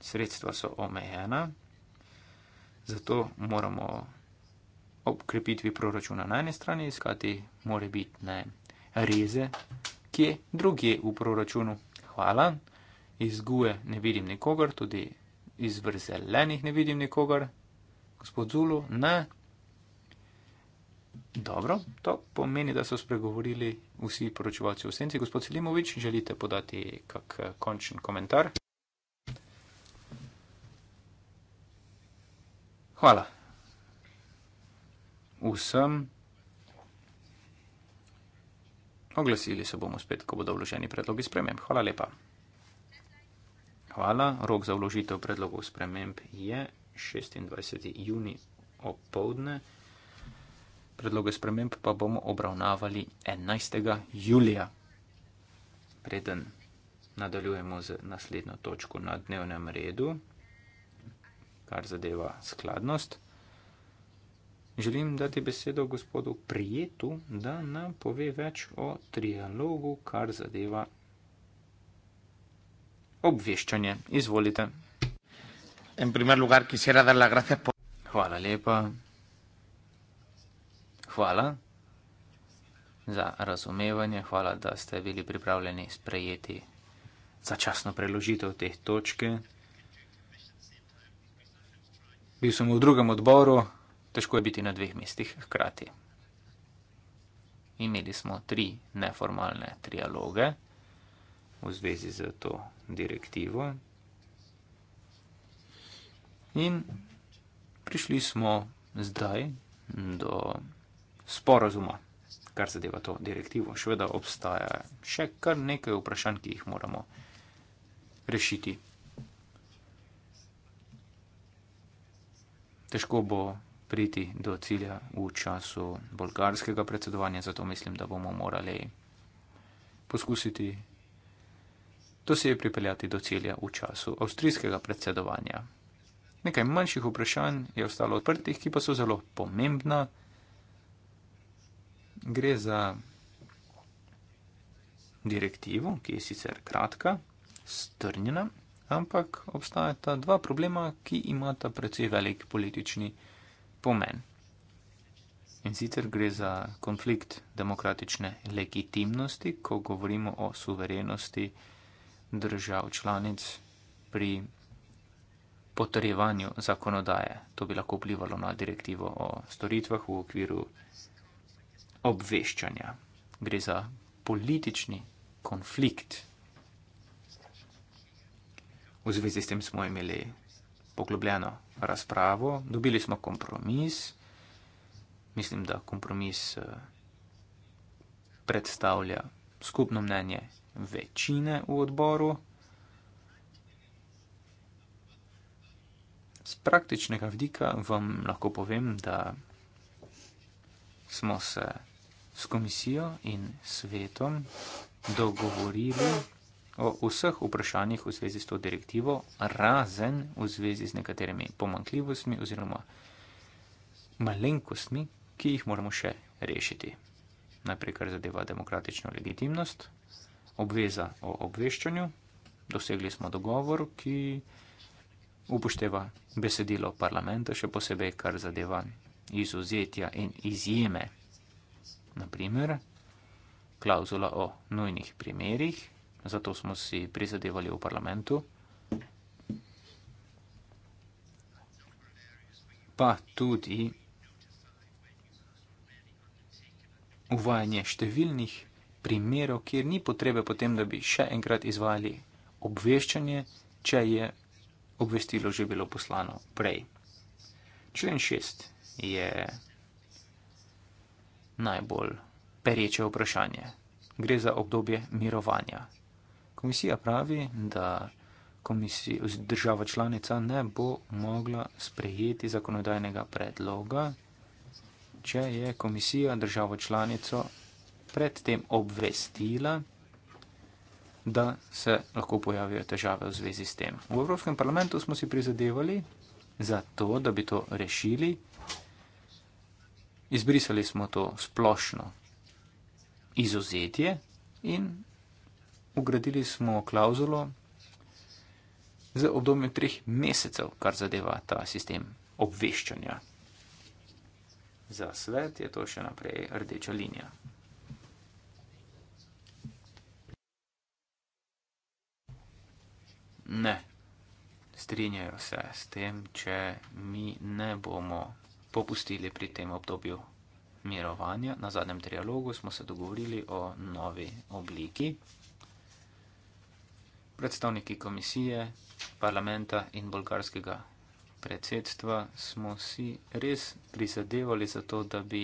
S2: Sredstva so omejena, zato moramo ob krepitvi proračuna na eni strani iskati morebitne reze kje drugje v proračunu. Hvala. Iz guje ne vidim nikogar, tudi iz vrzelenih ne vidim nikogar. Gospod Zulu, ne. Dobro, to pomeni, da so spregovorili vsi poročevalci v senci. Gospod Selimovič, želite podati kak eh, končen komentar? Hvala. Vsem. Awesome. Oglasili se bomo spet, ko bodo vloženi predlogi sprememb. Hvala lepa. Hvala. Rok za vložitev predlogov sprememb je 26. juni opovdne. Predloge sprememb pa bomo obravnavali 11. julija. Preden nadaljujemo z naslednjo točko na dnevnem redu, kar zadeva skladnost. Želim dati besedo gospodu Prijetu, da nam pove več o trialogu, kar zadeva obveščanje. Izvolite. Lugar, po... Hvala lepa. Hvala za razumevanje, hvala, da ste bili pripravljeni sprejeti začasno preložitev te točke. Bil sem v drugem odboru, težko je biti na dveh mestih hkrati. Imeli smo tri neformalne trialoge v zvezi z to direktivo in prišli smo zdaj do sporozuma, kar zadeva to direktivo. Še vedno obstaja še kar nekaj vprašanj, ki jih moramo rešiti. Težko bo priti do cilja v času bolgarskega predsedovanja, zato mislim, da bomo morali poskusiti to se je pripeljati do cilja v času avstrijskega predsedovanja. Nekaj manjših vprašanj je ostalo odprtih, ki pa so zelo pomembna. Gre za direktivo, ki je sicer kratka, strnjena, ampak obstajata dva problema, ki imata precej velik politični vpliv pomen. In sicer gre za konflikt demokratične legitimnosti, ko govorimo o suverenosti držav članic pri potrjevanju zakonodaje. To bi lahko vplivalo na direktivo o storitvah v okviru obveščanja. Gre za politični konflikt. V zvezi s tem smo imeli poglobljeno razpravo, dobili smo kompromis. Mislim, da kompromis eh, predstavlja skupno mnenje večine v odboru. Z praktičnega vidika vam lahko povem, da smo se s komisijo in svetom dogovorili o vseh vprašanjih v zvezi s to direktivo, razen v zvezi z nekaterimi pomankljivostmi oziroma malenkostmi, ki jih moramo še rešiti. Najprej, kar zadeva demokratično legitimnost, obveza o obveščanju, dosegli smo dogovor, ki upošteva besedilo parlamenta, še posebej, kar zadeva izuzetja in izjeme. Naprimer, klauzula o nujnih primerjih, zato smo si prizadevali v parlamentu. Pa tudi uvajanje številnih primerov, kjer ni potrebe potem, da bi še enkrat izvajali obveščanje, če je obvestilo že bilo poslano prej. Člen 6 je najbolj pereče vprašanje. Gre za obdobje mirovanja. Komisija pravi, da komisija oziroma država članica ne bo mogla sprejeti zakonodajnega predloga, če je komisija državo članico predtem obvestila, da se lahko pojavijo težave v zvezi s tem. V Evropskem parlamentu smo si prizadevali za to, da bi to rešili. Izbrisali smo to splošno izuzetje in ugradili smo klauzulo za obdobje treh mesecev, kar zadeva ta sistem obveščanja. Za svet je to še naprej rdeča linija. Ne, strinjajo se s tem, če mi ne bomo popustili pri tem obdobju mirovanja. Na zadnjem trialogu smo se dogovorili o novi obliki predstavniki komisije, parlamenta in bolgarskega predsedstva smo si res prizadevali za to, da bi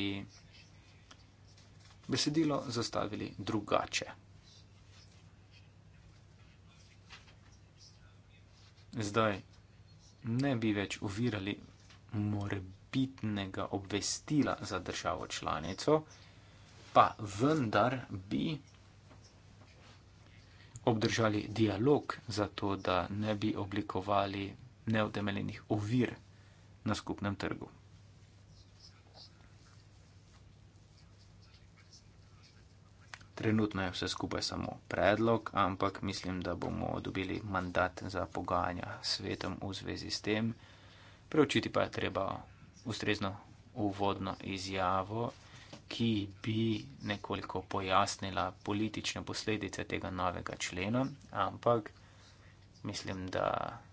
S2: besedilo zastavili drugače. Zdaj ne bi več uvirali morebitnega obvestila za državo članico, pa vendar bi obdržali dialog, zato da ne bi oblikovali neutemeljenih ovir na skupnem trgu. Trenutno je vse skupaj samo predlog, ampak mislim, da bomo dobili mandat za pogajanja s svetom v zvezi s tem. Preučiti pa je treba ustrezno uvodno izjavo ki bi nekoliko pojasnila politične posledice tega novega člena, ampak mislim, da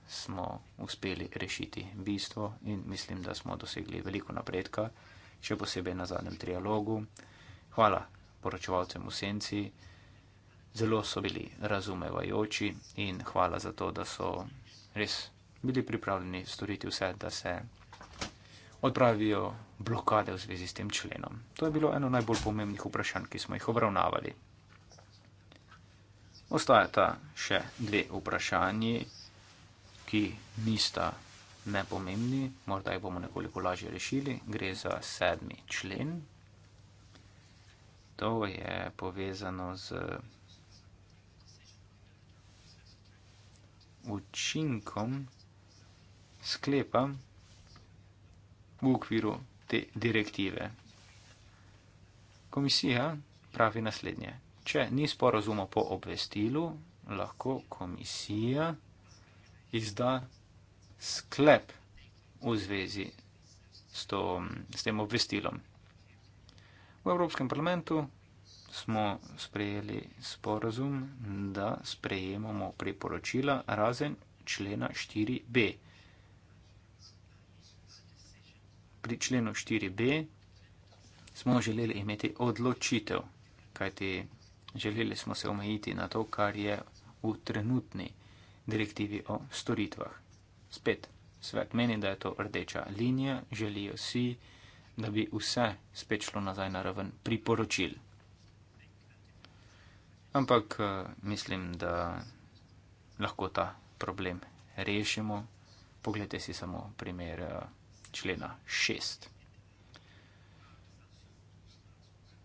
S2: smo uspeli rešiti bistvo in mislim, da smo dosegli veliko napredka, še posebej na zadnjem trialogu. Hvala poročevalcem v senci, zelo so bili razumevajoči in hvala za to, da so res bili pripravljeni storiti vse, da se odpravijo blokade v zvezi s tem členom. To je bilo eno najbolj pomembnih vprašanj, ki smo jih obravnavali. Ostajata še dve vprašanji, ki nista nepomembni, morda jih bomo nekoliko lažje rešili. Gre za sedmi člen. To je povezano z učinkom sklepa v okviru te direktive. Komisija pravi naslednje. Če ni sporozuma po obvestilu, lahko komisija izda sklep v zvezi s, to, s tem obvestilom. V Evropskem parlamentu smo sprejeli sporozum, da sprejemamo priporočila razen člena 4b. pri členu 4b smo želeli imeti odločitev, kajti želeli smo se omejiti na to, kar je v trenutni direktivi o storitvah. Spet, svet meni, da je to rdeča linija, želijo si, da bi vse spet šlo nazaj na raven priporočil. Ampak eh, mislim, da lahko ta problem rešimo. Poglejte si samo primer eh, člena 6.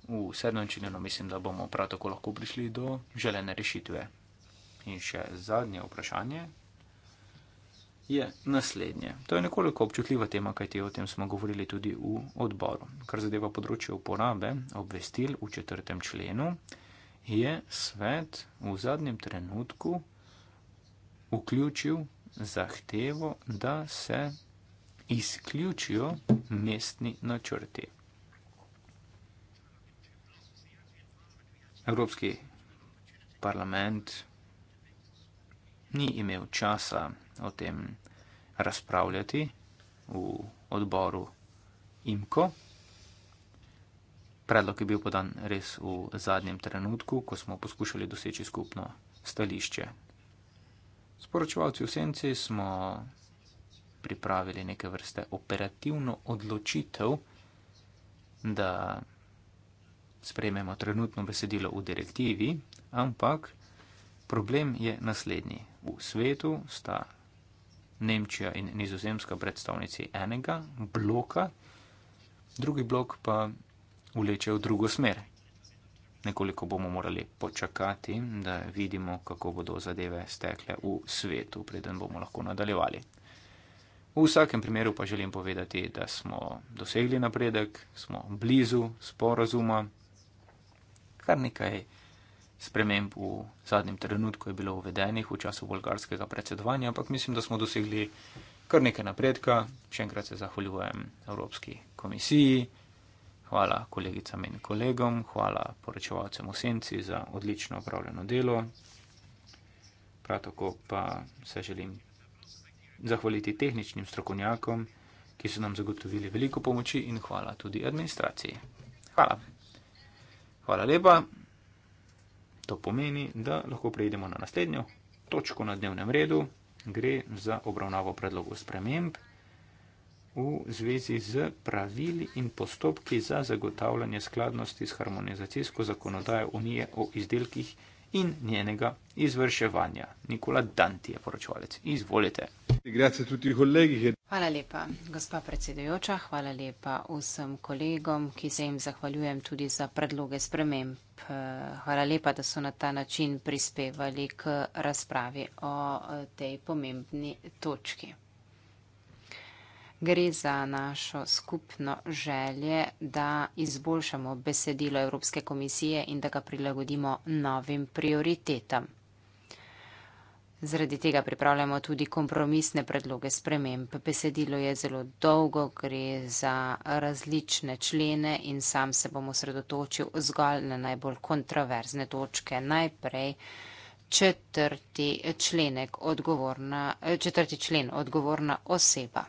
S2: V sedmem členu mislim, da bomo prav tako lahko prišli do želene rešitve. In še zadnje vprašanje je naslednje. To je nekoliko občutljiva tema, kajti o tem smo govorili tudi v odboru. Kar zadeva področje uporabe obvestil v četrtem členu, je svet v zadnjem trenutku vključil zahtevo, da se izključijo mestni načrti. Evropski parlament ni imel časa o tem razpravljati v odboru IMKO. Predlog je bil podan res v zadnjem trenutku, ko smo poskušali doseči skupno stališče. Sporočevalci v senci smo pripravili neke vrste operativno odločitev, da sprejmemo trenutno besedilo v direktivi, ampak problem je naslednji. V svetu sta Nemčija in nizozemska predstavnici enega bloka, drugi blok pa vleče v drugo smer. Nekoliko bomo morali počakati, da vidimo, kako bodo zadeve stekle v svetu, preden bomo lahko nadaljevali. V vsakem primeru pa želim povedati, da smo dosegli napredek, smo blizu sporazuma. Kar nekaj sprememb v zadnjem trenutku je bilo uvedenih v času bolgarskega predsedovanja, ampak mislim, da smo dosegli kar nekaj napredka. Še enkrat se zahvaljujem Evropski komisiji, hvala kolegicam in kolegom, hvala poročevalcem v senci za odlično upravljeno delo. Prav tako pa se želim zahvaliti tehničnim strokovnjakom, ki so nam zagotovili veliko pomoči in hvala tudi administraciji. Hvala. Hvala lepa. To pomeni, da lahko prejdemo na naslednjo točko na dnevnem redu. Gre za obravnavo predlogu sprememb v zvezi z pravili in postopki za zagotavljanje skladnosti s harmonizacijsko zakonodajo Unije o izdelkih in njenega izvrševanja. Nikola Danti je poročevalec. Izvolite. Hvala
S3: lepa, gospa predsedujoča. Hvala lepa vsem kolegom, ki se jim zahvaljujem tudi za predloge sprememb. Hvala lepa, da so na ta način prispevali k razpravi o tej pomembni točki. Gre za našo skupno želje, da izboljšamo besedilo Evropske komisije in da ga prilagodimo novim prioritetam. Zaradi tega pripravljamo tudi kompromisne predloge sprememb. Besedilo je zelo dolgo, gre za različne člene in sam se bom osredotočil zgolj na najbolj kontroverzne točke. Najprej četrti, členek, četrti člen odgovorna oseba.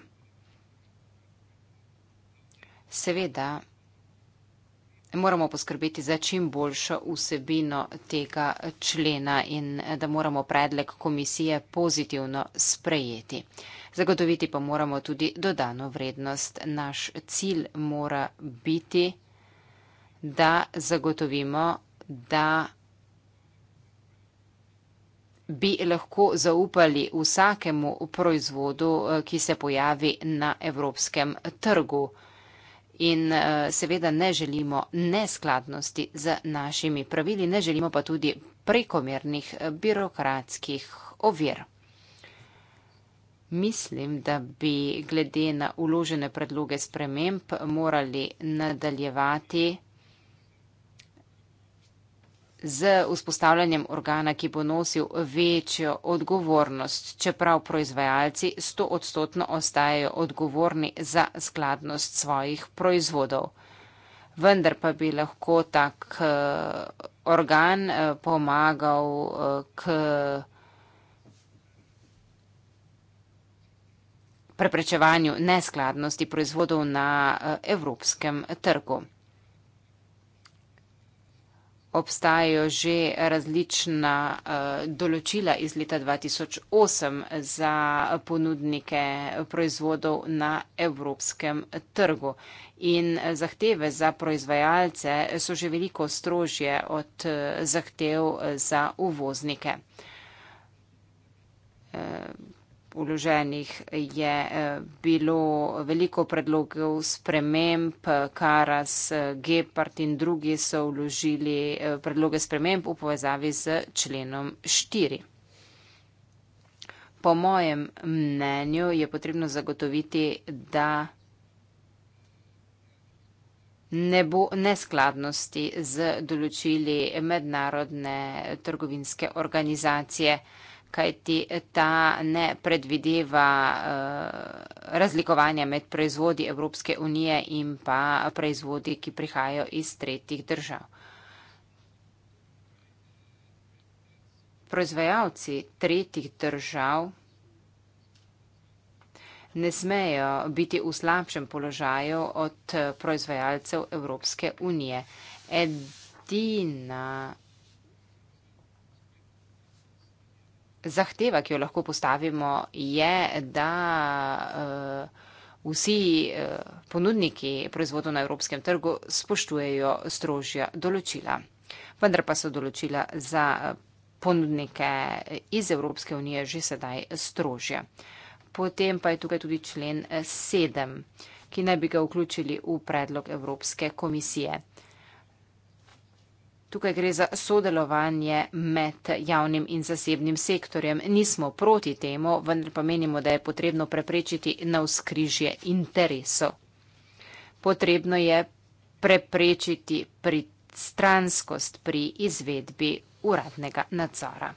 S3: Seveda moramo poskrbeti za čim boljšo vsebino tega člena in eh, da moramo predlog komisije pozitivno sprejeti. Zagotoviti pa moramo tudi dodano vrednost. Naš cilj mora biti, da zagotovimo, da bi lahko zaupali vsakemu proizvodu, eh, ki se pojavi na evropskem trgu in eh, seveda ne želimo neskladnosti z našimi pravili, ne želimo pa tudi prekomernih eh, birokratskih ovir. Mislim, da bi glede na uložene predloge sprememb morali nadaljevati z vzpostavljanjem organa, ki bo nosil večjo odgovornost, čeprav proizvajalci sto odstotno ostajajo odgovorni za skladnost svojih proizvodov. Vendar pa bi lahko tak eh, organ eh, pomagal eh, k preprečevanju neskladnosti proizvodov na evropskem trgu obstajajo že različna uh, določila iz leta 2008 za ponudnike proizvodov na evropskem trgu. In eh, zahteve za proizvajalce so že veliko strožje od eh, zahtev za uvoznike. Uh, vloženih je eh, bilo veliko predlogov sprememb, Karas, eh, Gepard in drugi so vložili eh, predloge sprememb v povezavi z členom 4. Po mojem mnenju je potrebno zagotoviti, da ne bo neskladnosti z določili mednarodne trgovinske organizacije kajti ta ne predvideva eh, razlikovanja med proizvodi Evropske unije in pa proizvodi, ki prihajajo iz tretjih držav. Proizvajalci tretjih držav ne smejo biti v slabšem položaju od proizvajalcev Evropske unije. Edina zahteva, ki jo lahko postavimo, je, da eh, vsi eh, ponudniki proizvodov na evropskem trgu spoštujejo strožja določila. Vendar pa so določila za eh, ponudnike iz Evropske unije že sedaj strožja. Potem pa je tukaj tudi člen 7, ki naj bi ga vključili v predlog Evropske komisije. Tukaj gre za sodelovanje med javnim in zasebnim sektorjem. Nismo proti temu, vendar pa menimo, da je potrebno preprečiti na vzkrižje interesov. Potrebno je preprečiti pristranskost pri izvedbi uradnega nadzora.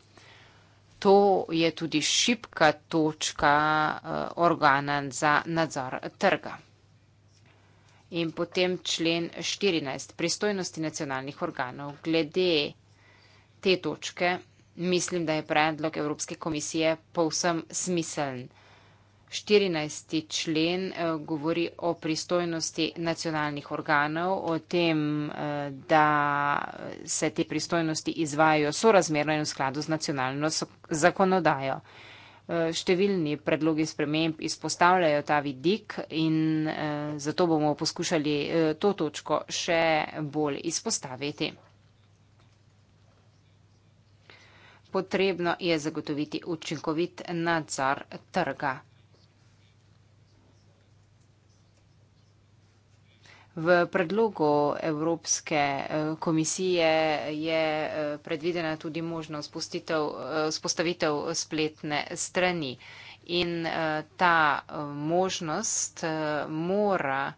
S3: To je tudi šipka točka eh, organa za nadzor trga in potem člen 14, pristojnosti nacionalnih organov. Glede te točke mislim, da je predlog Evropske komisije povsem smiseln. 14. člen eh, govori o pristojnosti nacionalnih organov, o tem, eh, da se te pristojnosti izvajo sorazmerno in v skladu z nacionalno zakonodajo. Eh, številni predlogi sprememb izpostavljajo ta vidik in eh, zato bomo poskušali eh, to točko še bolj izpostaviti. Potrebno je zagotoviti učinkovit nadzor trga. V predlogu Evropske eh, komisije je eh, predvidena tudi možnost spostavitev eh, spletne strani in ta možnost mora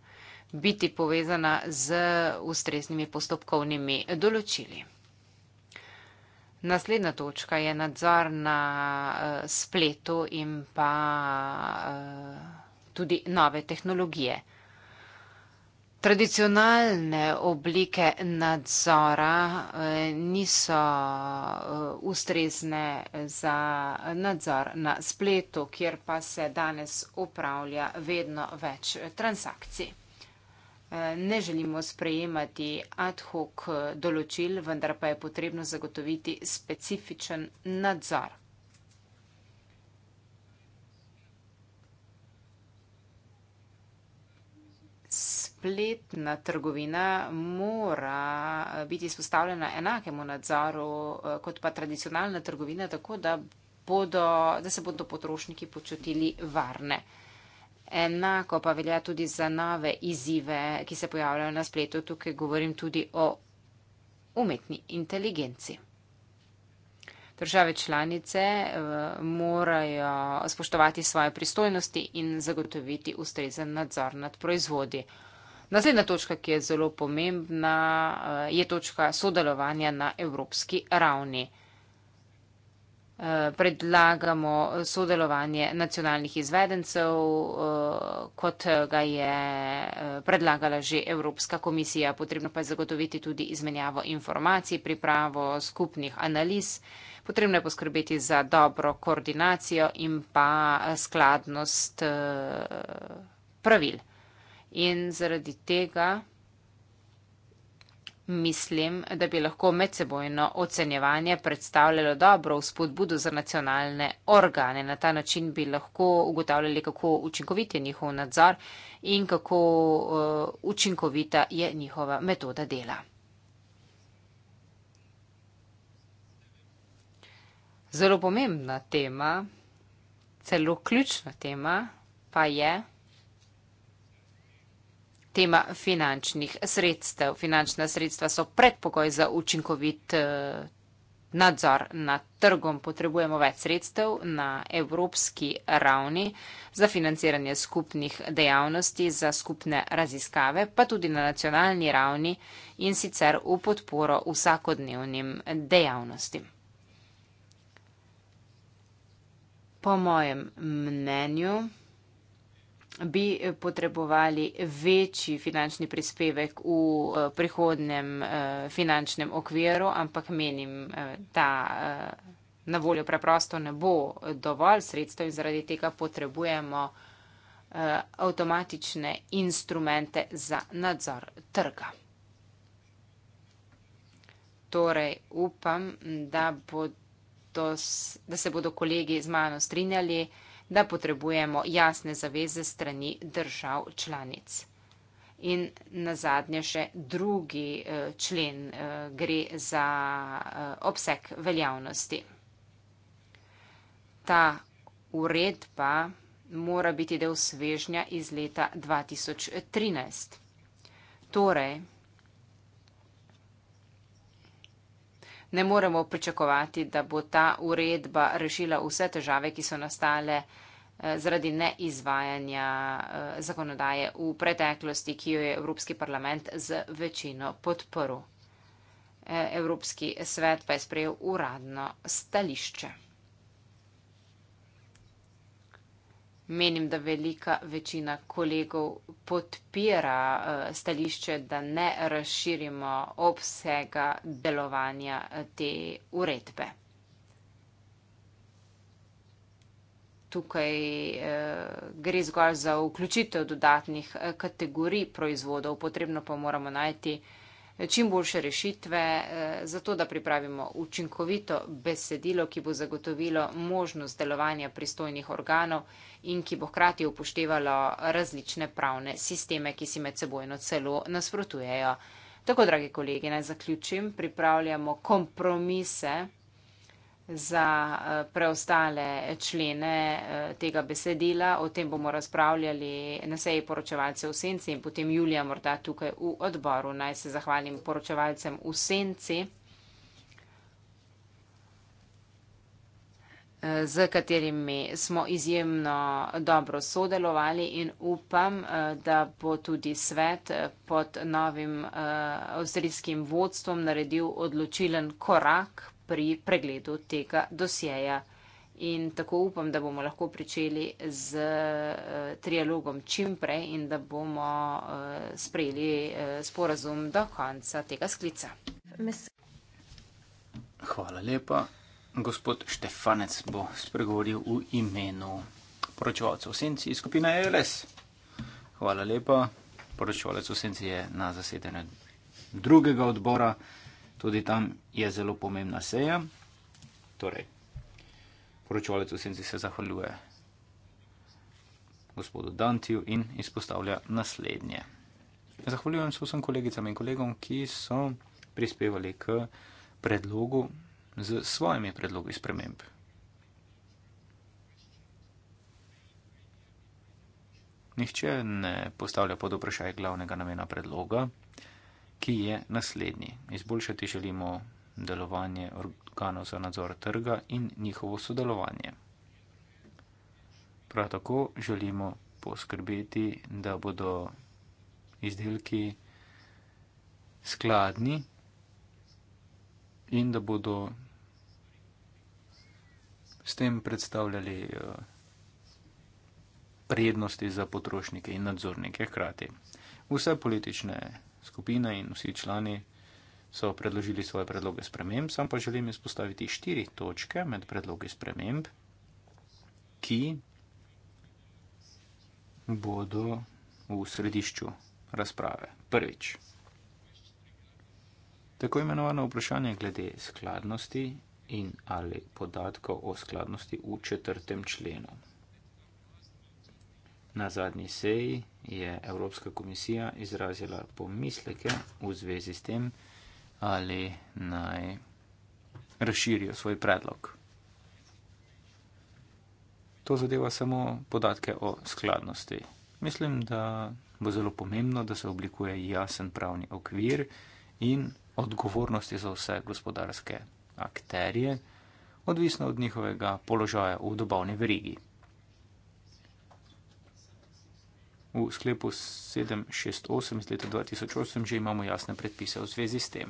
S3: biti povezana z ustreznimi postopkovnimi določili. Naslednja točka je nadzor na spletu in pa tudi nove tehnologije. Tradicionalne oblike nadzora eh, niso eh, ustrezne za nadzor na spletu, kjer pa se danes upravlja vedno več transakcij. Eh, ne želimo sprejemati ad hoc določil, vendar pa je potrebno zagotoviti specifičen nadzor. spletna trgovina mora biti izpostavljena enakemu nadzoru eh, kot pa tradicionalna trgovina, tako da, bodo, da se bodo potrošniki počutili varne. Enako pa velja tudi za nove izzive, ki se pojavljajo na spletu. Tukaj govorim tudi o umetni inteligenci. Države članice eh, morajo spoštovati svoje pristojnosti in zagotoviti ustrezen nadzor nad proizvodi. Naslednja točka, ki je zelo pomembna, eh, je točka sodelovanja na evropski ravni. Eh, predlagamo sodelovanje nacionalnih izvedencev, eh, kot ga je predlagala že Evropska komisija. Potrebno pa je zagotoviti tudi izmenjavo informacij, pripravo skupnih analiz. Potrebno je poskrbeti za dobro koordinacijo in pa skladnost pravil. In zaradi tega mislim, da bi lahko medsebojno ocenjevanje predstavljalo dobro vzpodbudo za nacionalne organe. Na ta način bi lahko ugotavljali, kako učinkovit je njihov nadzor in kako uh, učinkovita je njihova metoda dela. Zelo pomembna tema, celo ključna tema pa je, tema finančnih sredstev. Finančna sredstva so predpogoj za učinkovit eh, nadzor nad trgom. Potrebujemo več sredstev na evropski ravni za financiranje skupnih dejavnosti, za skupne raziskave, pa tudi na nacionalni ravni in sicer v podporo vsakodnevnim dejavnostim. Po mojem mnenju, bi potrebovali večji finančni prispevek v eh, prihodnem eh, finančnem okviru, ampak menim, da eh, na voljo preprosto ne bo dovolj sredstev in zaradi tega potrebujemo avtomatične instrumente za nadzor trga. Torej upam, da, bodo, da se bodo kolegi z mano strinjali da potrebujemo jasne zaveze strani držav članic. In na zadnje še drugi eh, člen eh, gre za eh, obseg veljavnosti. Ta uredba mora biti del svežnja iz leta 2013. Torej, ne moremo pričakovati, da bo ta uredba rešila vse težave, ki so nastale eh, zaradi neizvajanja eh, zakonodaje v preteklosti, ki jo je Evropski parlament z večino podporil. Eh, Evropski svet pa je sprejel uradno stališče. Menim, da velika večina kolegov podpira eh, stališče, da ne razširimo obsega delovanja eh, te uredbe. Tukaj eh, gre zgolj za vključitev dodatnih kategorij proizvodov, potrebno pa moramo najti čim boljše rešitve, eh, zato da pripravimo učinkovito besedilo, ki bo zagotovilo možnost delovanja pristojnih organov in ki bo hkrati upoštevalo različne pravne sisteme, ki si med sebojno celo nasprotujejo. Tako, dragi kolegi, naj zaključim, pripravljamo kompromise za eh, preostale člene eh, tega besedila. O tem bomo razpravljali na seji poročevalcev v senci in potem Julija morda tukaj v odboru. Naj se zahvalim poročevalcem v senci, eh, z katerimi smo izjemno dobro sodelovali in upam, da bo tudi svet pod novim avstrijskim vodstvom naredil odločilen korak pri pregledu tega dosjeja. In tako upam, da bomo lahko pričeli z eh, trialogom čim prej in da bomo eh, sprejeli eh, sporazum do konca tega sklica.
S2: Hvala lepa. Gospod Štefanec bo spregovoril v imenu poročevalca v senci skupine ELS. Hvala lepa. Poročevalec v senci je na zasedanju drugega odbora tudi tam je zelo pomembna seja. Torej, poročovalec v senci se zahvaljuje gospodu Dantiju in izpostavlja naslednje. Zahvaljujem se vsem kolegicam in kolegom, ki so prispevali k predlogu z svojimi predlogi sprememb. Nihče ne postavlja pod vprašaj glavnega namena predloga ki je naslednji. Izboljšati želimo delovanje organov za nadzor trga in njihovo sodelovanje. Prav tako želimo poskrbeti, da bodo izdelki skladni in da bodo s tem predstavljali eh, prednosti za potrošnike in nadzornike hkrati. Vse politične skupina in vsi člani so predložili svoje predloge sprememb, sam pa želim izpostaviti štiri točke med predlogi sprememb, ki bodo v središču razprave. Prvič. Tako imenovano vprašanje glede skladnosti in ali podatkov o skladnosti v četrtem členu. Na zadnji seji je Evropska komisija izrazila pomisleke v zvezi s tem, ali naj razširijo svoj predlog. To zadeva samo podatke o skladnosti. Mislim, da bo zelo pomembno, da se oblikuje jasen pravni okvir in odgovornosti za vse gospodarske akterje, odvisno od njihovega položaja v dobavni verigi. V sklepu 768 iz leta 2008 že imamo jasne predpise v zvezi s tem.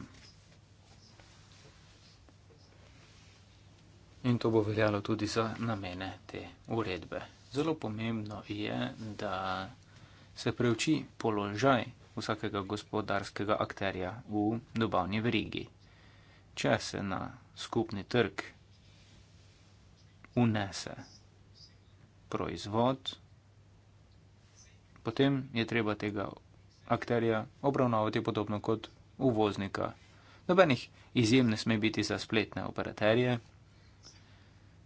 S2: In to bo veljalo tudi za namene te uredbe. Zelo pomembno je, da se preuči položaj vsakega gospodarskega akterja v dobavni verigi. Če se na skupni trg unese proizvod, potem je treba tega akterja obravnavati podobno kot uvoznika. Nobenih izjem ne sme biti za spletne operaterje,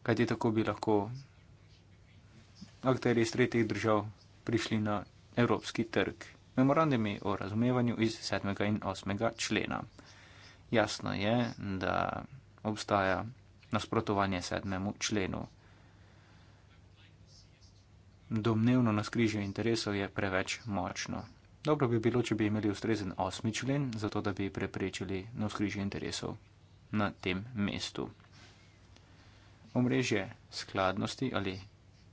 S2: kajti tako bi lahko akterji iz tretjih držav prišli na evropski trg. Memorandumi o razumevanju iz 7. in 8. člena. Jasno je, da obstaja nasprotovanje 7. členu domnevno na skrižju interesov je preveč močno. Dobro bi bilo, če bi imeli ustrezen osmi člen, zato da bi preprečili na skrižju interesov na tem mestu. Omrežje skladnosti ali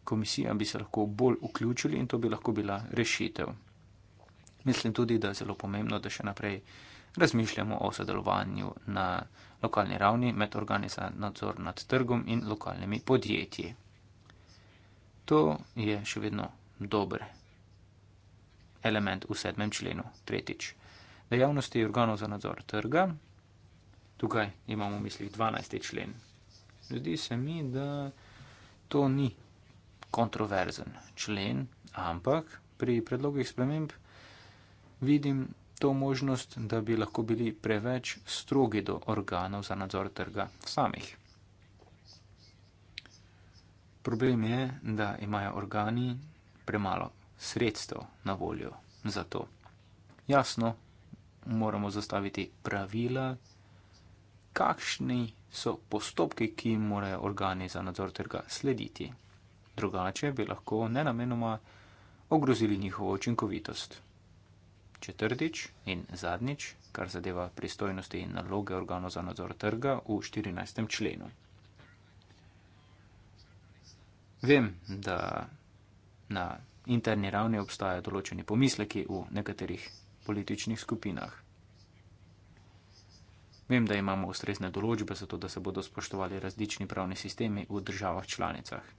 S2: komisija bi se lahko bolj vključili in to bi lahko bila rešitev. Mislim tudi, da je zelo pomembno, da še naprej razmišljamo o sodelovanju na lokalni ravni med organi za nadzor nad trgom in lokalnimi podjetji. To je še vedno dober element v sedmem členu. Tretjič. Dejavnosti organov za nadzor trga. Tukaj imamo v mislih 12. člen. Zdi se mi, da to ni kontroverzen člen, ampak pri predlogih sprememb vidim to možnost, da bi lahko bili preveč strogi do organov za nadzor trga samih. Problem je, da imajo organi premalo sredstev na voljo za to. Jasno, moramo zastaviti pravila, kakšni so postopki, ki morajo organi za nadzor trga slediti. Drugače bi lahko nenamenoma ogrozili njihovo učinkovitost. Četrtič in zadnjič, kar zadeva pristojnosti in naloge organov za nadzor trga v 14. členu. Vem, da na interni ravni obstajajo določeni pomisleki v nekaterih političnih skupinah. Vem, da imamo ustrezne določbe za to, da se bodo spoštovali različni pravni sistemi v državah članicah.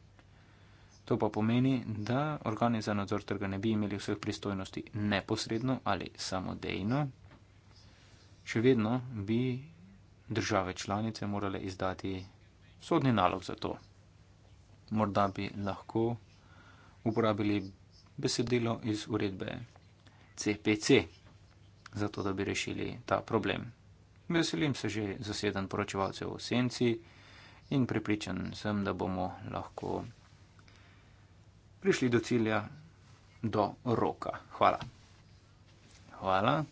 S2: To pa pomeni, da organi za nadzor trga ne bi imeli vseh pristojnosti neposredno ali samodejno. Še vedno bi države članice morale izdati sodni nalog za to morda bi lahko uporabili besedilo iz uredbe CPC, zato da bi rešili ta problem. Veselim se že zaseden poročevalcev v senci in prepričan sem, da bomo lahko prišli do cilja, do roka. Hvala. Hvala.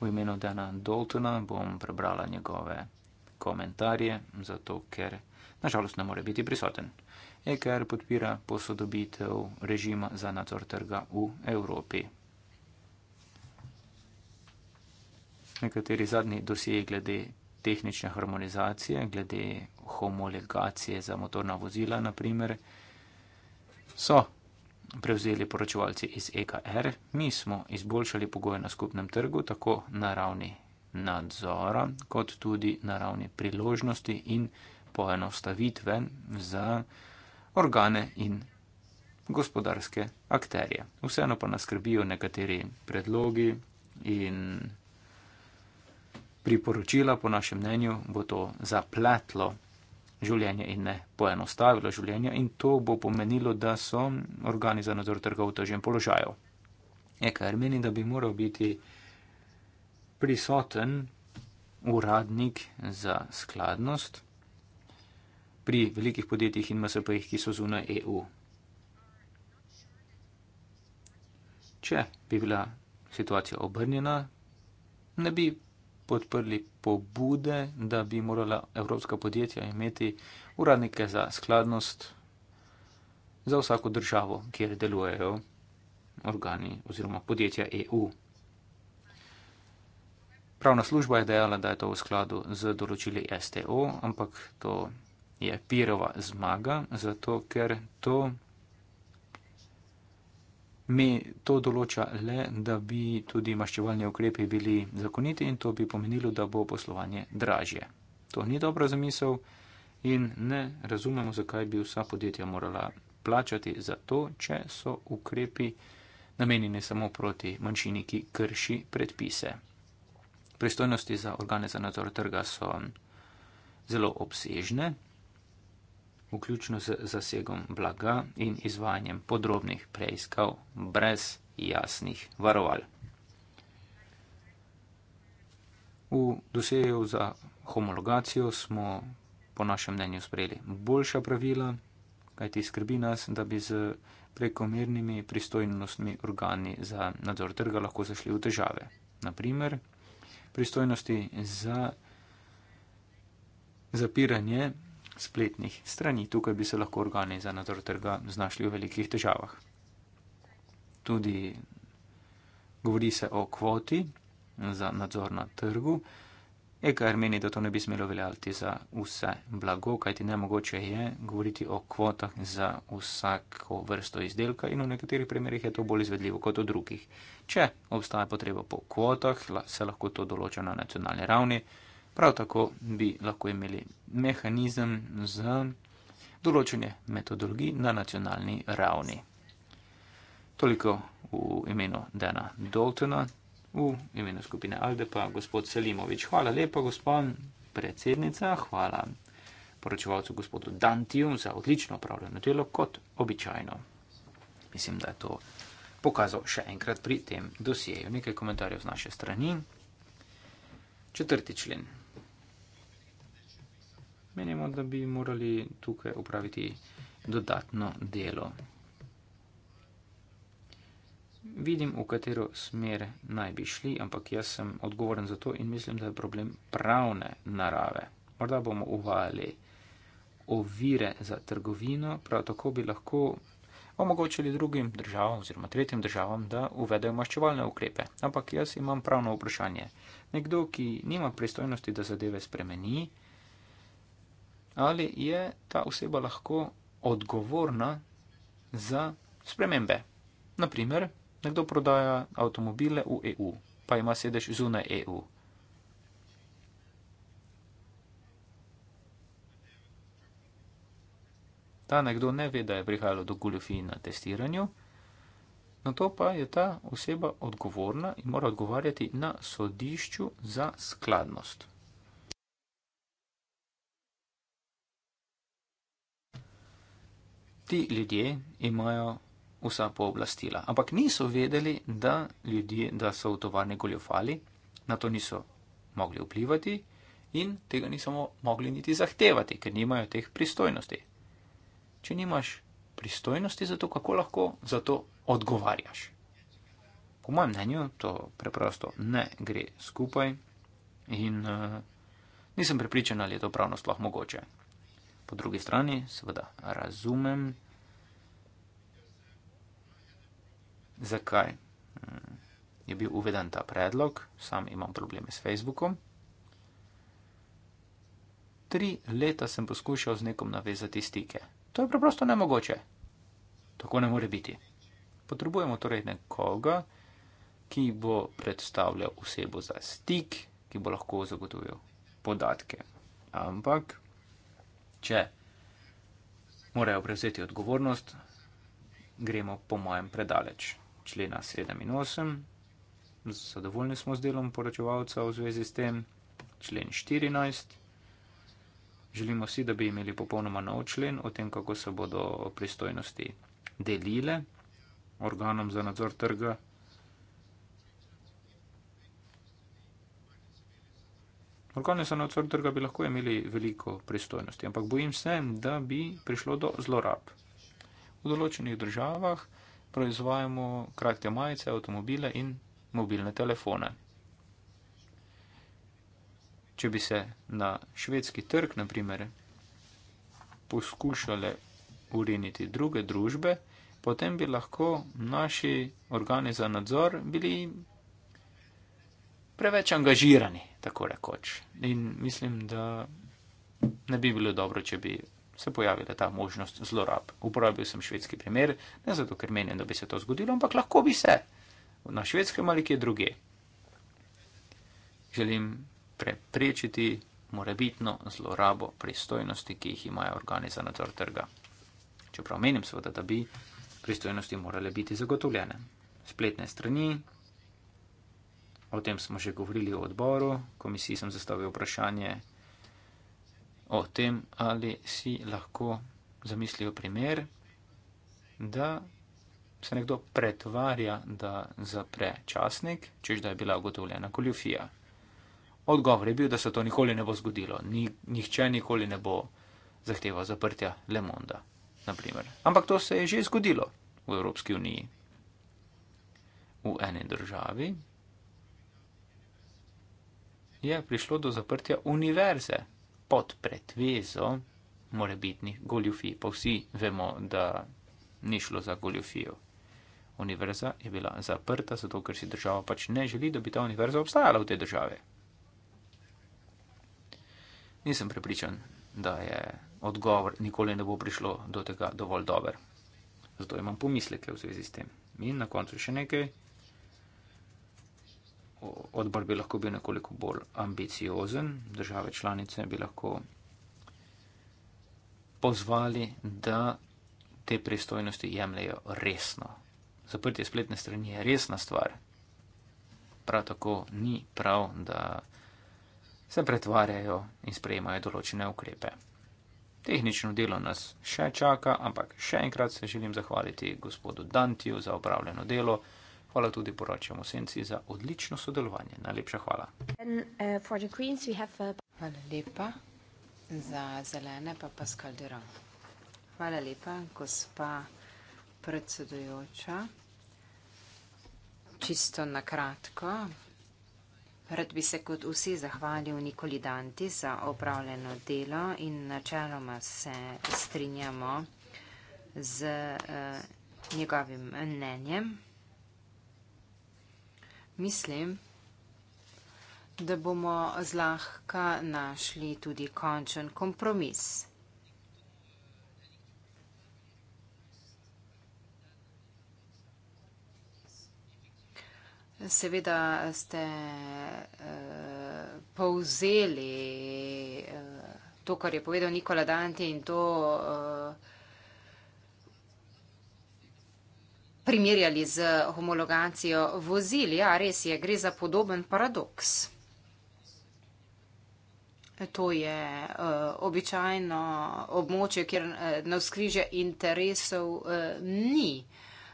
S2: V imenu Dana Daltona bom prebrala njegove komentarje, zato ker nažalost ne more biti prisoten. EKR podpira posodobitev režima za nadzor trga v Evropi. Nekateri zadnji dosije glede tehnične harmonizacije, glede homologacije za motorna vozila, naprimer, so prevzeli poročevalci iz EKR. Mi smo izboljšali pogoje na skupnem trgu, tako na ravni nadzora, kot tudi na ravni priložnosti in poenostavitve za organe in gospodarske akterje. Vseeno pa nas skrbijo nekateri predlogi in priporočila, po našem mnenju, bo to zapletlo življenje in ne poenostavilo življenja in to bo pomenilo, da so organi za nadzor trga v težjem položaju. EKR meni, da bi moral biti prisoten uradnik za skladnost, pri velikih podjetjih in MSP-jih, ki so zunaj EU. Če bi bila situacija obrnjena, ne bi podprli pobude, da bi morala evropska podjetja imeti uradnike za skladnost za vsako državo, kjer delujejo organi oziroma podjetja EU. Pravna služba je dejala, da je to v skladu z določili STO, ampak to je pirova zmaga, zato ker to, me, to določa le, da bi tudi maščevalni ukrepi bili zakoniti in to bi pomenilo, da bo poslovanje dražje. To ni dobro zamisel in ne razumemo, zakaj bi vsa podjetja morala plačati za to, če so ukrepi namenjeni samo proti manjšini, ki krši predpise. Pristojnosti za organe za nadzor trga so zelo obsežne, vključno z zasegom blaga in izvajanjem podrobnih preiskav brez jasnih varoval. V dosejev za homologacijo smo po našem mnenju sprejeli boljša pravila, kajti skrbi nas, da bi z prekomernimi pristojnostmi organi za nadzor trga lahko zašli v težave. Naprimer, pristojnosti za zapiranje spletnih strani, tukaj bi se lahko organi za nadzor trga znašli v velikih težavah. Tudi govori se o kvoti za nadzor na trgu. EKR meni, da to ne bi smelo veljati za vse blago, kajti nemogoče je govoriti o kvotah za vsako vrsto izdelka in v nekaterih primerjih je to bolj izvedljivo kot v drugih. Če obstaja potreba po kvotah, se lahko to določa na nacionalni ravni, Prav tako bi lahko imeli mehanizem za določene metodologije na nacionalni ravni. Toliko v imenu Dana Daltona, v imenu skupine Alde pa gospod Selimovič. Hvala lepa, gospod predsednica, hvala poročevalcu gospodu Dantiju za odlično upravljeno delo, kot običajno. Mislim, da je to pokazal še enkrat pri tem dosjeju. Nekaj komentarjev z naše strani. Četrti člen menimo, da bi morali tukaj upraviti dodatno delo. Vidim, v katero smer naj bi šli, ampak jaz sem odgovoren za to in mislim, da je problem pravne narave. Morda bomo uvali ovire za trgovino, prav tako bi lahko omogočili drugim državam oziroma tretjim državam, da uvedejo maščevalne ukrepe. Ampak jaz imam pravno vprašanje. Nekdo, ki nima pristojnosti, da zadeve spremeni, ali je ta oseba lahko odgovorna za spremembe. Naprimer, nekdo prodaja avtomobile v EU, pa ima sedež zunaj EU. Ta nekdo ne ve, da je prihajalo do goljofij na testiranju, na to pa je ta oseba odgovorna in mora odgovarjati na sodišču za skladnost. ti ljudje imajo vsa pooblastila. Ampak niso vedeli, da, ljudje, da so v tovarni goljofali, na to niso mogli vplivati in tega niso mogli niti zahtevati, ker nimajo teh pristojnosti. Če nimaš pristojnosti za to, kako lahko za to odgovarjaš? Po mojem mnenju to preprosto ne gre skupaj in uh, nisem prepričan, ali je to pravno sploh mogoče po drugi strani seveda razumem, zakaj mm, je bil uveden ta predlog. Sam imam probleme s Facebookom. Tri leta sem poskušal z nekom navezati stike. To je preprosto nemogoče. Tako ne more biti. Potrebujemo torej nekoga, ki bo predstavljal osebo za stik, ki bo lahko zagotovil podatke. Ampak če morajo prevzeti odgovornost, gremo po mojem predaleč. Člena 7 in 8, zadovoljni smo z delom poročevalca v zvezi s tem. Člen 14, želimo si, da bi imeli popolnoma nov člen o tem, kako se bodo pristojnosti delile organom za nadzor trga Organe za nadzor trga bi lahko imeli veliko pristojnosti, ampak bojim se, da bi prišlo do zlorab. V določenih državah proizvajamo kratke majice, avtomobile in mobilne telefone. Če bi se na švedski trg, na primer, poskušale uriniti druge družbe, potem bi lahko naši organi za nadzor bili preveč angažirani, tako rekoč. In mislim, da ne bi bilo dobro, če bi se pojavila ta možnost zlorab. Uporabil sem švedski primer, ne zato, ker menim, da bi se to zgodilo, ampak lahko bi se na švedskem ali kje druge. Želim preprečiti morebitno zlorabo pristojnosti, ki jih imajo organi za nadzor trga. Čeprav menim seveda, da bi pristojnosti morale biti zagotovljene. Spletne strani, O tem smo že govorili v odboru, komisiji sem zastavil vprašanje o tem, ali si lahko zamislijo primer, da se nekdo pretvarja, da zapre časnik, čež da je bila ugotovljena koljufija. Odgovor je bil, da se to nikoli ne bo zgodilo. Ni, nihče nikoli ne bo zahteval zaprtja Le Monda, naprimer. Ampak to se je že zgodilo v Evropski uniji. V eni državi, je prišlo do zaprtja univerze pod pretvezo morebitnih goljufij. Pa vsi vemo, da ni šlo za goljufijo. Univerza je bila zaprta, zato ker si država pač ne želi, da bi ta univerza obstajala v tej državi. Nisem prepričan, da je odgovor, nikoli ne bo prišlo do tega dovolj dober. Zato imam pomisleke v zvezi s tem. In na koncu še nekaj odbor bi lahko bil nekoliko bolj ambiciozen, države članice bi lahko pozvali, da te pristojnosti jemljajo resno. Zaprtje spletne strani je resna stvar. Prav tako ni prav, da se pretvarjajo in sprejemajo določene ukrepe. Tehnično delo nas še čaka, ampak še enkrat se želim zahvaliti gospodu Dantiju za upravljeno delo. Hvala tudi poročamo Senci za odlično sodelovanje. Najlepša hvala.
S3: Uh, uh, hvala lepa za zelene, pa pa skaldero. Hvala lepa, gospa predsedujoča. Čisto na kratko. Rad bi se kot vsi zahvalil Nikoli Danti za opravljeno delo in načeloma se strinjamo z uh, njegovim mnenjem. Mislim, da bomo zlahka našli tudi končen kompromis. Seveda ste eh, povzeli eh, to, kar je povedal Nikola Dante in to povedal, eh, primerjali z homologacijo vozil. Ja, res je, gre za podoben paradoks. To je uh, običajno območje, kjer uh, eh, navskrižja interesov uh, ni.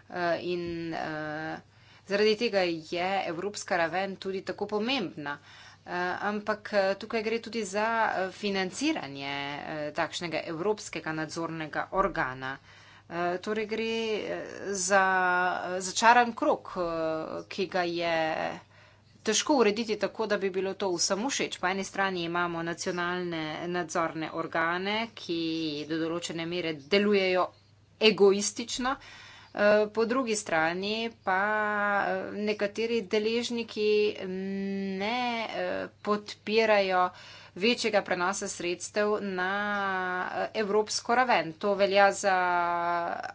S3: Uh, in uh, zaradi tega je evropska raven tudi tako pomembna. Uh, ampak tukaj gre tudi za financiranje uh, takšnega evropskega nadzornega organa. Uh, Eh, torej gre eh, za eh, začaran krok, ki ga je težko urediti tako, da bi bilo to vsem všeč. Po eni strani imamo nacionalne nadzorne organe, ki do določene mere delujejo egoistično, po drugi strani pa nekateri deležniki ne podpirajo večjega prenosa sredstev na eh, evropsko raven. To velja za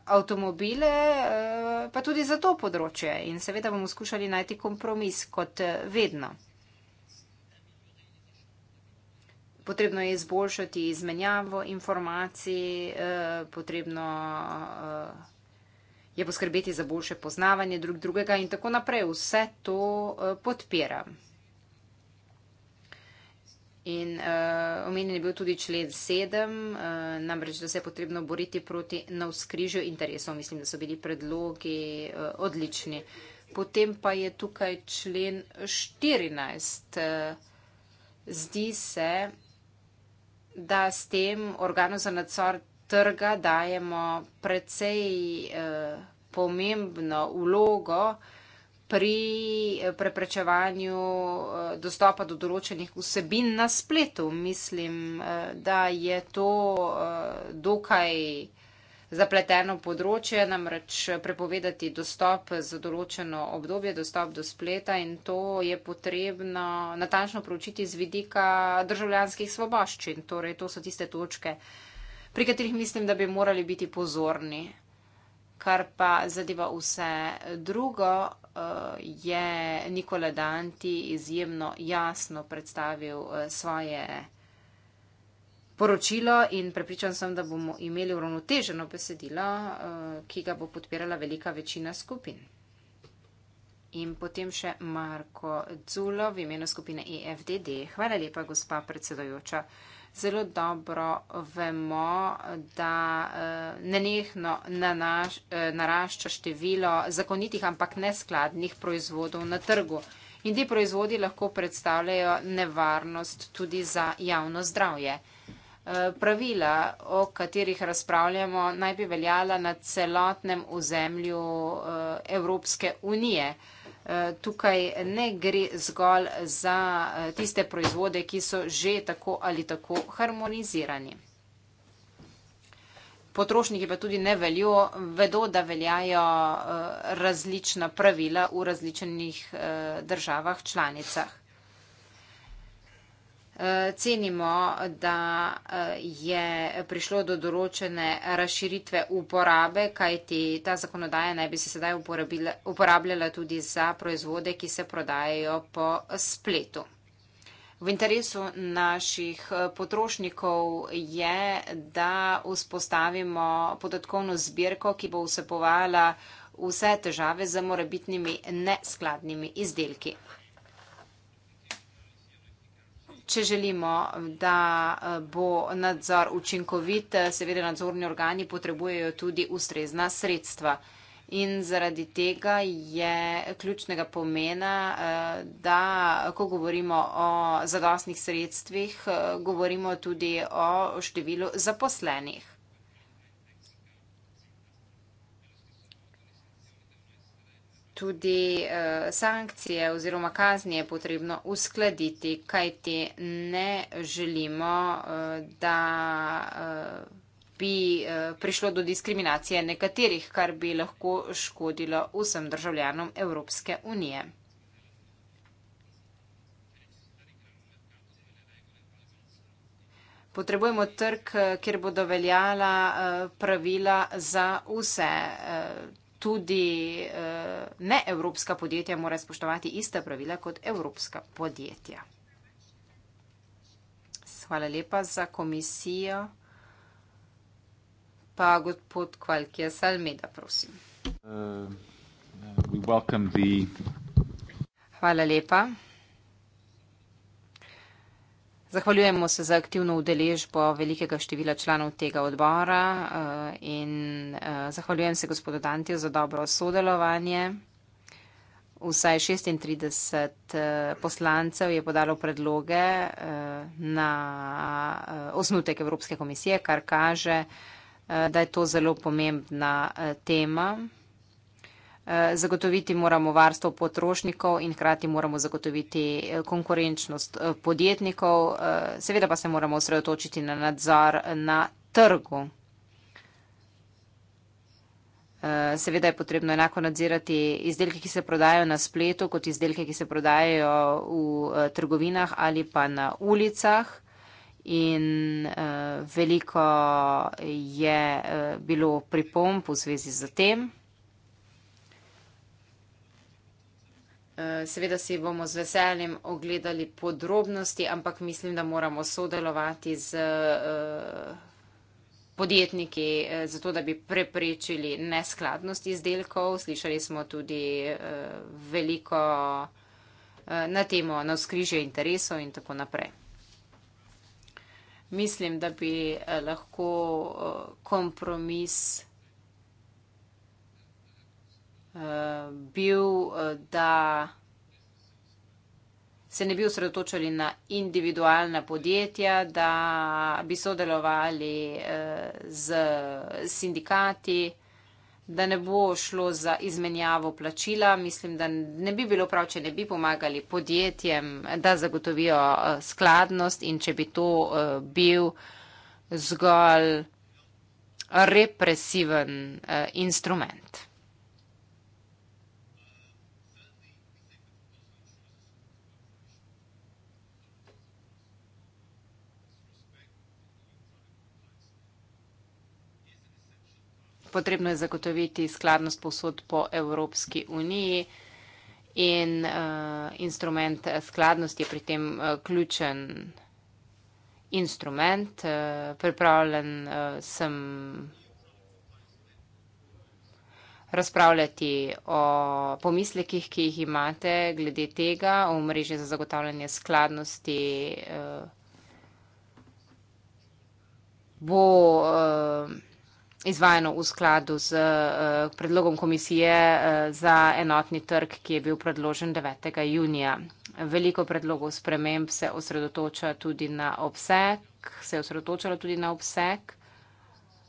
S3: avtomobile, eh, pa tudi za to področje. In seveda bomo skušali najti kompromis, kot eh, vedno. Potrebno je izboljšati izmenjavo informacij, potrebno je poskrbeti za boljše poznavanje drug drugega in tako naprej. Vse to podpiram. In uh, omenjen je bil tudi člen 7, uh, eh, namreč, da se je potrebno boriti proti navskrižju interesov. Mislim, da so bili predlogi uh, odlični. Potem pa je tukaj člen 14. Uh, zdi se, da s tem organu za nadzor trga dajemo precej uh, pomembno vlogo, uh, pri eh, preprečevanju eh, dostopa do določenih vsebin na spletu. Mislim, eh, da je to dokaj zapleteno področje, namreč prepovedati dostop za določeno obdobje, dostop do spleta in to je potrebno natančno proučiti z vidika državljanskih svoboščin. Torej, to so tiste točke, pri katerih mislim, da bi morali biti pozorni. Kar pa zadeva vse drugo, uh, je Nikola Danti izjemno jasno predstavil uh, svoje poročilo in prepričan sem, da bomo imeli uravnoteženo besedilo, uh, ki ga bo podpirala velika večina skupin. In potem še Marko Zulo v imenu skupine EFDD. Hvala lepa, gospa predsedojoča zelo dobro vemo, da eh, nenehno nanaš, eh, narašča število zakonitih, ampak neskladnih proizvodov na trgu. In ti proizvodi lahko predstavljajo nevarnost tudi za javno zdravje. Eh, pravila, o katerih razpravljamo, naj bi veljala na celotnem ozemlju Evropske unije. Eh, tukaj ne gre zgolj za eh, tiste proizvode, ki so že tako ali tako harmonizirani. Potrošniki pa tudi ne veljo, vedo, da veljajo eh, različna pravila v različnih državah članicah. Eh, cenimo, da eh, je prišlo do določene razširitve uporabe, kajti ta zakonodaja naj bi se sedaj uporabljala tudi za proizvode, ki se prodajajo po spletu. V interesu naših eh, potrošnikov je, da vzpostavimo podatkovno zbirko, ki bo vsepovala vse težave z morebitnimi neskladnimi izdelki. Če želimo, da eh, bo nadzor učinkovit, eh, seveda nadzorni organi potrebujejo tudi ustrezna sredstva. In zaradi tega je ključnega pomena, eh, da ko govorimo o zadostnih sredstvih, govorimo tudi o številu zaposlenih. tudi eh, sankcije oziroma kazni je potrebno uskladiti, kajti ne želimo, eh, da eh, bi prišlo do diskriminacije nekaterih, kar bi lahko škodilo vsem državljanom Evropske unije. Potrebujemo trg, kjer bodo veljala pravila za vse tudi eh, ne evropska podjetja morajo spoštovati ista pravila kot evropska podjetja. Hvala lepa za komisijo. Pa gospod Kvalkija Salmeda, prosim.
S2: Uh, the...
S3: Hvala lepa. Zahvaljujemo se za aktivno udeležbo velikega števila članov tega odbora eh, in eh, zahvaljujem se gospodu Dantiju za dobro sodelovanje. Vsaj 36 eh, poslancev je podalo predloge na osnutek Evropske komisije, kar kaže, da je to zelo pomembna tema zagotoviti moramo varstvo potrošnikov in hkrati moramo zagotoviti eh, konkurenčnost eh, podjetnikov. Eh, seveda pa se moramo osredotočiti na nadzor na trgu. Seveda je potrebno enako nadzirati izdelke, ki se prodajo na spletu, kot izdelke, ki se prodajo v trgovinah ali pa na ulicah. In veliko je bilo pripomp v zvezi z tem. Seveda si bomo z veseljem ogledali podrobnosti, ampak mislim, da moramo sodelovati z eh, podjetniki, eh, zato da bi preprečili neskladnost izdelkov. Slišali smo tudi eh, veliko na temo na skrižje interesov in tako naprej. Mislim, da bi lahko kompromis bil, da se ne bi osredotočali na individualna podjetja, da bi sodelovali eh, z sindikati, da ne bo šlo za izmenjavo plačila. Mislim, da ne bi bilo prav, če ne bi pomagali podjetjem, da zagotovijo eh, skladnost in če bi to eh, bil zgolj represiven instrument. potrebno je zagotoviti skladnost posod po Evropski uniji in uh, instrument eh, skladnosti je pri tem uh, ključen instrument. Uh, pripravljen uh, sem razpravljati o pomislekih, ki jih imate glede tega, o mreži za zagotavljanje skladnosti. Uh, bo uh, izvajano v skladu z uh, predlogom komisije uh, za enotni trg, ki je bil predložen 9. junija. Veliko predlogov sprememb se osredotoča tudi na obseg, se je osredotočalo tudi na obseg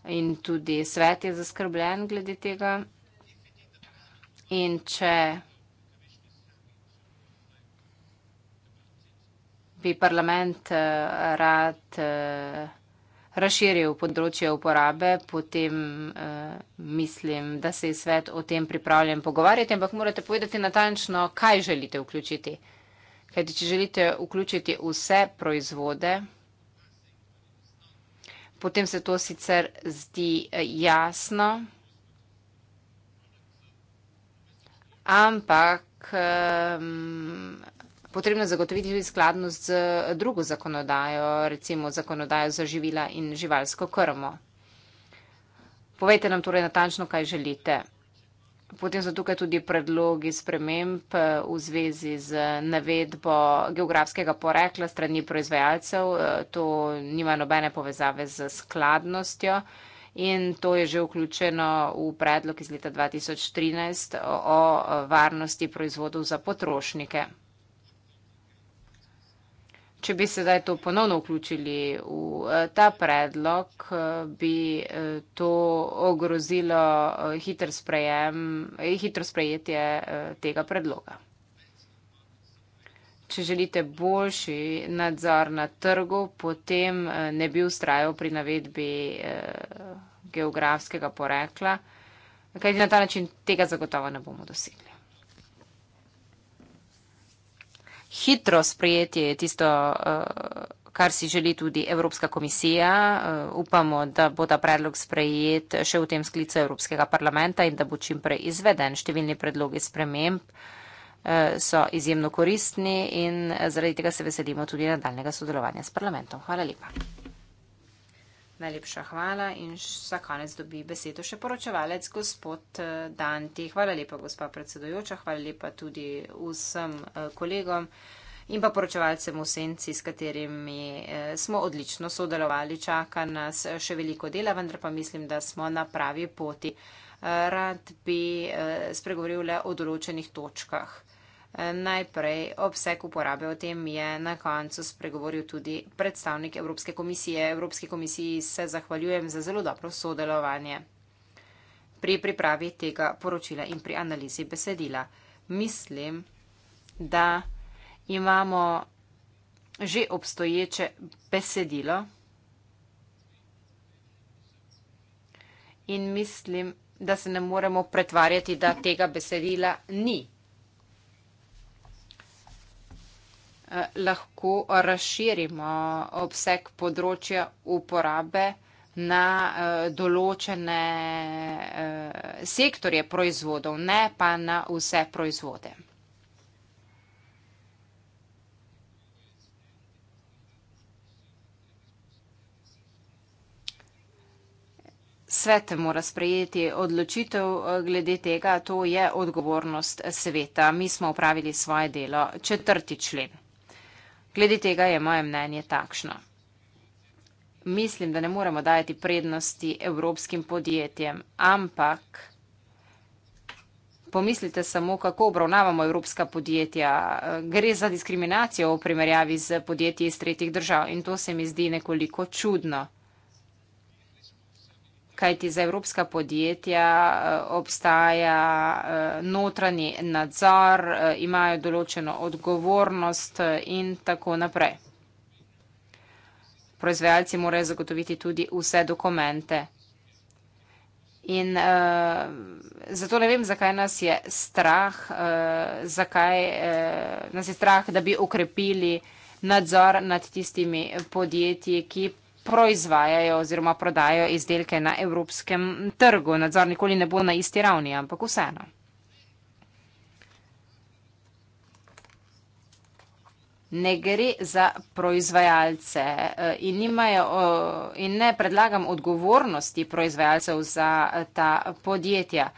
S3: in tudi svet je zaskrbljen glede tega. In če bi parlament uh, rad uh, razširil področje uporabe, potem uh, mislim, da se je svet o tem pripravljen pogovarjati, ampak morate povedati natančno, kaj želite vključiti. Ker če želite vključiti vse proizvode, potem se to sicer zdi eh, jasno, ampak um, potrebno zagotoviti tudi skladnost z eh, drugo zakonodajo, recimo zakonodajo za živila in živalsko krmo. Povejte nam torej natančno, kaj želite. Potem so tukaj tudi predlogi sprememb eh, v zvezi z navedbo geografskega porekla strani proizvajalcev. Eh, to nima nobene povezave z skladnostjo in to je že vključeno v predlog iz leta 2013 o varnosti proizvodov za potrošnike. Če bi sedaj to ponovno vključili v eh, ta predlog, eh, bi eh, to ogrozilo hitro hitr sprejetje tega predloga. Če želite boljši nadzor na trgu, potem ne bi ustrajal pri navedbi geografskega porekla, kajti na ta način tega zagotovo ne bomo dosegli. hitro sprejetje je tisto, eh, kar si želi tudi Evropska komisija. Eh, upamo, da bo ta predlog sprejet še v tem sklicu Evropskega parlamenta in da bo čim prej izveden. Številni predlogi sprememb eh, so izjemno koristni in zaradi tega se veselimo tudi nadaljnega sodelovanja s parlamentom. Hvala lepa. Najlepša hvala in za konec dobi besedo še poročevalec gospod eh, Danti. Hvala lepa, gospa predsedojoča, hvala lepa tudi vsem eh, kolegom in pa poročevalcem v senci, s katerimi eh, smo odlično sodelovali. Čaka nas še veliko dela, vendar pa mislim, da smo na pravi poti. Rad bi spregovoril le o določenih točkah. Eh, najprej obseg uporabe. O tem je na koncu spregovoril tudi predstavnik Evropske komisije. Evropski komisiji se zahvaljujem za zelo dobro sodelovanje pri pripravi tega poročila in pri analizi besedila. Mislim, da imamo že obstoječe besedilo in mislim, da se ne moremo pretvarjati, da tega besedila ni. Eh, lahko razširimo obseg področja uporabe na eh, določene eh, sektorje proizvodov, ne pa na vse proizvode. Svet mora sprejeti odločitev glede tega, to je odgovornost sveta. Mi smo upravili svoje delo. Četrti člen. Glede tega je moje mnenje takšno. Mislim, da ne moremo dajati prednosti evropskim podjetjem, ampak pomislite samo, kako obravnavamo evropska podjetja. Gre za diskriminacijo v primerjavi z podjetji iz tretjih držav in to se mi zdi nekoliko čudno kajti za evropska podjetja eh, obstaja eh, notranji nadzor, eh, imajo določeno odgovornost in tako naprej. Proizvajalci morajo zagotoviti tudi vse dokumente. In uh, zato ne vem, zakaj nas je strah, uh, zakaj uh, nas je strah, da bi ukrepili nadzor nad tistimi podjetji, ki proizvajajo oziroma prodajo izdelke na evropskem trgu. Nadzor nikoli ne bo na isti ravni, ampak vseeno. Ne gre za proizvajalce e, in, imajo, in ne predlagam odgovornosti proizvajalcev za e, ta podjetja.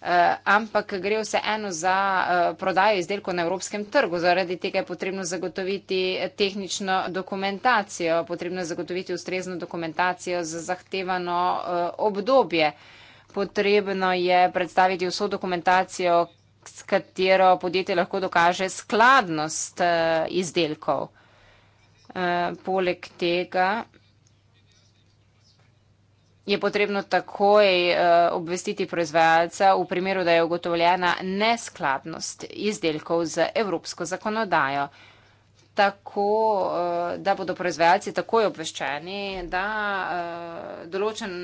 S3: Eh, ampak gre vse eno za eh, prodajo izdelkov na evropskem trgu. Zaradi tega je potrebno zagotoviti tehnično dokumentacijo, potrebno je zagotoviti ustrezno dokumentacijo za zahtevano eh, obdobje. Potrebno je predstaviti vso dokumentacijo, s katero podjetje lahko dokaže skladnost izdelkov. Poleg tega je potrebno takoj eh, obvestiti proizvajalca v primeru, da je ugotovljena neskladnost izdelkov z evropsko zakonodajo, tako eh, da bodo proizvajalci takoj obveščeni, da eh, določen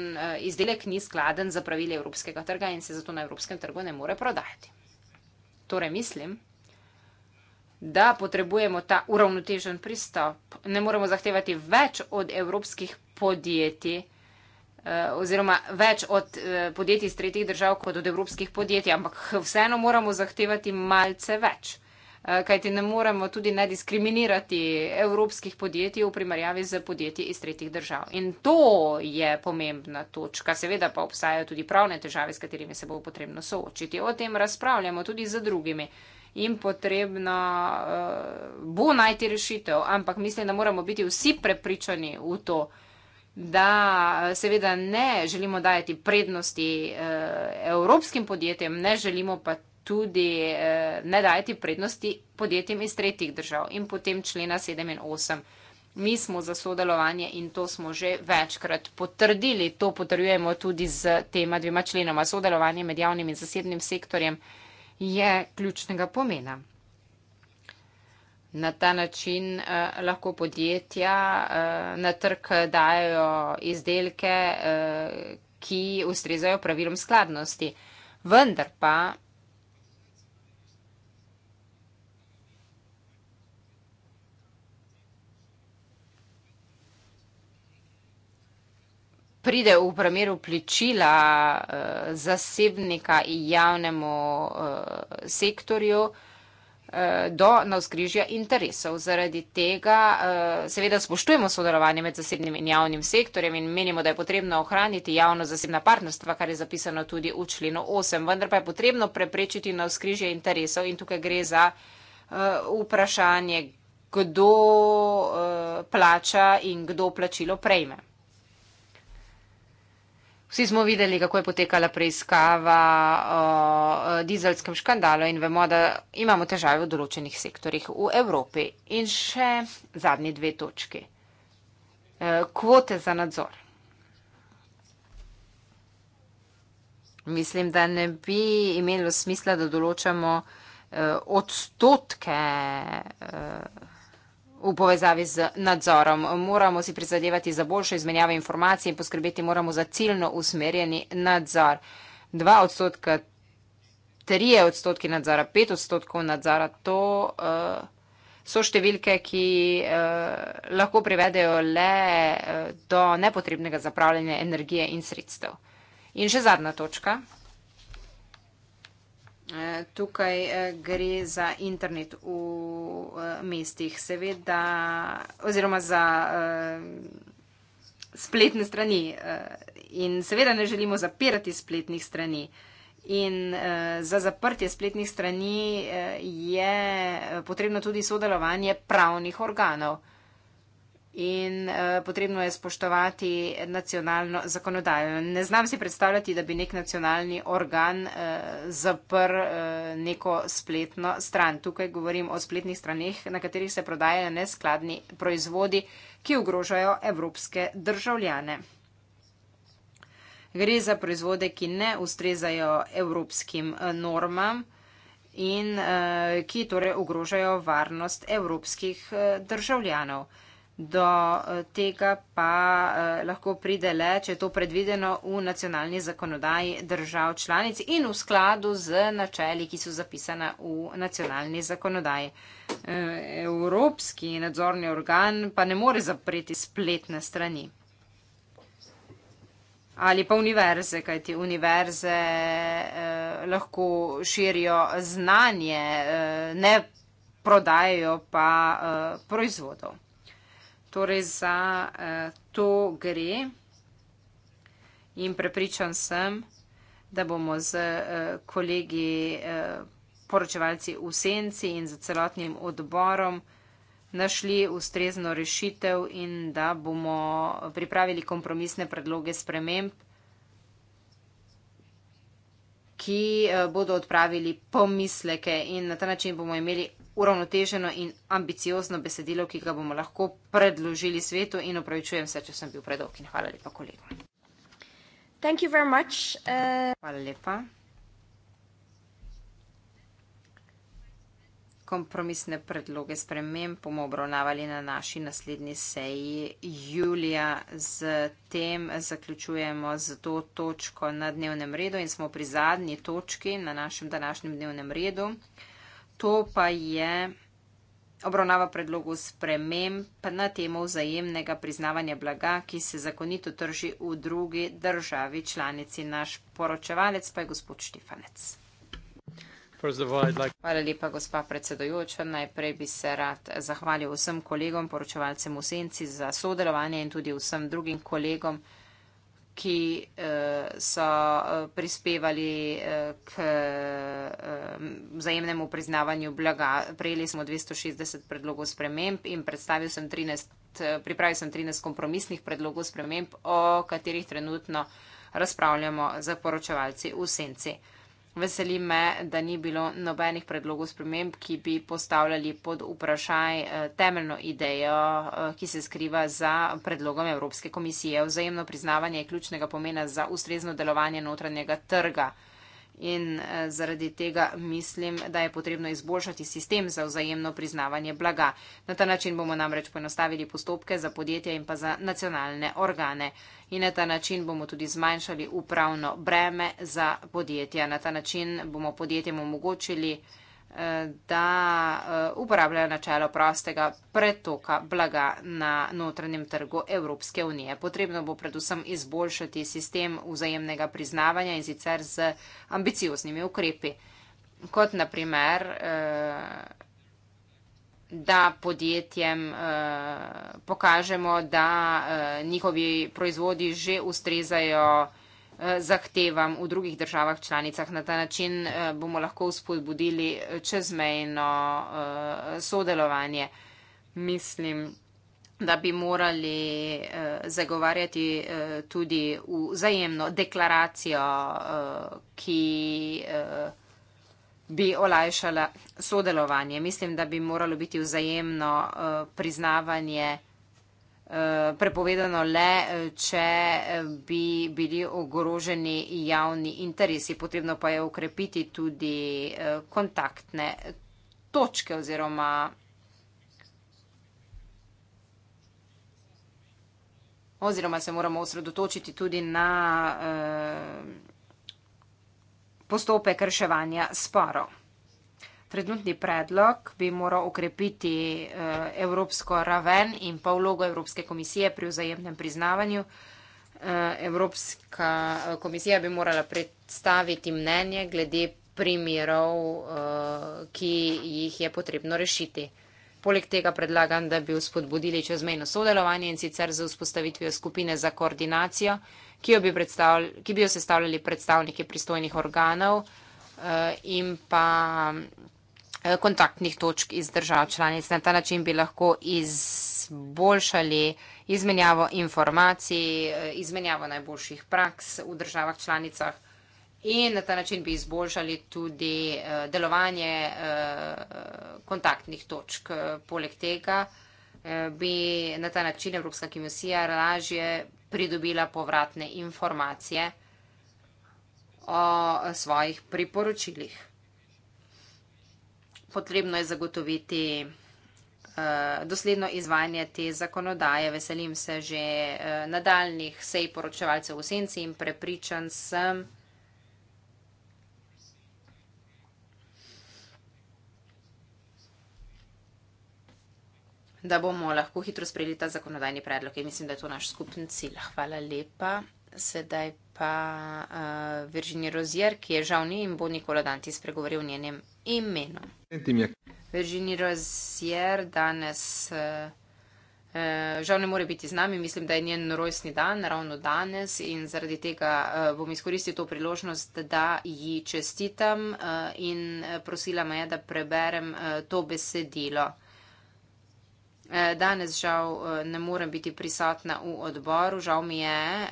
S3: izdelek ni skladen za pravili evropskega trga in se zato na evropskem trgu ne more prodajati. Torej mislim, da potrebujemo ta uravnotežen pristop. Ne moremo zahtevati več od evropskih podjetij, Eh, oziroma več od eh, podjetij iz tretjih držav kot od evropskih podjetij, ampak vseeno moramo zahtevati malce več. Eh, kajti ne moremo tudi ne diskriminirati evropskih podjetij v primerjavi z podjetji iz tretjih držav. In to je pomembna točka. Seveda pa obstajajo tudi pravne težave, s katerimi se bo potrebno soočiti. O tem razpravljamo tudi z drugimi. In potrebno bo najti rešitev, ampak mislim, da moramo biti vsi prepričani v to, da eh, seveda ne želimo dajati prednosti eh, evropskim podjetjem, ne želimo pa tudi eh, ne dajati prednosti podjetjem iz tretjih držav in potem člena 7 in 8. Mi smo za sodelovanje in to smo že večkrat potrdili, to potrjujemo tudi z tema dvema členoma. Sodelovanje med javnim in zasebnim sektorjem je ključnega pomena na ta način uh, lahko podjetja uh, na trg dajo izdelke, uh, ki ustrezajo pravilom skladnosti. Vendar pa pride v primeru plečila uh, zasebnika in javnemu uh, sektorju uh, Eh, do navzkrižja interesov. Zaradi tega eh, seveda spoštujemo sodelovanje med zasebnim in javnim sektorjem in menimo, da je potrebno ohraniti javno-zasebna partnerstva, kar je zapisano tudi v členu 8. Vendar pa je potrebno preprečiti navzkrižje interesov in tukaj gre za eh, vprašanje, kdo plača in kdo plačilo prejme. Vsi smo videli, kako je potekala preiskava o dizelskem škandalu in vemo, da imamo težave v določenih sektorjih v Evropi. In še zadnji dve točki. E, kvote za nadzor. Mislim, da ne bi imelo smisla, da določamo e, odstotke. E, v povezavi z nadzorom. Moramo si prizadevati za boljšo izmenjavo informacij in poskrbeti moramo za ciljno usmerjeni nadzor. Dva odstotka, trije odstotki nadzora, pet odstotkov nadzora, to uh, so številke, ki uh, lahko privedejo le uh, do nepotrebnega zapravljanja energije in sredstev. In še zadnja točka tukaj eh, gre za internet v eh, mestih, seveda, oziroma za eh, spletne strani. In seveda ne želimo zapirati spletnih strani. In eh, za zaprtje spletnih strani eh, je potrebno tudi sodelovanje pravnih organov. Eh, in uh, potrebno je spoštovati nacionalno zakonodajo. Ne znam si predstavljati, da bi nek nacionalni organ uh, zaprl uh, neko spletno stran. Tukaj govorim o spletnih straneh, na katerih se prodajajo neskladni proizvodi, ki ogrožajo evropske državljane. Gre za proizvode, ki ne ustrezajo evropskim normam in uh, ki torej ogrožajo varnost evropskih uh, državljanov. Uh, do eh, tega pa eh, lahko pride le, če je to predvideno v nacionalni zakonodaji držav članic in v skladu z načeli, ki so zapisane v nacionalni zakonodaji. Eh, evropski nadzorni organ pa ne more zapreti spletne strani. Ali pa univerze, kajti univerze eh, lahko širijo znanje, eh, ne prodajajo pa eh, proizvodov. Torej za eh, to gre in prepričan sem, da bomo z eh, kolegi eh, poročevalci v senci in z celotnim odborom našli ustrezno rešitev in da bomo pripravili kompromisne predloge sprememb, ki bodo odpravili pomisleke in na ta način bomo imeli uravnoteženo in ambiciozno besedilo, ki ga bomo lahko predložili svetu in opravičujem se, če sem bil predolg in hvala lepa kolegom. Thank you very much. Uh... Hvala lepa. Kompromisne predloge spremem bomo obravnavali na naši naslednji seji julija. Z tem zaključujemo z to točko na dnevnem redu in smo pri zadnji točki na našem današnjem dnevnem redu to pa je obravnava predlogu sprememb na temo vzajemnega priznavanja blaga, ki se zakonito trži v drugi državi članici. Naš poročevalec pa je gospod Štefanec. Hvala lepa, gospa predsedojoča. Najprej bi se rad zahvalil vsem kolegom, poročevalcem v Senci za sodelovanje in tudi vsem drugim kolegom ki eh, so eh, prispevali eh, k vzajemnemu priznavanju blaga. Prejeli smo 260 predlogov sprememb in predstavil sem 13, pripravil sem 13 kompromisnih predlogov sprememb, o katerih trenutno razpravljamo za poročevalci v senci. Veseli me, da ni bilo nobenih predlogov sprememb, ki bi postavljali pod vprašaj eh, temeljno idejo, eh, ki se skriva za predlogom Evropske komisije. Vzajemno priznavanje je ključnega pomena za ustrezno delovanje notranjega trga. In eh, zaradi tega mislim, da je potrebno izboljšati sistem za vzajemno priznavanje blaga. Na ta način bomo namreč poenostavili postopke za podjetja in pa za nacionalne organe. In na ta način bomo tudi zmanjšali upravno breme za podjetja. Na ta način bomo podjetjem omogočili da eh, uporabljajo načelo prostega pretoka blaga na notranjem trgu Evropske unije. Potrebno bo predvsem izboljšati sistem vzajemnega priznavanja in sicer z ambicioznimi ukrepi, kot naprimer, eh, da podjetjem eh, pokažemo, da njihovi proizvodi že ustrezajo zahtevam v drugih državah članicah. Na ta način eh, bomo lahko vzpodbudili čezmejno eh, sodelovanje. Mislim, da bi morali eh, zagovarjati tudi vzajemno deklaracijo, ki bi olajšala sodelovanje. Mislim, da bi moralo biti vzajemno priznavanje prepovedano le, če eh, bi bili ogroženi javni interesi. Potrebno pa je ukrepiti tudi eh, kontaktne točke oziroma. Oziroma se moramo osredotočiti tudi na eh, postope krševanja sporov. Trenutni predlog bi moral okrepiti eh, evropsko raven in pa vlogo Evropske komisije pri vzajemnem priznavanju. Eh, Evropska eh, komisija bi morala predstaviti mnenje glede primerov, ki jih je potrebno rešiti. Poleg tega predlagam, da bi vzpodbudili čezmejno sodelovanje in sicer z vzpostavitvijo skupine za koordinacijo, ki, bi, ki bi jo sestavljali predstavniki pristojnih organov in pa Eh, kontaktnih točk iz držav članic. Na ta način bi lahko izboljšali izmenjavo informacij, eh, izmenjavo najboljših praks v državah članicah in na ta način bi izboljšali tudi eh, delovanje kontaktnih točk. Poleg tega bi na ta način Evropska komisija lažje pridobila povratne informacije o svojih priporočilih potrebno je zagotoviti eh, dosledno izvajanje te zakonodaje. Veselim se že eh, nadaljnih sej poročevalcev v senci in prepričan sem, da bomo lahko hitro sprejeli ta zakonodajni predlog in mislim, da je to naš skupni cilj. Hvala lepa. Sedaj pa eh, Virginia Rozier, ki je žal ni in bo Nikola Danti spregovoril v njenem imenu. Virginij Razier danes eh, eh, žal ne more biti z nami, mislim, da je njen rojstni dan, ravno danes in zaradi tega eh, bom izkoristil to priložnost, da ji čestitam in prosila me je, da preberem to besedilo. Eh, danes žal eh, ne morem biti prisotna v odboru, žal mi je, eh,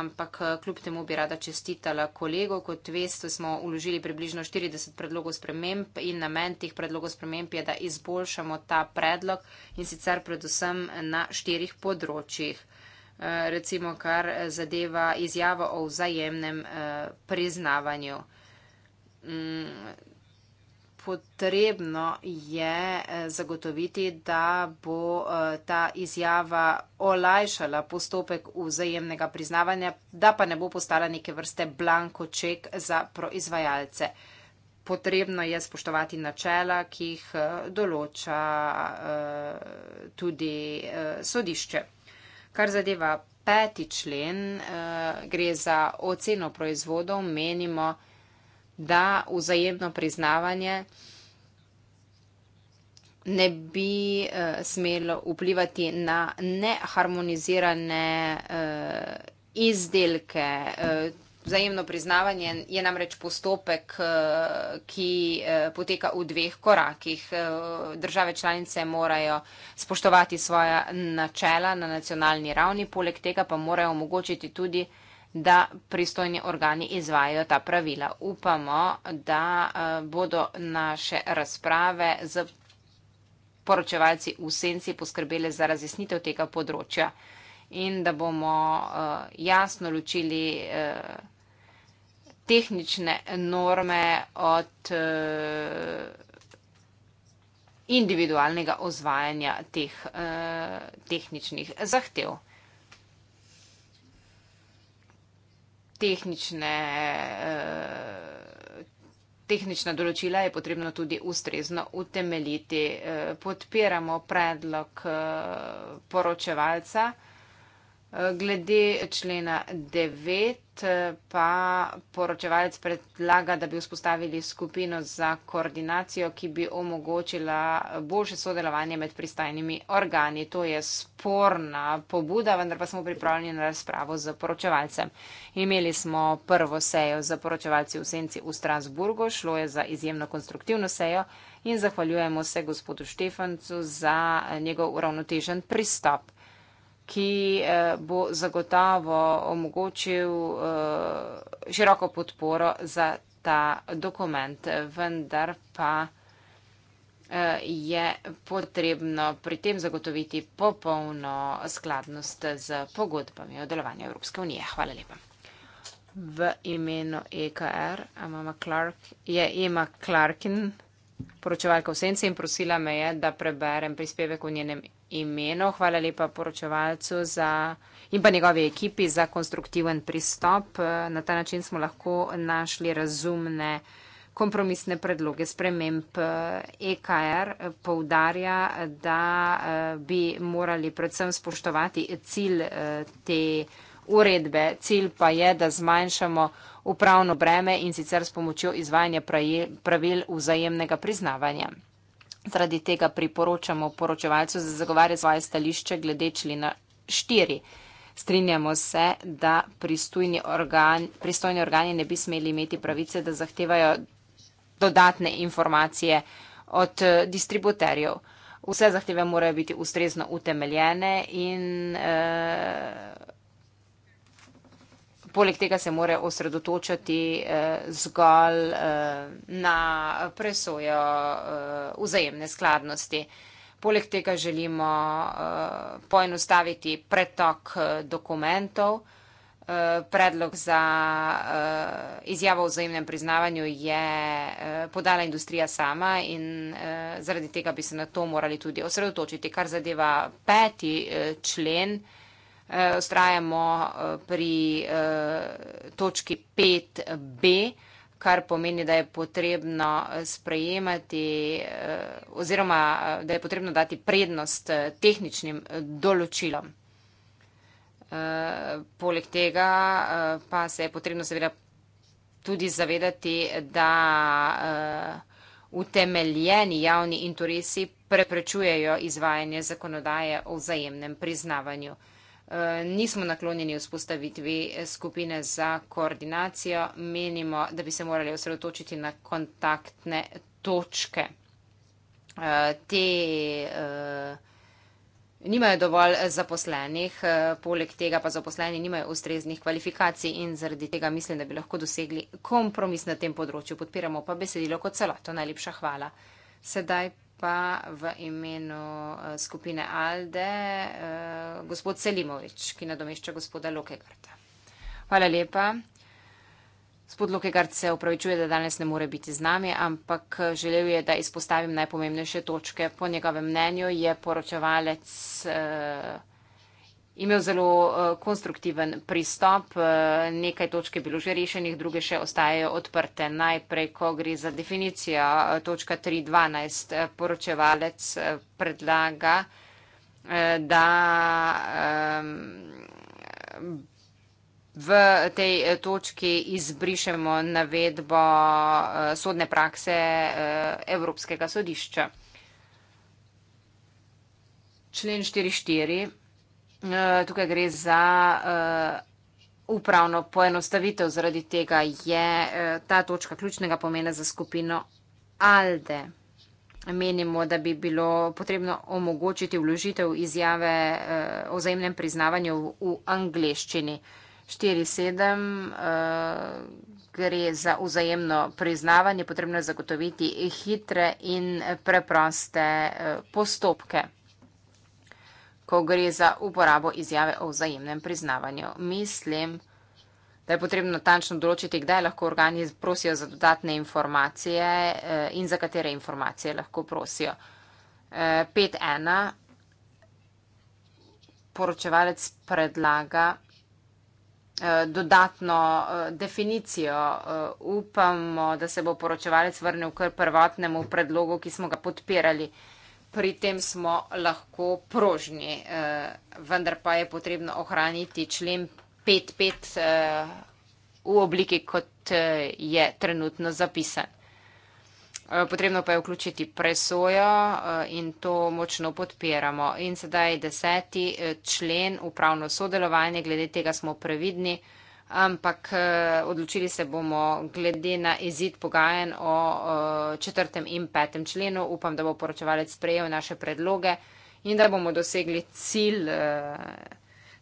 S3: ampak kljub temu bi rada čestitala kolego. Kot veste, smo uložili približno 40 predlogov sprememb in namen teh predlogov sprememb je, da izboljšamo ta predlog in sicer predvsem na štirih področjih. Recimo, kar zadeva izjavo o vzajemnem priznavanju. Mm, potrebno je eh, zagotoviti, da bo eh, ta izjava olajšala postopek vzajemnega priznavanja, da pa ne bo postala neke vrste blanko ček za proizvajalce. Potrebno je spoštovati načela, ki jih eh, določa tudi sodišče. Kar zadeva peti člen, gre za oceno proizvodov, menimo, da da vzajemno priznavanje ne bi eh, smelo vplivati na neharmonizirane eh, izdelke. Eh, vzajemno priznavanje je namreč postopek, ki poteka v dveh korakih. Države članice morajo spoštovati svoja načela na nacionalni ravni, poleg tega pa morajo omogočiti tudi da pristojni organi izvajajo ta pravila. Upamo, da eh, bodo naše razprave z poročevalci v senci poskrbele za razjasnitev tega področja in da bomo eh, jasno ločili eh, tehnične norme od individualnega ozvajanja teh tehničnih zahtev. tehnične, eh, tehnična določila je potrebno tudi ustrezno utemeljiti. Eh, podpiramo predlog eh, poročevalca. Glede člena 9 eh, pa poročevalec predlaga, da bi vzpostavili skupino za koordinacijo, ki bi omogočila boljše sodelovanje med pristajnimi organi. To je sporna pobuda, vendar pa smo pripravljeni na razpravo z poročevalcem. Imeli smo prvo sejo za poročevalci v Senci v Strasburgu, šlo je za izjemno konstruktivno sejo in zahvaljujemo se gospodu Štefancu za njegov uravnotežen pristop ki eh, bo zagotavo omogočil eh, široko podporo za ta dokument. Vendar pa eh, je potrebno pri tem zagotoviti popolno skladnost z pogodbami o delovanju Evropske unije. Hvala lepa. V imenu EKR, Emma Clark, je Emma Clarkin, poročevalka v senci in prosila me je, da preberem prispevek v njenem imenu, hvala lepa poročevalcu za, in pa njegovi ekipi za konstruktiven pristop. Na ta način smo lahko našli razumne kompromisne predloge sprememb. EKR poudarja, da bi morali predvsem spoštovati cilj te uredbe. Cilj pa je, da zmanjšamo upravno breme in sicer s pomočjo izvajanja pravil vzajemnega priznavanja. Zaradi tega priporočamo poročevalcu za zagovarjati svoje stališče glede člena 4. Strinjamo se, da pristojni, organ, pristojni organi ne bi smeli imeti pravice, da zahtevajo dodatne informacije od distributerjev. Vse zahteve morajo biti ustrezno utemeljene in eh, poleg tega se more osredotočati eh, zgolj eh, na presojo eh, vzajemne skladnosti. Poleg tega želimo eh, poenostaviti pretok eh, dokumentov. Eh, predlog za eh, izjavo o vzajemnem priznavanju je podala industrija sama in zaradi tega bi se na to morali tudi osredotočiti. Kar zadeva peti člen, Ustrajamo eh, eh, pri eh, točki 5b, kar pomeni, da je potrebno sprejemati oziroma da je potrebno dati prednost tehničnim določilom. Poleg tega pa se je potrebno seveda tudi zavedati, da utemeljeni javni interesi preprečujejo izvajanje zakonodaje o vzajemnem priznavanju. Eh, nismo naklonjeni vzpostavitvi eh, skupine za koordinacijo, menimo, da bi se morali osredotočiti na kontaktne točke. Eh, te nimajo dovolj zaposlenih, poleg tega pa zaposleni nimajo ustreznih kvalifikacij in zaradi tega mislim, da bi lahko dosegli kompromis na tem področju. Podpiramo pa besedilo kot celoto. Najlepša hvala. Sedaj pa v imenu eh, skupine Alde eh, gospod Selimovič, ki nadomešča gospoda Lokegarta. Hvala lepa. Gospod Lokegard se upravičuje, da danes ne more biti z nami, ampak eh, želel je, da izpostavim najpomembnejše točke. Po njegovem mnenju je poročevalec. Uh, imel zelo eh, konstruktiven pristop. Eh, nekaj točk je bilo že rešenih, druge še ostajajo odprte. Najprej, ko gre za definicijo, eh, točka 3.12, poročevalec predlaga, da ehm, v tej točki izbrišemo navedbo sodne prakse Evropskega sodišča. Člen 44. Eh, tukaj gre za uh, upravno poenostavitev, zaradi tega je uh, ta točka ključnega pomena za skupino ALDE. Menimo, da bi bilo potrebno omogočiti vložitev izjave uh, o zajemnem priznavanju v, v angleščini. 47 uh, gre za vzajemno priznavanje, potrebno je zagotoviti hitre in preproste uh, postopke ko gre za uporabo izjave o vzajemnem priznavanju. Mislim, da je potrebno natančno določiti, kdaj lahko organi prosijo za dodatne informacije eh, in za katere informacije lahko prosijo. 5.1. Eh, poročevalec predlaga eh, dodatno definicijo. Upamo, da se bo poročevalec vrnil k prvotnemu predlogu, ki smo ga podpirali pri tem smo lahko prožni, eh, vendar pa je potrebno ohraniti člen 5.5 eh, v obliki, kot eh, je trenutno zapisan. Potrebno pa je vključiti presojo in to močno podpiramo. In sedaj deseti člen upravno sodelovanje, glede tega smo previdni ampak eh, odločili se bomo glede na izid pogajen o eh, četrtem in petem členu. Upam, da bo poročevalec sprejel naše predloge in da bomo dosegli cilj eh,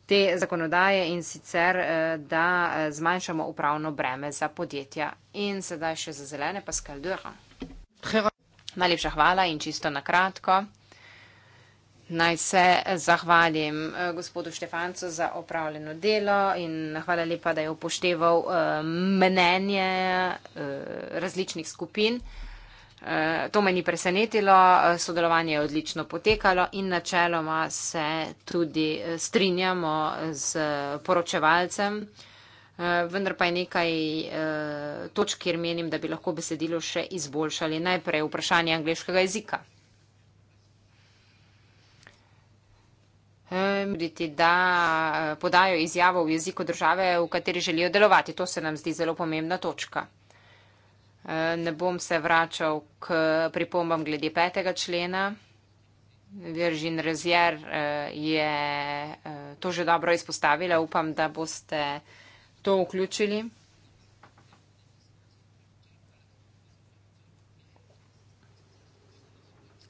S3: te zakonodaje in sicer, da zmanjšamo upravno breme za podjetja. In sedaj še za zelene, Pascal Dürer. Najlepša hvala in čisto na kratko. Naj se zahvalim eh, gospodu Štefancu za opravljeno delo in hvala lepa, da je upošteval eh, mnenje eh, različnih skupin. To me ni presenetilo, sodelovanje je odlično potekalo in načeloma se tudi strinjamo z poročevalcem. Vendar pa je nekaj točk, kjer menim, da bi lahko besedilo še izboljšali. Najprej vprašanje angliškega jezika. Priti, da eh, podajo izjavo v jeziku države, v kateri želijo delovati. To se nam zdi zelo pomembna točka. Eh, ne bom se vračal k pripombam glede petega člena. Viržin Rezier eh, je to že dobro izpostavila. Upam, da boste to vključili.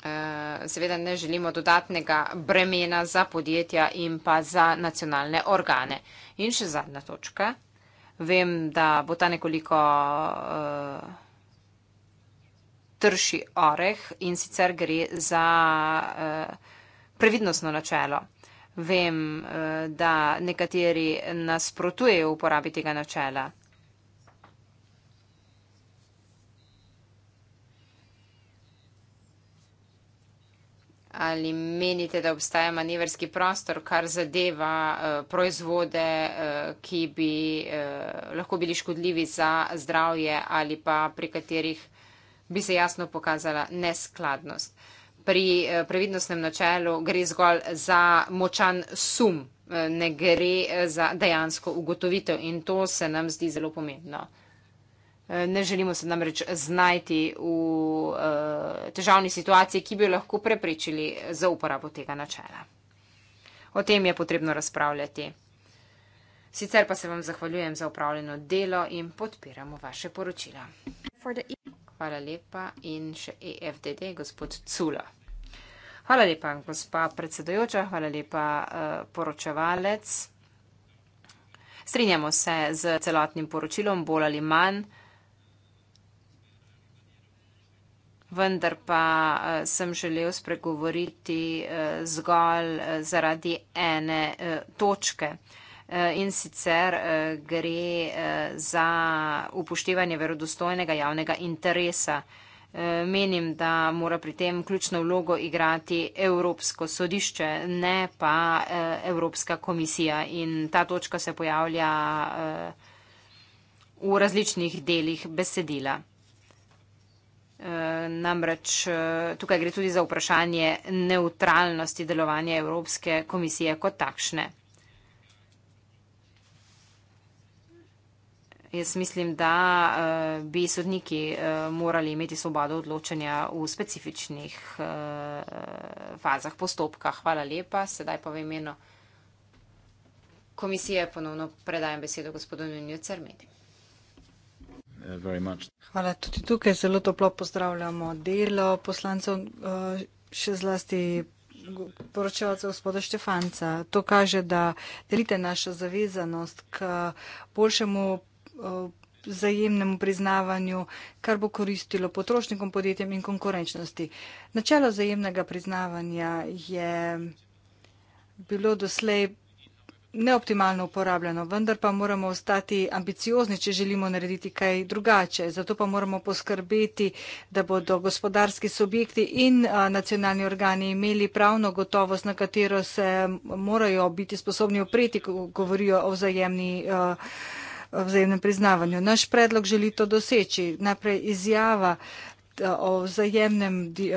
S3: Eh, seveda ne želimo dodatnega bremena za podjetja in pa za nacionalne organe. In še zadnja točka. Vem, da bo ta nekoliko uh, trši oreh in sicer gre za uh, previdnostno načelo. Vem, uh, da nekateri nasprotujejo uporabi tega načela. ali menite, da obstaja manevrski prostor, kar zadeva uh, proizvode, uh, ki bi uh, lahko bili škodljivi za zdravje ali pa pri katerih bi se jasno pokazala neskladnost. Pri uh, previdnostnem načelu gre zgolj za močan sum, uh, ne gre za dejansko ugotovitev in to se nam zdi zelo pomembno. Ne želimo se namreč znajti v eh, težavni situaciji, ki bi jo lahko preprečili za uporabo tega načela. O tem je potrebno razpravljati. Sicer pa se vam zahvaljujem za upravljeno delo in podpiramo vaše poročila. E- hvala lepa in še EFDD, gospod Cula. Hvala lepa, gospa predsedojoča, hvala lepa eh, poročevalec. Strinjamo se z celotnim poročilom, bolj ali manj. vendar pa eh, sem želel spregovoriti eh, zgolj eh, zaradi ene točke. In sicer gre za upoštevanje verodostojnega javnega interesa. Menim, da mora pri tem ključno vlogo igrati Evropsko sodišče, ne pa Evropska komisija. In ta točka se pojavlja v različnih delih besedila. Namreč eh, tukaj gre tudi za vprašanje neutralnosti delovanja Evropske komisije kot takšne. Jaz mislim, da eh, bi sodniki eh, morali imeti svobodo odločanja v specifičnih fazah postopka. Hvala lepa. Sedaj pa v imenu komisije ponovno predajam besedo gospodinu Njucer Medim.
S1: Uh, Hvala. Tudi tukaj zelo toplo pozdravljamo delo poslancev, uh, še zlasti poročevalca gospoda Štefanca. To kaže, da delite našo zavezanost k boljšemu uh, vzajemnemu priznavanju, kar bo koristilo potrošnikom, podjetjem in konkurenčnosti. Načelo vzajemnega priznavanja je bilo doslej neoptimalno uporabljeno, vendar pa moramo ostati ambiciozni, če želimo narediti kaj drugače. Zato pa moramo poskrbeti, da bodo gospodarski subjekti in nacionalni organi imeli pravno gotovost, na katero se morajo biti sposobni opreti, ko govorijo o vzajemni. Vzajemnem priznavanju. Naš predlog želi to doseči. Najprej izjava uh, Eh, o vzajemnem eh,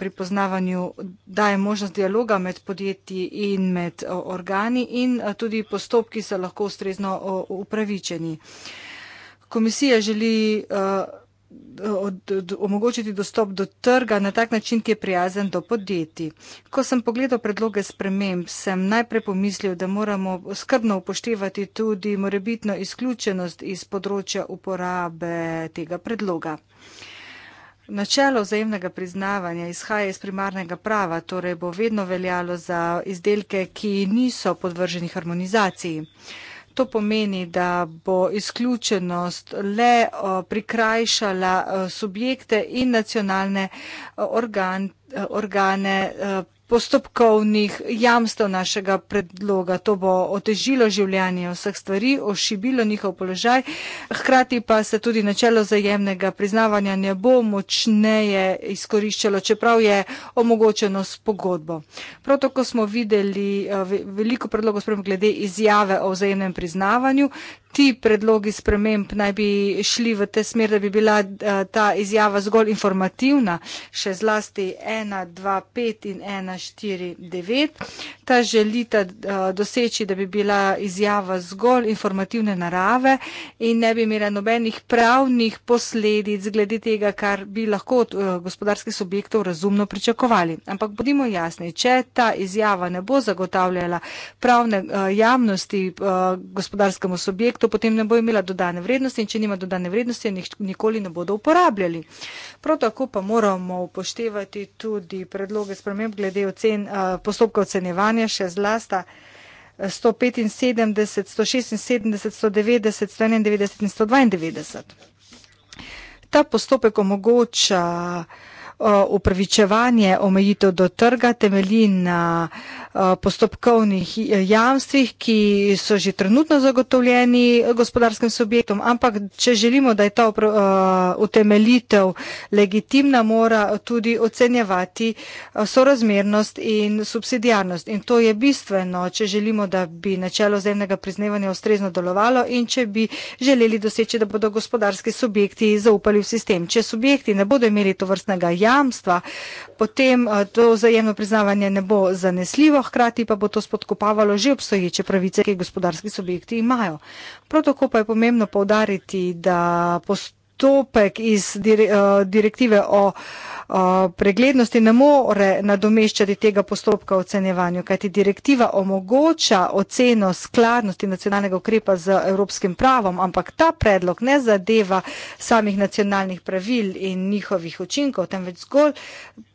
S1: pripoznavanju daje možnost dialoga med podjetji in med eh, organi in tudi postopki so lahko ustrezno upravičeni. Komisija želi omogočiti dostop do trga na tak način, ki je prijazen do podjetij. Ko sem pogledal predloge sprememb, sem najprej pomislil, da moramo skrbno upoštevati tudi morebitno izključenost iz področja uporabe tega predloga. Uh, Načelo vzajemnega priznavanja izhaja iz primarnega prava, torej bo vedno veljalo za izdelke, ki niso podvrženi harmonizaciji. To pomeni, da bo izključenost le prikrajšala e, subjekte in nacionalne e, organ, e, organe postopkovnih jamstev našega predloga. To bo otežilo življenje vseh stvari, ošibilo njihov položaj, hkrati pa se tudi načelo zajemnega priznavanja ne bo močneje izkoriščalo, čeprav je omogočeno s pogodbo. Prav tako smo videli eh, veliko predlogov sprem glede izjave o vzajemnem priznavanju, ti predlogi sprememb naj bi šli v te smer, da bi bila eh, ta izjava zgolj informativna, še zlasti 1, 2, 5 in 1, 4, 9. Ta želita eh, doseči, da bi bila izjava zgolj informativne narave in ne bi imela nobenih pravnih posledic glede tega, kar bi lahko od eh, gospodarskih subjektov razumno pričakovali. Ampak bodimo jasni, če ta izjava ne bo zagotavljala pravne eh, javnosti gospodarskemu subjektu, potem ne bo imela dodane vrednosti in če nima dodane vrednosti, jih nikoli ne bodo uporabljali. Prav tako pa moramo upoštevati tudi predloge sprememb glede ocen, postopka ocenjevanja stanovanja še zlasta 175, 176, 190, 191 in 192. Ta postopek omogoča Eh, upravičevanje omejitev do trga temelji na eh, postopkovnih eh, jamstvih, ki so že trenutno zagotovljeni gospodarskim subjektom, ampak če želimo, da je ta utemelitev legitimna, mora tudi ocenjevati sorazmernost in subsidijarnost. In to je bistveno, če želimo, da bi načelo zemnega priznevanja ustrezno delovalo in če bi želeli doseči, da bodo gospodarski subjekti zaupali v sistem. Če subjekti ne bodo imeli to vrstnega jamstva, jamstva, potem eh, to vzajemno priznavanje ne bo zanesljivo, hkrati pa bo to spodkopavalo že obstoječe pravice, ki jih gospodarski subjekti imajo. Protoko pa je pomembno povdariti, da postopek iz eh, direktive o Eh, preglednosti ne more nadomeščati tega postopka ocenjevanju, kajti direktiva omogoča oceno skladnosti nacionalnega ukrepa z evropskim pravom, ampak ta predlog ne zadeva samih nacionalnih pravil in njihovih učinkov, temveč zgolj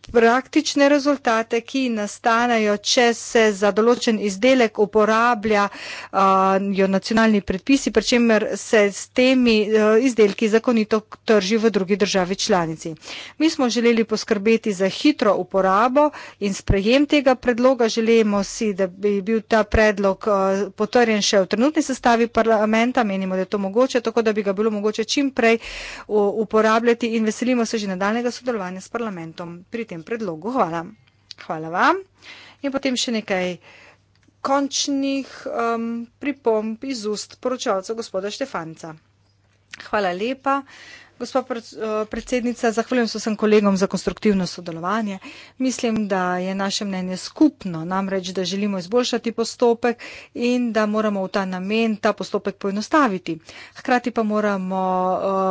S1: praktične rezultate, ki nastanejo, če se za določen izdelek uporablja uh, jo nacionalni predpisi, pri čemer se s temi uh, izdelki zakonito trži v drugi državi članici. Mi smo želeli poskrbeti za hitro uporabo in sprejem tega predloga. Želimo si, da bi bil ta predlog uh, potrjen še v trenutni sestavi parlamenta. Menimo, da je to mogoče, tako da bi ga bilo mogoče čim prej uporabljati in veselimo se že nadaljnega sodelovanja s parlamentom. Pri tem predlogu. Hvala. Hvala vam. In potem še nekaj končnih um, pripomb iz ust poročalca gospoda Štefanca. Hvala lepa. Gospod uh, predsednica, zahvaljujem se vsem kolegom za konstruktivno sodelovanje. Mislim, da je naše mnenje skupno, namreč, da želimo izboljšati postopek in da moramo v ta namen ta postopek poenostaviti. Hkrati pa moramo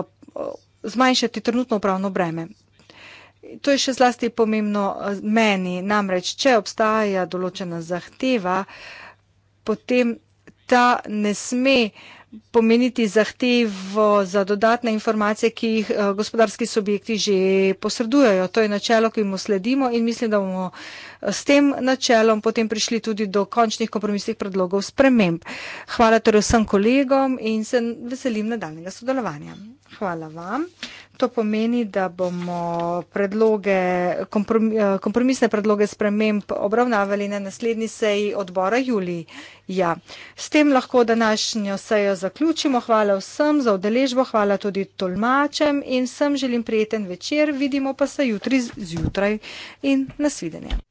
S1: uh, uh zmanjšati trenutno upravno breme. To je še zlasti pomembno eh, meni, namreč, če obstaja določena zahteva, potem ta ne sme pomeniti zahtevo za dodatne informacije, ki jih eh, gospodarski subjekti že posredujejo. To je načelo, ki mu sledimo in mislim, da bomo eh, s tem načelom potem prišli tudi do končnih kompromisnih predlogov sprememb. Hvala torej vsem kolegom in se veselim nadaljnega sodelovanja. Hvala vam. To pomeni, da bomo predloge, eh, kompromisne predloge sprememb obravnavali na naslednji seji odbora Juliji. Ja, s tem lahko današnjo sejo zaključimo. Hvala vsem za odeležbo, hvala tudi tolmačem in vsem želim prijeten večer. Vidimo pa se jutri zjutraj in nasvidenje.